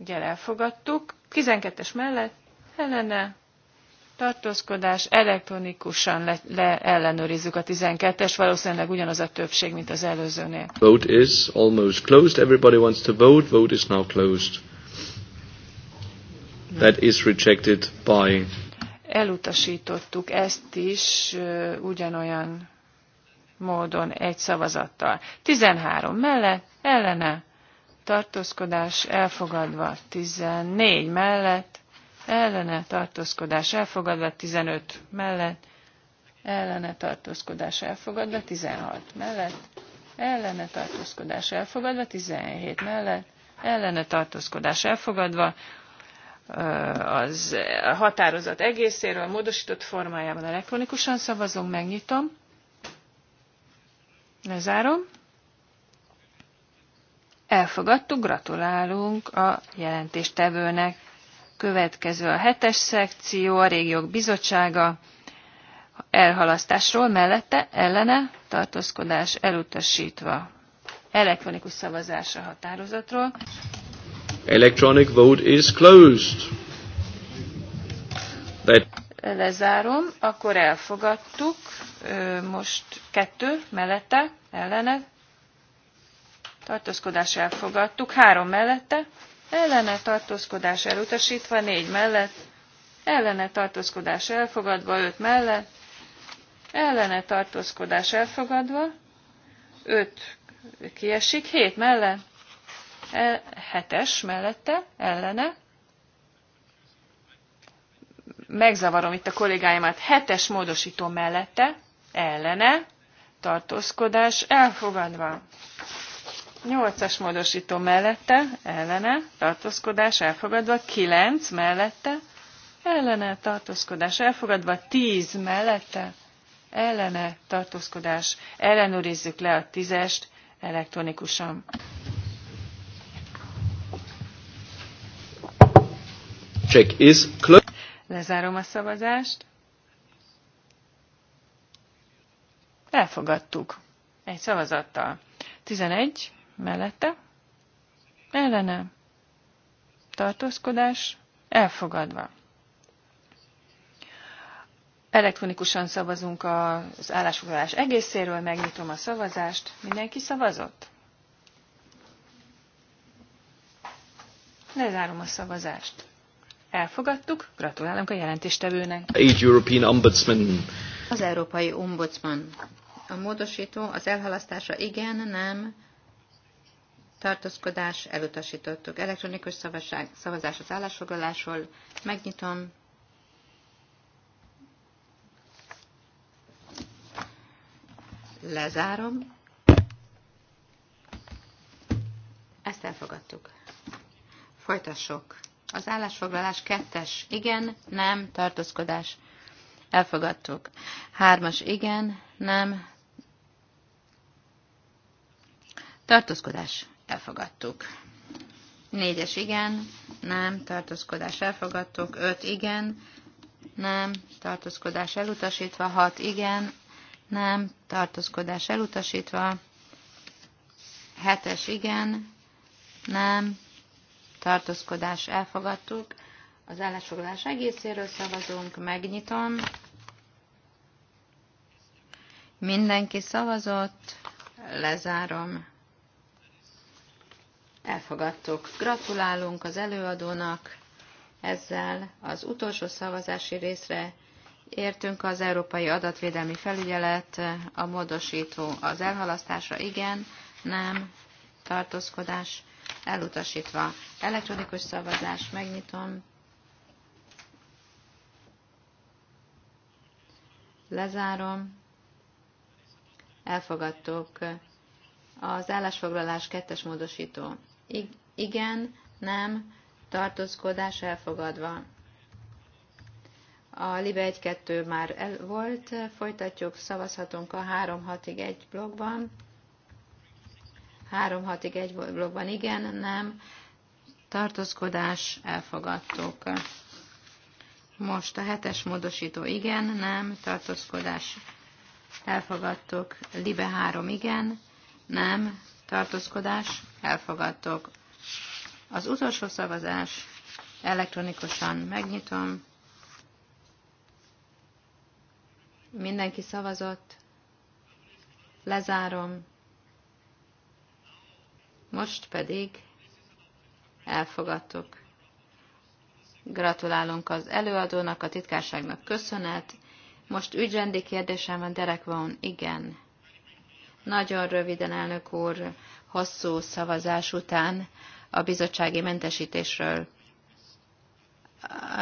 egyel elfogadtuk. 12-es mellett ellene tartózkodás, elektronikusan le, le ellenőrizzük a 12-es, valószínűleg ugyanaz a többség, mint az előzőnél. Vote is almost closed. Everybody wants to vote. Vote is now closed. That is rejected by... Elutasítottuk ezt is ugyanolyan módon egy szavazattal. 13 mellett, ellene, tartózkodás elfogadva 14 mellett, ellene tartózkodás elfogadva 15 mellett, ellene tartózkodás elfogadva 16 mellett, ellene tartózkodás elfogadva 17 mellett, ellene tartózkodás elfogadva az a határozat egészéről módosított formájában elektronikusan szavazunk, megnyitom, lezárom. Elfogadtuk, gratulálunk a jelentéstevőnek. Következő a hetes szekció, a régiók bizottsága elhalasztásról mellette ellene tartózkodás elutasítva. Elektronikus szavazásra határozatról. Electronic vote is closed. That... Lezárom, akkor elfogadtuk, most kettő mellette, ellene, tartózkodás elfogadtuk, három mellette, ellene tartózkodás elutasítva, négy mellett, ellene tartózkodás elfogadva, öt mellett, ellene tartózkodás elfogadva, öt kiesik, hét mellett, el, hetes mellette, ellene, megzavarom itt a kollégáimat, hetes módosító mellette, ellene, tartózkodás elfogadva. 8-as módosító mellette, ellene, tartózkodás elfogadva, 9 mellette, ellene, tartózkodás elfogadva, 10 mellette, ellene, tartózkodás, ellenőrizzük le a 10-est elektronikusan. Check is closed. Lezárom a szavazást. Elfogadtuk. Egy szavazattal. 11 mellette, ellene, tartózkodás, elfogadva. Elektronikusan szavazunk az állásfoglalás egészéről, megnyitom a szavazást. Mindenki szavazott? Lezárom a szavazást. Elfogadtuk, gratulálunk a jelentéstevőnek. Az Európai Ombudsman. A módosító, az elhalasztása igen, nem, tartózkodás, elutasítottuk. Elektronikus szavazság, szavazás az állásfoglalásról, megnyitom. Lezárom. Ezt elfogadtuk. Folytassuk. Az állásfoglalás kettes, igen, nem, tartózkodás. Elfogadtuk. Hármas, igen, nem, tartózkodás elfogadtuk. Négyes igen, nem, tartózkodás elfogadtuk. Öt igen, nem, tartózkodás elutasítva. Hat igen, nem, tartózkodás elutasítva. Hetes igen, nem, tartózkodás elfogadtuk. Az állásfoglalás egészéről szavazunk, megnyitom. Mindenki szavazott, lezárom. Elfogadtuk. Gratulálunk az előadónak. Ezzel az utolsó szavazási részre értünk az Európai Adatvédelmi Felügyelet, a módosító az elhalasztásra igen, nem, tartózkodás elutasítva. Elektronikus szavazás, megnyitom. Lezárom. Elfogadtuk. Az állásfoglalás kettes módosító igen, nem, tartózkodás elfogadva. A Libe 1-2 már el volt, folytatjuk, szavazhatunk a 3-6-1 blogban. 3-6-1 blogban igen, nem, tartózkodás elfogadtuk. Most a hetes módosító igen, nem, tartózkodás elfogadtuk. Libe 3 igen, nem, tartózkodás, elfogadtok. Az utolsó szavazás, elektronikusan megnyitom. Mindenki szavazott. Lezárom. Most pedig elfogadtok. Gratulálunk az előadónak, a titkárságnak köszönet. Most ügyrendi kérdésem van, Derek van, igen. Nagyon röviden, elnök úr, hosszú szavazás után a bizottsági mentesítésről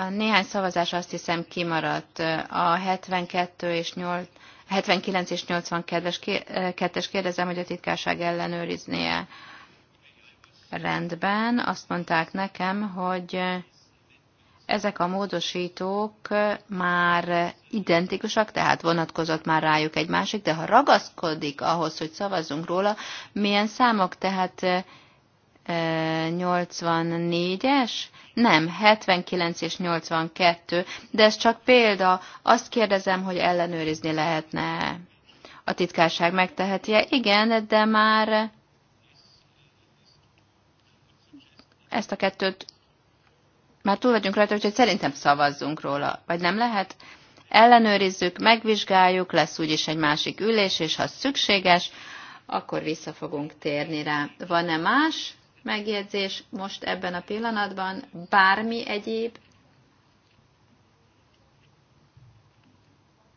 néhány szavazás azt hiszem kimaradt. A 72 és 8, 79 és kedves, kettes kérdezem, hogy a titkárság ellenőriznie. Rendben, azt mondták nekem, hogy ezek a módosítók már identikusak, tehát vonatkozott már rájuk egy másik, de ha ragaszkodik ahhoz, hogy szavazzunk róla, milyen számok, tehát 84-es? Nem, 79 és 82, de ez csak példa. Azt kérdezem, hogy ellenőrizni lehetne. A titkárság megtehetje, igen, de már ezt a kettőt már túl vagyunk rajta, úgyhogy szerintem szavazzunk róla. Vagy nem lehet? Ellenőrizzük, megvizsgáljuk, lesz úgyis egy másik ülés, és ha szükséges, akkor vissza fogunk térni rá. Van-e más megjegyzés most ebben a pillanatban? Bármi egyéb?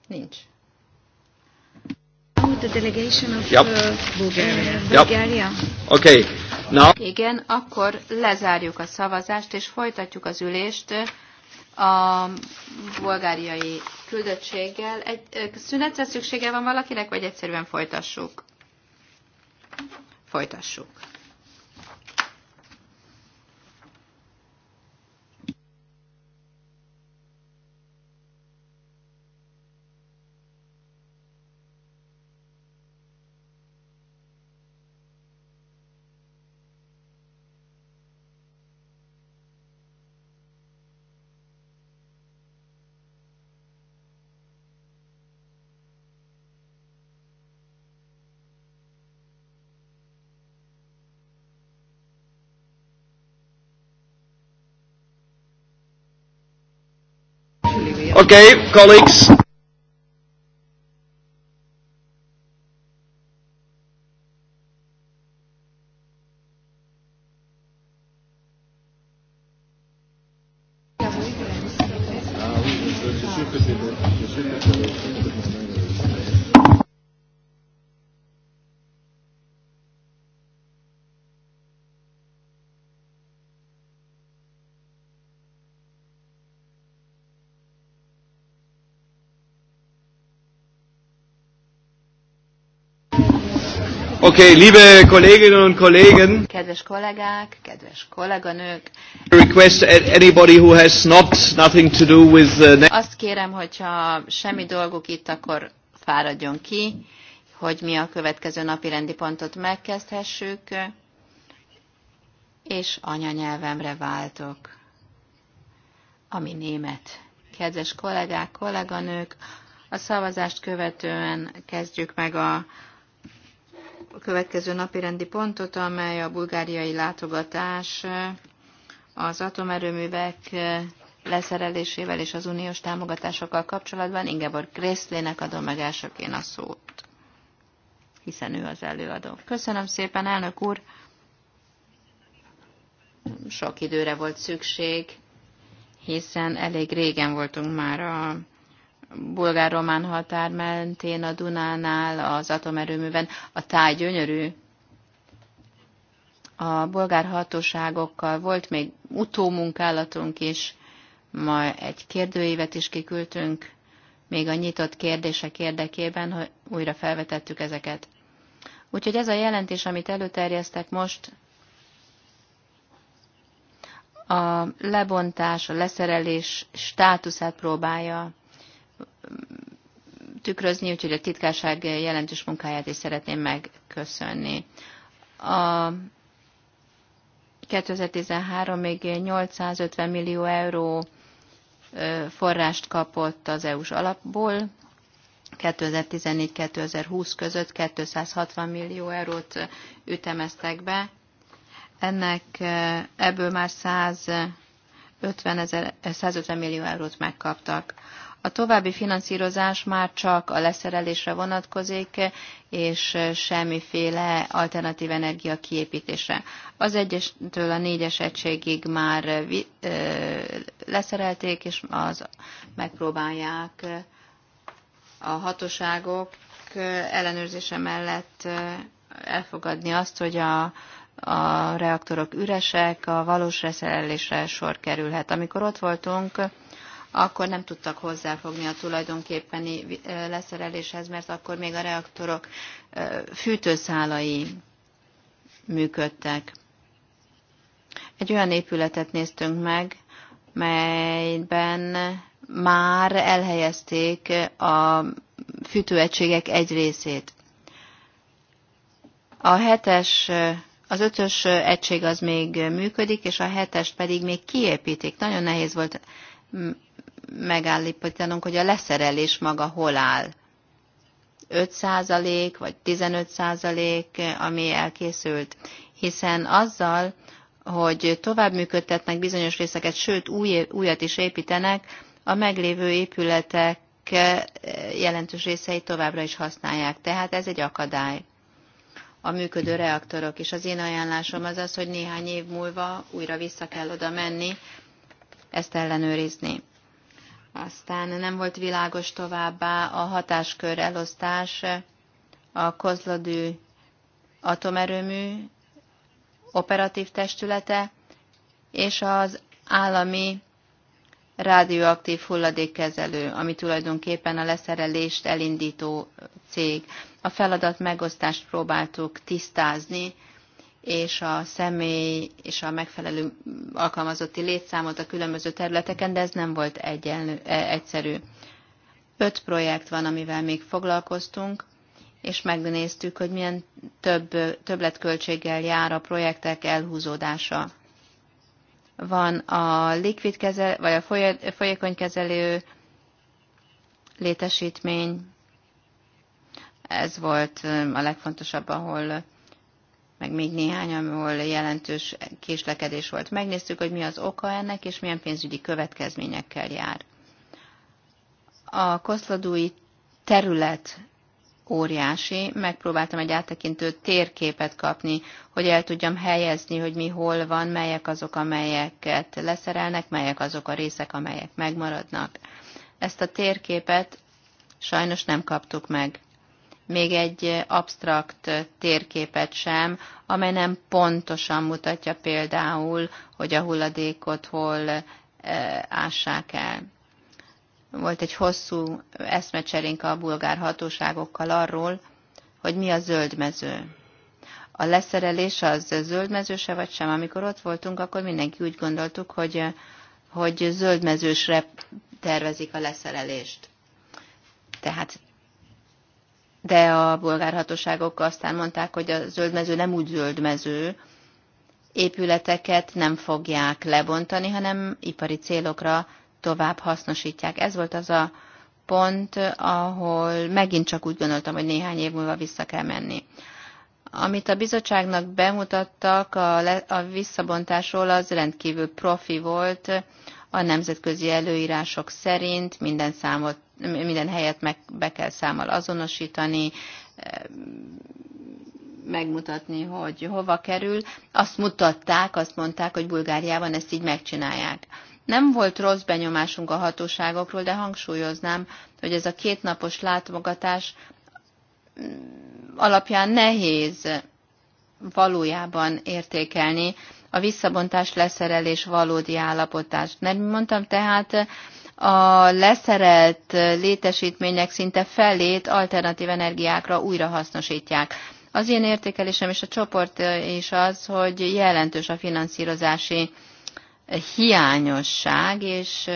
Nincs. The delegation of yep. uh, Bulgaria. Yep. Bulgaria. Okay. Now... Igen, akkor lezárjuk a szavazást, és folytatjuk az ülést a bulgáriai küldöttséggel. Egy szünetre szüksége van valakinek, vagy egyszerűen folytassuk? Folytassuk. Okay, colleagues. Okay, liebe Kolleginnen und Kollegen. Kedves kollégák, kedves kolléganők. Request anybody who has not nothing to do with the Azt kérem, hogyha semmi dolguk itt, akkor fáradjon ki, hogy mi a következő napi rendi pontot megkezdhessük, és anyanyelvemre váltok, ami német. Kedves kollégák, kolléganők, a szavazást követően kezdjük meg a következő napi rendi pontot, amely a bulgáriai látogatás az atomerőművek leszerelésével és az uniós támogatásokkal kapcsolatban. Ingeborg Krészlének adom meg elsőként a szót, hiszen ő az előadó. Köszönöm szépen, elnök úr! Sok időre volt szükség, hiszen elég régen voltunk már a bulgár-román határ mentén, a Dunánál, az atomerőműben. A táj gyönyörű. A bolgár hatóságokkal volt még utómunkálatunk is, ma egy kérdőívet is kiküldtünk, még a nyitott kérdések érdekében, hogy újra felvetettük ezeket. Úgyhogy ez a jelentés, amit előterjesztek most, a lebontás, a leszerelés státuszát próbálja tükrözni, úgyhogy a titkárság jelentős munkáját is szeretném megköszönni. A 2013 még 850 millió euró forrást kapott az EU-s alapból, 2014-2020 között 260 millió eurót ütemeztek be. Ennek ebből már 150, ezer, 150 millió eurót megkaptak. A további finanszírozás már csak a leszerelésre vonatkozik, és semmiféle alternatív energia kiépítése. Az egyestől a négyes egységig már leszerelték, és az megpróbálják a hatóságok ellenőrzése mellett elfogadni azt, hogy a, a reaktorok üresek, a valós leszerelésre sor kerülhet. Amikor ott voltunk, akkor nem tudtak hozzáfogni a tulajdonképpeni eh, leszereléshez, mert akkor még a reaktorok eh, fűtőszálai működtek. Egy olyan épületet néztünk meg, melyben már elhelyezték a fűtőegységek egy részét. A hetes, az ötös egység az még működik, és a hetest pedig még kiépítik. Nagyon nehéz volt mm, megállapítanunk, hogy a leszerelés maga hol áll. 5% vagy 15% ami elkészült, hiszen azzal, hogy tovább működtetnek bizonyos részeket, sőt új, újat is építenek, a meglévő épületek eh, jelentős részei továbbra is használják. Tehát ez egy akadály a működő reaktorok. És az én ajánlásom az az, hogy néhány év múlva újra vissza kell oda menni, ezt ellenőrizni. Aztán nem volt világos továbbá a hatáskör elosztás a kozlodű atomerőmű operatív testülete és az állami rádióaktív hulladékkezelő, ami tulajdonképpen a leszerelést elindító cég. A feladat megosztást próbáltuk tisztázni és a személy és a megfelelő alkalmazotti létszámot a különböző területeken, de ez nem volt egyenlő, e, egyszerű. Öt projekt van, amivel még foglalkoztunk, és megnéztük, hogy milyen több, többletköltséggel jár a projektek elhúzódása. Van a likvid kezelő, vagy a folyékonykezelő létesítmény, ez volt a legfontosabb, ahol meg még néhány, ahol jelentős késlekedés volt. Megnéztük, hogy mi az oka ennek, és milyen pénzügyi következményekkel jár. A koszladói terület óriási, megpróbáltam egy áttekintő térképet kapni, hogy el tudjam helyezni, hogy mi hol van, melyek azok, amelyeket leszerelnek, melyek azok a részek, amelyek megmaradnak. Ezt a térképet sajnos nem kaptuk meg még egy absztrakt térképet sem, amely nem pontosan mutatja például, hogy a hulladékot hol e, ássák el. Volt egy hosszú eszmecserénk a bulgár hatóságokkal arról, hogy mi a zöld mező. A leszerelés az zöld vagy sem. Amikor ott voltunk, akkor mindenki úgy gondoltuk, hogy, hogy zöld tervezik a leszerelést. Tehát de a bolgárhatóságok aztán mondták, hogy a zöldmező nem úgy zöldmező, épületeket nem fogják lebontani, hanem ipari célokra tovább hasznosítják. Ez volt az a pont, ahol megint csak úgy gondoltam, hogy néhány év múlva vissza kell menni. Amit a bizottságnak bemutattak a, le, a visszabontásról, az rendkívül profi volt a nemzetközi előírások szerint, minden számot minden helyet meg be kell számmal azonosítani, eh, megmutatni, hogy hova kerül. Azt mutatták, azt mondták, hogy Bulgáriában ezt így megcsinálják. Nem volt rossz benyomásunk a hatóságokról, de hangsúlyoznám, hogy ez a kétnapos látogatás mm, alapján nehéz valójában értékelni a visszabontás leszerelés valódi állapotát. Nem mondtam tehát, a leszerelt létesítmények szinte felét alternatív energiákra újrahasznosítják. Az én értékelésem és a csoport is az, hogy jelentős a finanszírozási hiányosság, és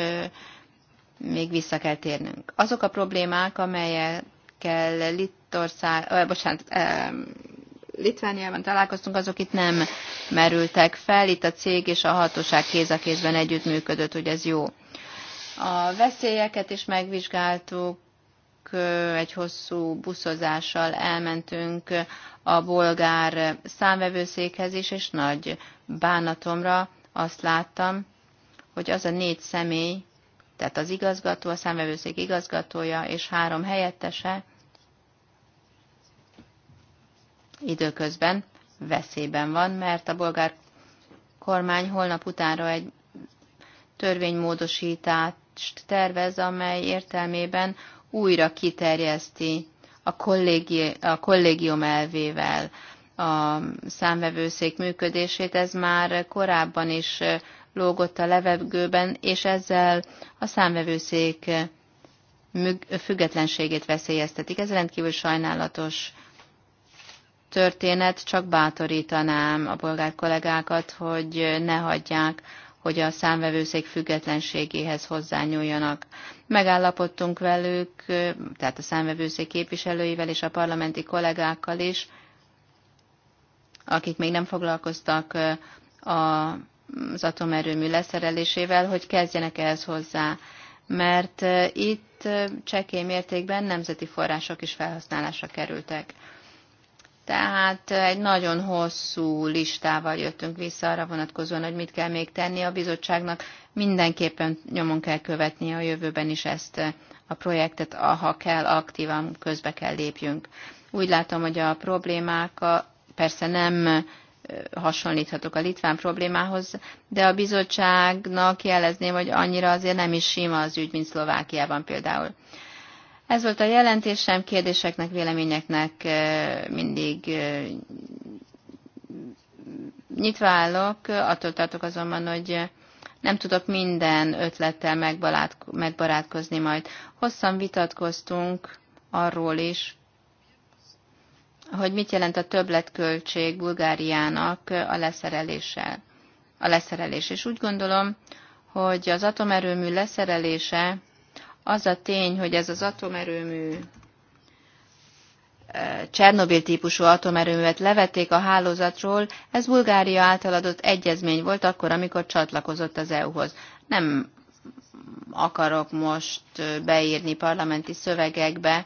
még vissza kell térnünk. Azok a problémák, amelyekkel Litország, ö, bocsánat, ö, Litvániában találkoztunk, azok itt nem merültek fel, itt a cég és a hatóság kéz a kézben együttműködött, hogy ez jó. A veszélyeket is megvizsgáltuk, egy hosszú buszozással elmentünk a bolgár számvevőszékhez is, és nagy bánatomra azt láttam, hogy az a négy személy, tehát az igazgató, a számvevőszék igazgatója és három helyettese időközben veszélyben van, mert a bolgár kormány holnap utánra egy törvénymódosítást tanácst tervez, amely értelmében újra kiterjeszti a, kollégi, a kollégium elvével a számvevőszék működését. Ez már korábban is lógott a levegőben, és ezzel a számvevőszék függetlenségét veszélyeztetik. Ez rendkívül sajnálatos történet, csak bátorítanám a bolgár kollégákat, hogy ne hagyják hogy a számvevőszék függetlenségéhez hozzányúljanak. Megállapodtunk velük, tehát a számvevőszék képviselőivel és a parlamenti kollégákkal is, akik még nem foglalkoztak a az atomerőmű leszerelésével, hogy kezdjenek ehhez hozzá, mert itt csekély mértékben nemzeti források is felhasználásra kerültek. Tehát egy nagyon hosszú listával jöttünk vissza arra vonatkozóan, hogy mit kell még tenni a bizottságnak. Mindenképpen nyomon kell követni a jövőben is ezt a projektet, ha kell, aktívan közbe kell lépjünk. Úgy látom, hogy a problémák persze nem hasonlíthatok a litván problémához, de a bizottságnak jelezném, hogy annyira azért nem is sima az ügy, mint Szlovákiában például. Ez volt a jelentésem, kérdéseknek, véleményeknek mindig nyitva állok, attól tartok azonban, hogy nem tudok minden ötlettel megbarátkozni majd. Hosszan vitatkoztunk arról is, hogy mit jelent a többletköltség Bulgáriának a leszereléssel. A leszerelés. És úgy gondolom, hogy az atomerőmű leszerelése az a tény, hogy ez az atomerőmű e, Csernobil típusú atomerőművet levették a hálózatról, ez Bulgária által adott egyezmény volt akkor, amikor csatlakozott az EU-hoz. Nem akarok most e, beírni parlamenti szövegekbe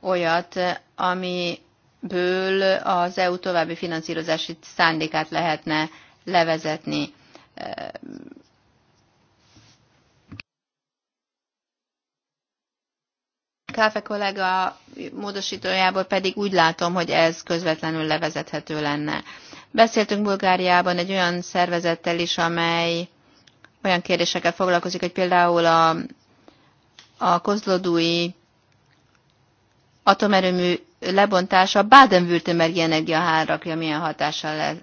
olyat, amiből az EU további finanszírozási szándékát lehetne levezetni e, Káfe kollega módosítójából pedig úgy látom, hogy ez közvetlenül levezethető lenne. Beszéltünk Bulgáriában egy olyan szervezettel is, amely olyan kérdésekkel foglalkozik, hogy például a, a kozlodúi atomerőmű lebontása Baden-Württembergi energiahárakja milyen hatással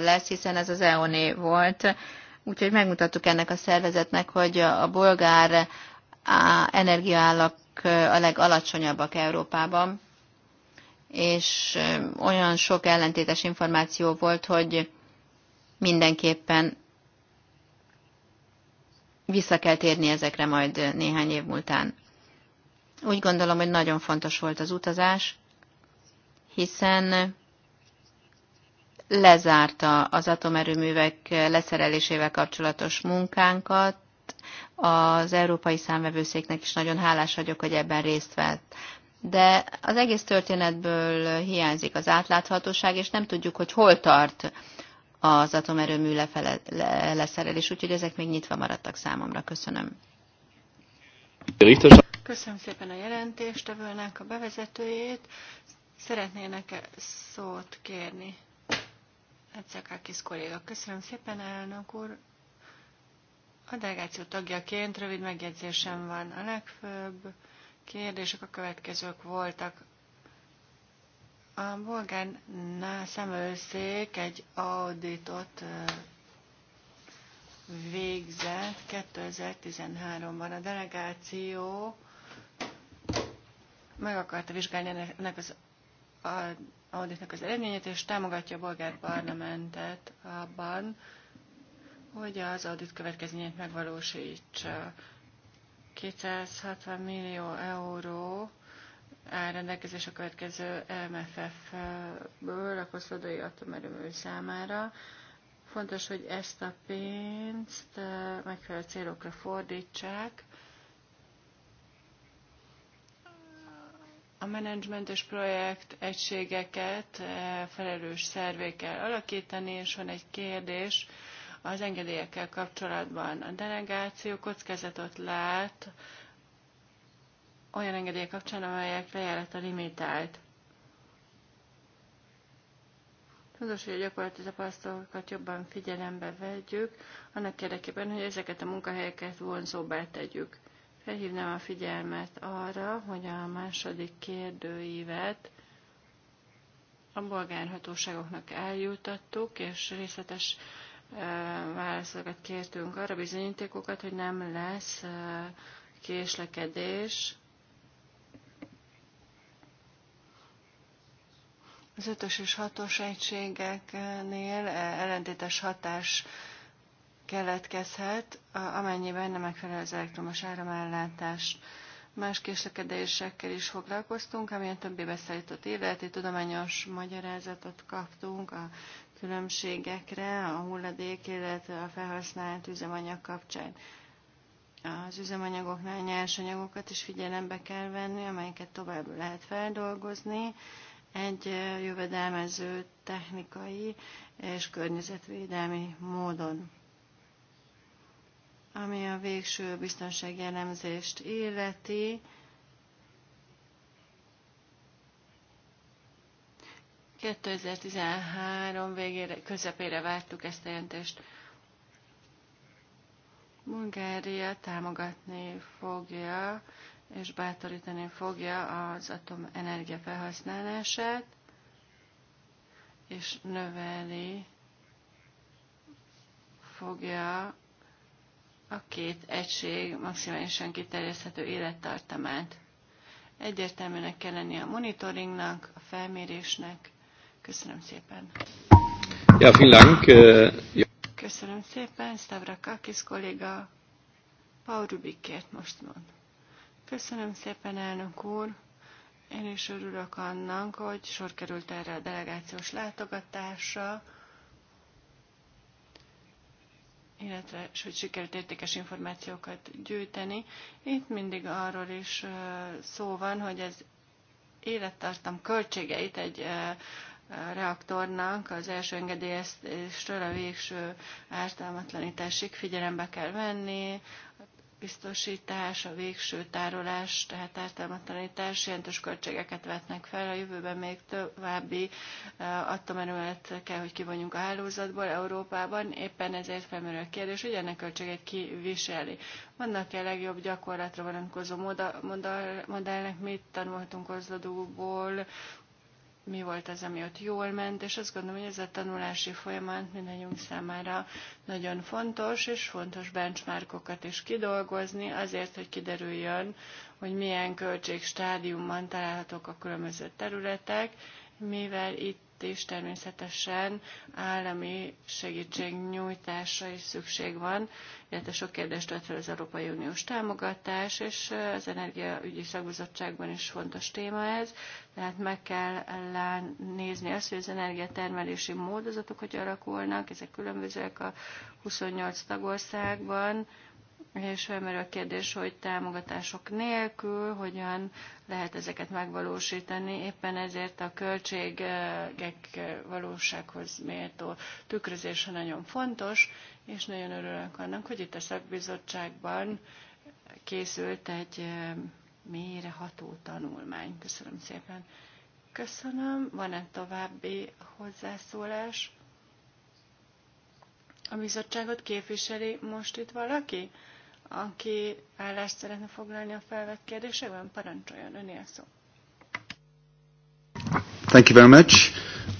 lesz, hiszen ez az EONÉ volt. Úgyhogy megmutattuk ennek a szervezetnek, hogy a bolgár energiaállak a legalacsonyabbak Európában, és olyan sok ellentétes információ volt, hogy mindenképpen vissza kell térni ezekre majd néhány év múltán. Úgy gondolom, hogy nagyon fontos volt az utazás, hiszen lezárta az atomerőművek leszerelésével kapcsolatos munkánkat, az Európai Számvevőszéknek is nagyon hálás vagyok, hogy ebben részt vett. De az egész történetből hiányzik az átláthatóság, és nem tudjuk, hogy hol tart az atomerőmű lefele, le, leszerelés, úgyhogy ezek még nyitva maradtak számomra. Köszönöm. Köszönöm szépen a tevőnek a bevezetőjét. Szeretnének -e szót kérni? Ecekakis kolléga. Köszönöm szépen, elnök úr. A delegáció tagjaként rövid megjegyzésem van. A legfőbb kérdések a következők voltak. A bolgárnál szemőszék egy auditot végzett 2013-ban. A delegáció meg akarta vizsgálni ennek az auditnak az eredményét, és támogatja a bolgár parlamentet abban, hogy az audit következményét megvalósítsa. 260 millió euró áll rendelkezés a következő MFF-ből a koszlodai atomerőmű számára. Fontos, hogy ezt a pénzt eh, megfelelő célokra fordítsák. A menedzsmentes projekt egységeket eh, felelős szervé kell alakítani, és van egy kérdés, az engedélyekkel kapcsolatban. A delegáció kockázatot lát olyan engedélyek kapcsán, amelyek a limitált. Fontos, hogy a gyakorlati tapasztalatokat jobban figyelembe vegyük, annak érdekében, hogy ezeket a munkahelyeket vonzóbbá tegyük. Felhívnám a figyelmet arra, hogy a második kérdőívet a bolgárhatóságoknak eljutattuk, és részletes válaszokat kértünk arra bizonyítékokat, hogy nem lesz késlekedés. Az ötös és hatos egységeknél ellentétes hatás keletkezhet, amennyiben nem megfelel az elektromos áramellátás. Más késlekedésekkel is foglalkoztunk, amilyen többé beszállított illeti tudományos magyarázatot kaptunk a különbségekre a hulladék, illetve a felhasznált üzemanyag kapcsán. Az üzemanyagoknál nyersanyagokat is figyelembe kell venni, amelyeket tovább lehet feldolgozni. Egy jövedelmező technikai és környezetvédelmi módon. Ami a végső biztonsági elemzést illeti, 2013 végére, közepére vártuk ezt a jelentést. Bulgária támogatni fogja és bátorítani fogja az atomenergia felhasználását, és növeli fogja a két egység maximálisan kiterjeszthető élettartamát. Egyértelműnek kell lenni a monitoringnak, a felmérésnek, Köszönöm szépen. Ja, vielen Dank. Äh, Köszönöm szépen, Stavrakakis kolléga. Paul Rubikért most mond. Köszönöm szépen, elnök úr. Én is örülök annak, hogy sor került erre a delegációs látogatásra, illetve hogy sikerült értékes információkat gyűjteni. Itt mindig arról is szó van, hogy ez élettartam költségeit egy reaktornak az első engedélyezésről a végső ártalmatlanításig figyelembe kell venni, a biztosítás, a végső tárolás, tehát ártalmatlanítás jelentős költségeket vetnek fel, a jövőben még további e, atomerőmet kell, hogy kivonjunk a hálózatból Európában, éppen ezért felmerül a kérdés, hogy ennek költségét kiviseli. Vannak-e legjobb gyakorlatra vonatkozó modellnek, mit tanultunk Oszlodóból, mi volt az, ami ott jól ment, és azt gondolom, hogy ez a tanulási folyamat mindannyiunk számára nagyon fontos, és fontos benchmarkokat is kidolgozni, azért, hogy kiderüljön, hogy milyen költségstádiumban találhatók a különböző területek, mivel itt is természetesen állami segítségnyújtásra is szükség van, illetve sok kérdést vett fel az Európai Uniós támogatás, és az Energiaügyi Szakbizottságban is fontos téma ez, tehát meg kell nézni azt, hogy az energiatermelési módozatok hogy alakulnak, ezek különbözőek a 28 tagországban, és felmerül a kérdés, hogy támogatások nélkül hogyan lehet ezeket megvalósítani, éppen ezért a költségek valósághoz méltó tükrözése nagyon fontos, és nagyon örülök annak, hogy itt a szakbizottságban készült egy mélyreható tanulmány. Köszönöm szépen. Köszönöm. Van-e további hozzászólás? A bizottságot képviseli most itt valaki? aki állást szeretne foglalni a felvett kérdésekben, parancsoljon önél szó. Thank you very much.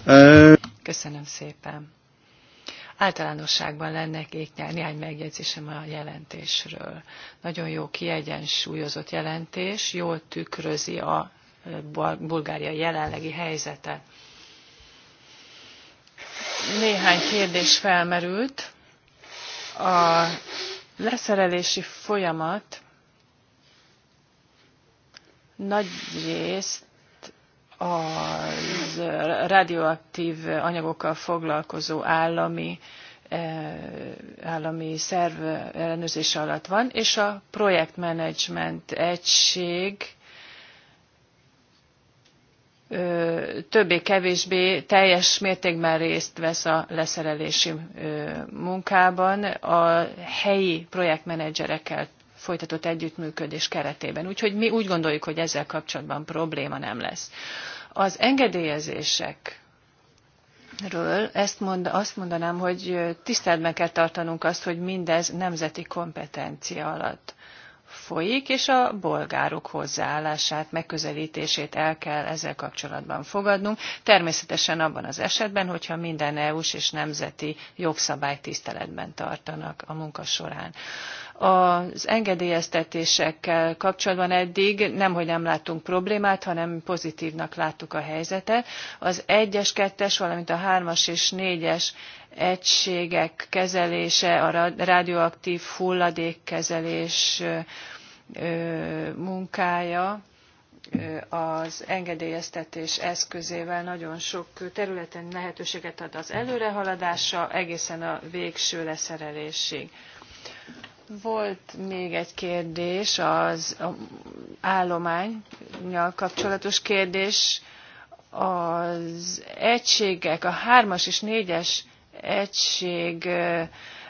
Uh... Köszönöm szépen. Általánosságban lenne néhány megjegyzésem a jelentésről. Nagyon jó kiegyensúlyozott jelentés, jól tükrözi a eh, Bulgária jelenlegi helyzete. Néhány kérdés felmerült a leszerelési folyamat nagy részt az radioaktív anyagokkal foglalkozó állami, eh, állami szerv ellenőrzése alatt van, és a projektmenedzsment egység többé-kevésbé teljes mértékben részt vesz a leszerelési munkában a helyi projektmenedzserekkel folytatott együttműködés keretében. Úgyhogy mi úgy gondoljuk, hogy ezzel kapcsolatban probléma nem lesz. Az engedélyezések Ről ezt mond, azt mondanám, hogy tiszteletben kell tartanunk azt, hogy mindez nemzeti kompetencia alatt folyik, és a bolgárok hozzáállását, megközelítését el kell ezzel kapcsolatban fogadnunk. Természetesen abban az esetben, hogyha minden EU-s és nemzeti jogszabály tiszteletben tartanak a munka során. Az engedélyeztetésekkel kapcsolatban eddig nemhogy nem láttunk problémát, hanem pozitívnak láttuk a helyzetet. Az 1-es, 2-es, valamint a 3-as és 4-es egységek kezelése, a radioaktív hulladékkezelés munkája az engedélyeztetés eszközével nagyon sok területen lehetőséget ad az előrehaladásra, egészen a végső leszerelésig. Volt még egy kérdés, az állománynyal kapcsolatos kérdés. Az egységek, a hármas és négyes egység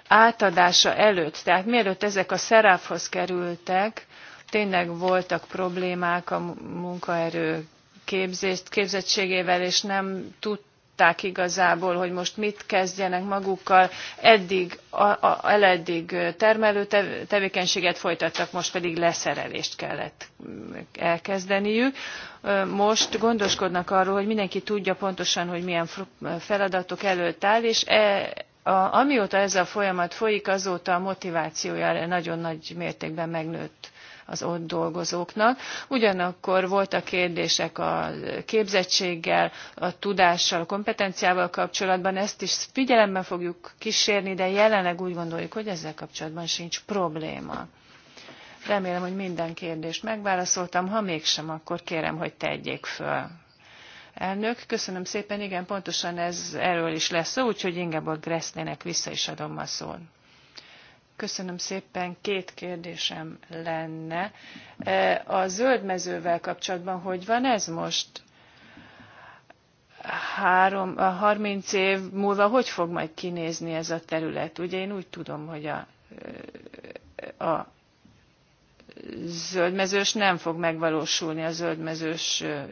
átadása előtt, tehát mielőtt ezek a szeráfhoz kerültek, tényleg voltak problémák a munkaerő képzést, képzettségével, és nem tud, tudták igazából, hogy most mit kezdjenek magukkal. Eddig, a, a, eleddig termelő tevékenységet folytattak, most pedig leszerelést kellett elkezdeniük. Most gondoskodnak arról, hogy mindenki tudja pontosan, hogy milyen feladatok előtt áll, és e, a, amióta ez a folyamat folyik, azóta a motivációja nagyon nagy mértékben megnőtt az ott dolgozóknak. Ugyanakkor voltak kérdések a képzettséggel, a tudással, a kompetenciával kapcsolatban, ezt is figyelembe fogjuk kísérni, de jelenleg úgy gondoljuk, hogy ezzel kapcsolatban sincs probléma. Remélem, hogy minden kérdést megválaszoltam, ha mégsem, akkor kérem, hogy tegyék föl. Elnök, köszönöm szépen, igen, pontosan ez erről is lesz szó, úgyhogy Ingeborg Gresslének vissza is adom a szót. Köszönöm szépen. Két kérdésem lenne. E, a mezővel kapcsolatban hogy van ez most? Három, a 30 év múlva hogy fog majd kinézni ez a terület? Ugye én úgy tudom, hogy a, e, a zöldmezős nem fog megvalósulni a zöldmezős e,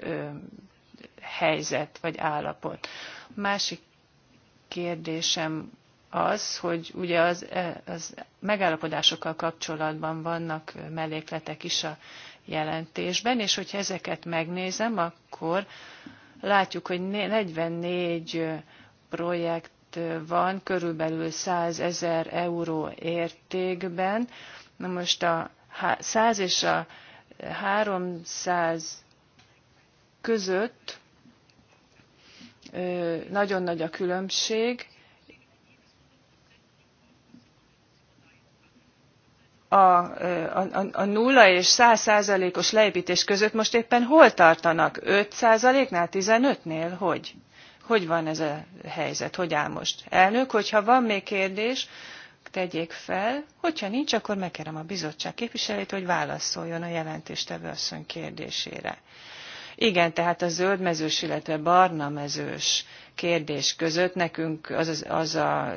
helyzet vagy állapot. Másik kérdésem az, hogy ugye az, e, az megállapodásokkal kapcsolatban vannak mellékletek is a jelentésben, és hogyha ezeket megnézem, akkor látjuk, hogy 44 projekt van, körülbelül 100 ezer euró értékben. Na most a 100 és a 300 között nagyon nagy a különbség, a, a, a nulla és száz százalékos leépítés között most éppen hol tartanak? 5 százaléknál, 15-nél? Hogy? Hogy van ez a helyzet? Hogy áll most? Elnök, hogyha van még kérdés, tegyék fel. Hogyha nincs, akkor megkérem a bizottság képviselőt, hogy válaszoljon a jelentéstevő asszony kérdésére. Igen, tehát a zöld mezős, illetve barna mezős kérdés között nekünk az, az, az a,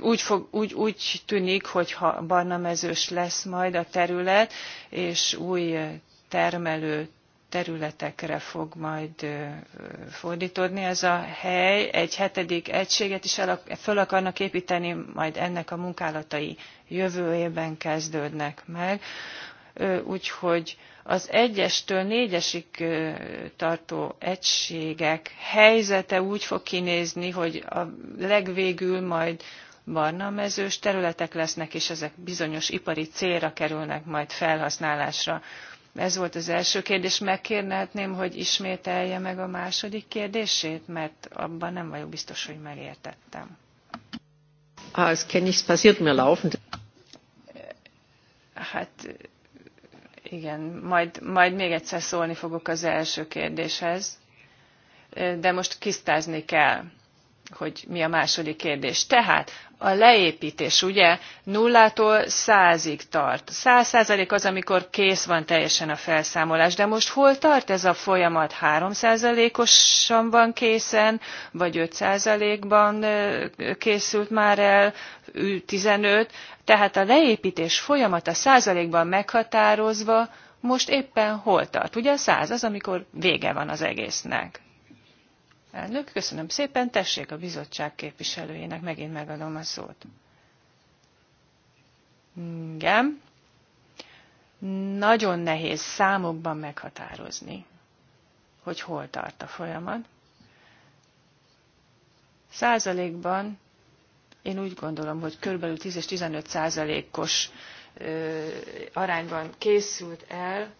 úgy, fog, úgy, úgy tűnik, hogy ha barna mezős lesz majd a terület, és új termelő területekre fog majd fordítódni ez a hely. Egy hetedik egységet is el, föl akarnak építeni, majd ennek a munkálatai jövőjében kezdődnek meg úgyhogy az egyestől négyesig tartó egységek helyzete úgy fog kinézni, hogy a legvégül majd barna mezős területek lesznek, és ezek bizonyos ipari célra kerülnek majd felhasználásra. Ez volt az első kérdés. Megkérnehetném, hogy ismételje meg a második kérdését, mert abban nem vagyok biztos, hogy megértettem. Ah, hát igen, majd, majd még egyszer szólni fogok az első kérdéshez, de most tisztázni kell hogy mi a második kérdés. Tehát a leépítés ugye nullától százig tart. Száz százalék az, amikor kész van teljesen a felszámolás, de most hol tart ez a folyamat? Három százalékosan van készen, vagy öt százalékban készült már el, 15, tehát a leépítés folyamata százalékban meghatározva most éppen hol tart? Ugye a száz az, amikor vége van az egésznek. Elnök, köszönöm szépen. Tessék a bizottság képviselőjének, megint megadom a szót. Igen. Nagyon nehéz számokban meghatározni, hogy hol tart a folyamat. Százalékban én úgy gondolom, hogy körülbelül 10 és 15 százalékos arányban készült el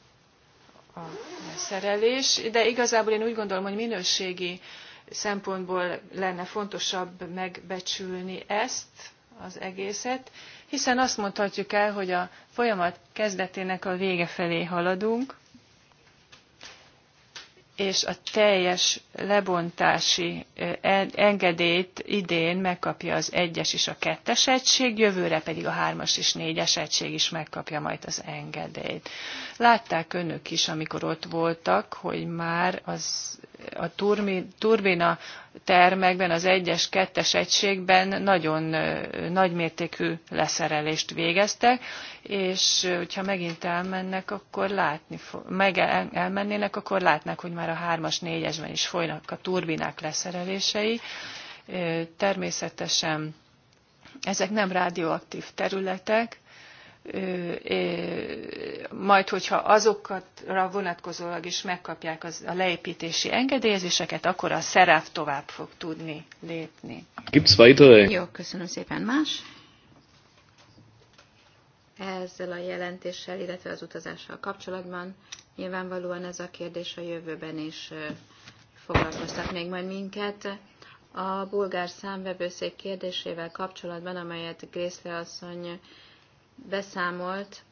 a szerelés, de igazából én úgy gondolom, hogy minőségi szempontból lenne fontosabb megbecsülni ezt az egészet, hiszen azt mondhatjuk el, hogy a folyamat kezdetének a vége felé haladunk, és a teljes lebontási engedélyt idén megkapja az egyes és a kettes egység, jövőre pedig a hármas és négyes egység is megkapja majd az engedélyt. Látták önök is, amikor ott voltak, hogy már az a turbina termekben, az egyes, kettes egységben nagyon nagymértékű leszerelést végeztek, és hogyha megint elmennek, akkor látni, meg elmennének, akkor látnák, hogy már a hármas, négyesben is folynak a turbinák leszerelései. Természetesen ezek nem rádióaktív területek, majd hogyha azokra vonatkozólag is megkapják az, a leépítési engedélyezéseket, akkor a szeráv tovább fog tudni lépni. Gibt's weitere? Jó, köszönöm szépen. Más? Ezzel a jelentéssel, illetve az utazással kapcsolatban nyilvánvalóan ez a kérdés a jövőben is foglalkoztat még majd minket. A bulgár számvevőszék kérdésével kapcsolatban, amelyet Grészle asszony beszámolt,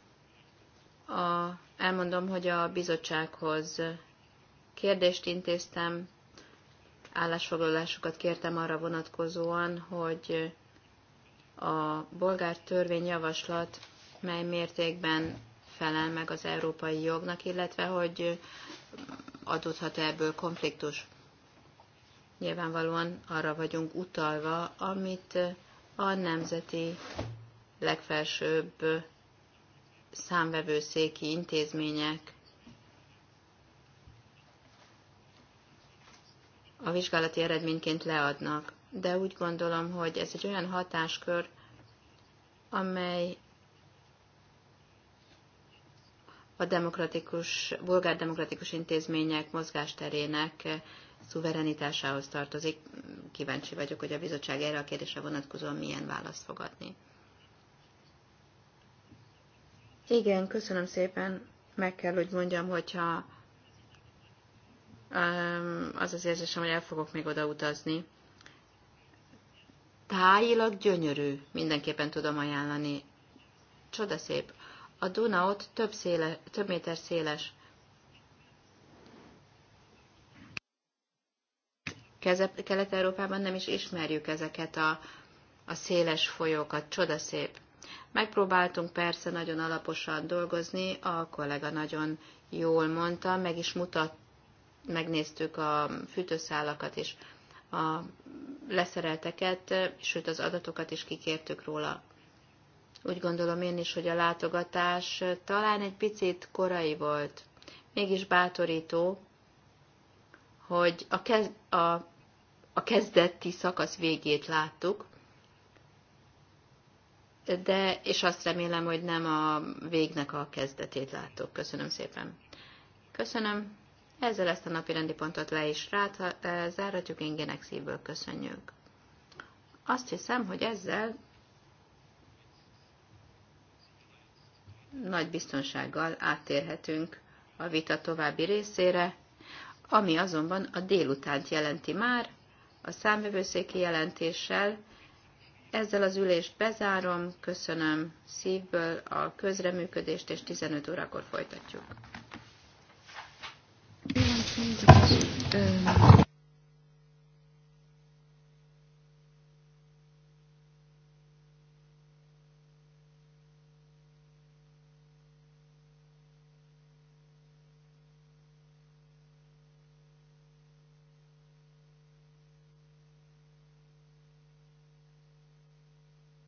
a, elmondom, hogy a bizottsághoz kérdést intéztem, állásfoglalásokat kértem arra vonatkozóan, hogy a bolgár törvényjavaslat mely mértékben felel meg az európai jognak, illetve hogy adódhat ebből konfliktus. Nyilvánvalóan arra vagyunk utalva, amit a nemzeti legfelsőbb számvevőszéki intézmények a vizsgálati eredményként leadnak. De úgy gondolom, hogy ez egy olyan hatáskör, amely a demokratikus, bulgár demokratikus intézmények mozgásterének szuverenitásához tartozik. Kíváncsi vagyok, hogy a bizottság erre a kérdésre vonatkozóan milyen választ fogadni. Igen, köszönöm szépen. Meg kell, hogy mondjam, hogyha um, az az érzésem, hogy el fogok még oda utazni. Tájilag gyönyörű, mindenképpen tudom ajánlani. Csodaszép. A Duna ott több, széle, több méter széles. Kelet-Európában nem is ismerjük ezeket a, a széles folyókat. Csodaszép. Megpróbáltunk persze nagyon alaposan dolgozni, a kollega nagyon jól mondta, meg is mutat, megnéztük a fűtőszálakat és a leszerelteket, sőt az adatokat is kikértük róla. Úgy gondolom én is, hogy a látogatás talán egy picit korai volt, mégis bátorító, hogy a, kez, a, a kezdeti szakasz végét láttuk, de, és azt remélem, hogy nem a végnek a kezdetét látok. Köszönöm szépen. Köszönöm. Ezzel ezt a napi rendi pontot le is rát, eh, záratjuk, ingének szívből köszönjük. Azt hiszem, hogy ezzel nagy biztonsággal áttérhetünk a vita további részére, ami azonban a délutánt jelenti már, a számvevőszéki jelentéssel, ezzel az ülést bezárom, köszönöm szívből a közreműködést, és 15 órakor folytatjuk.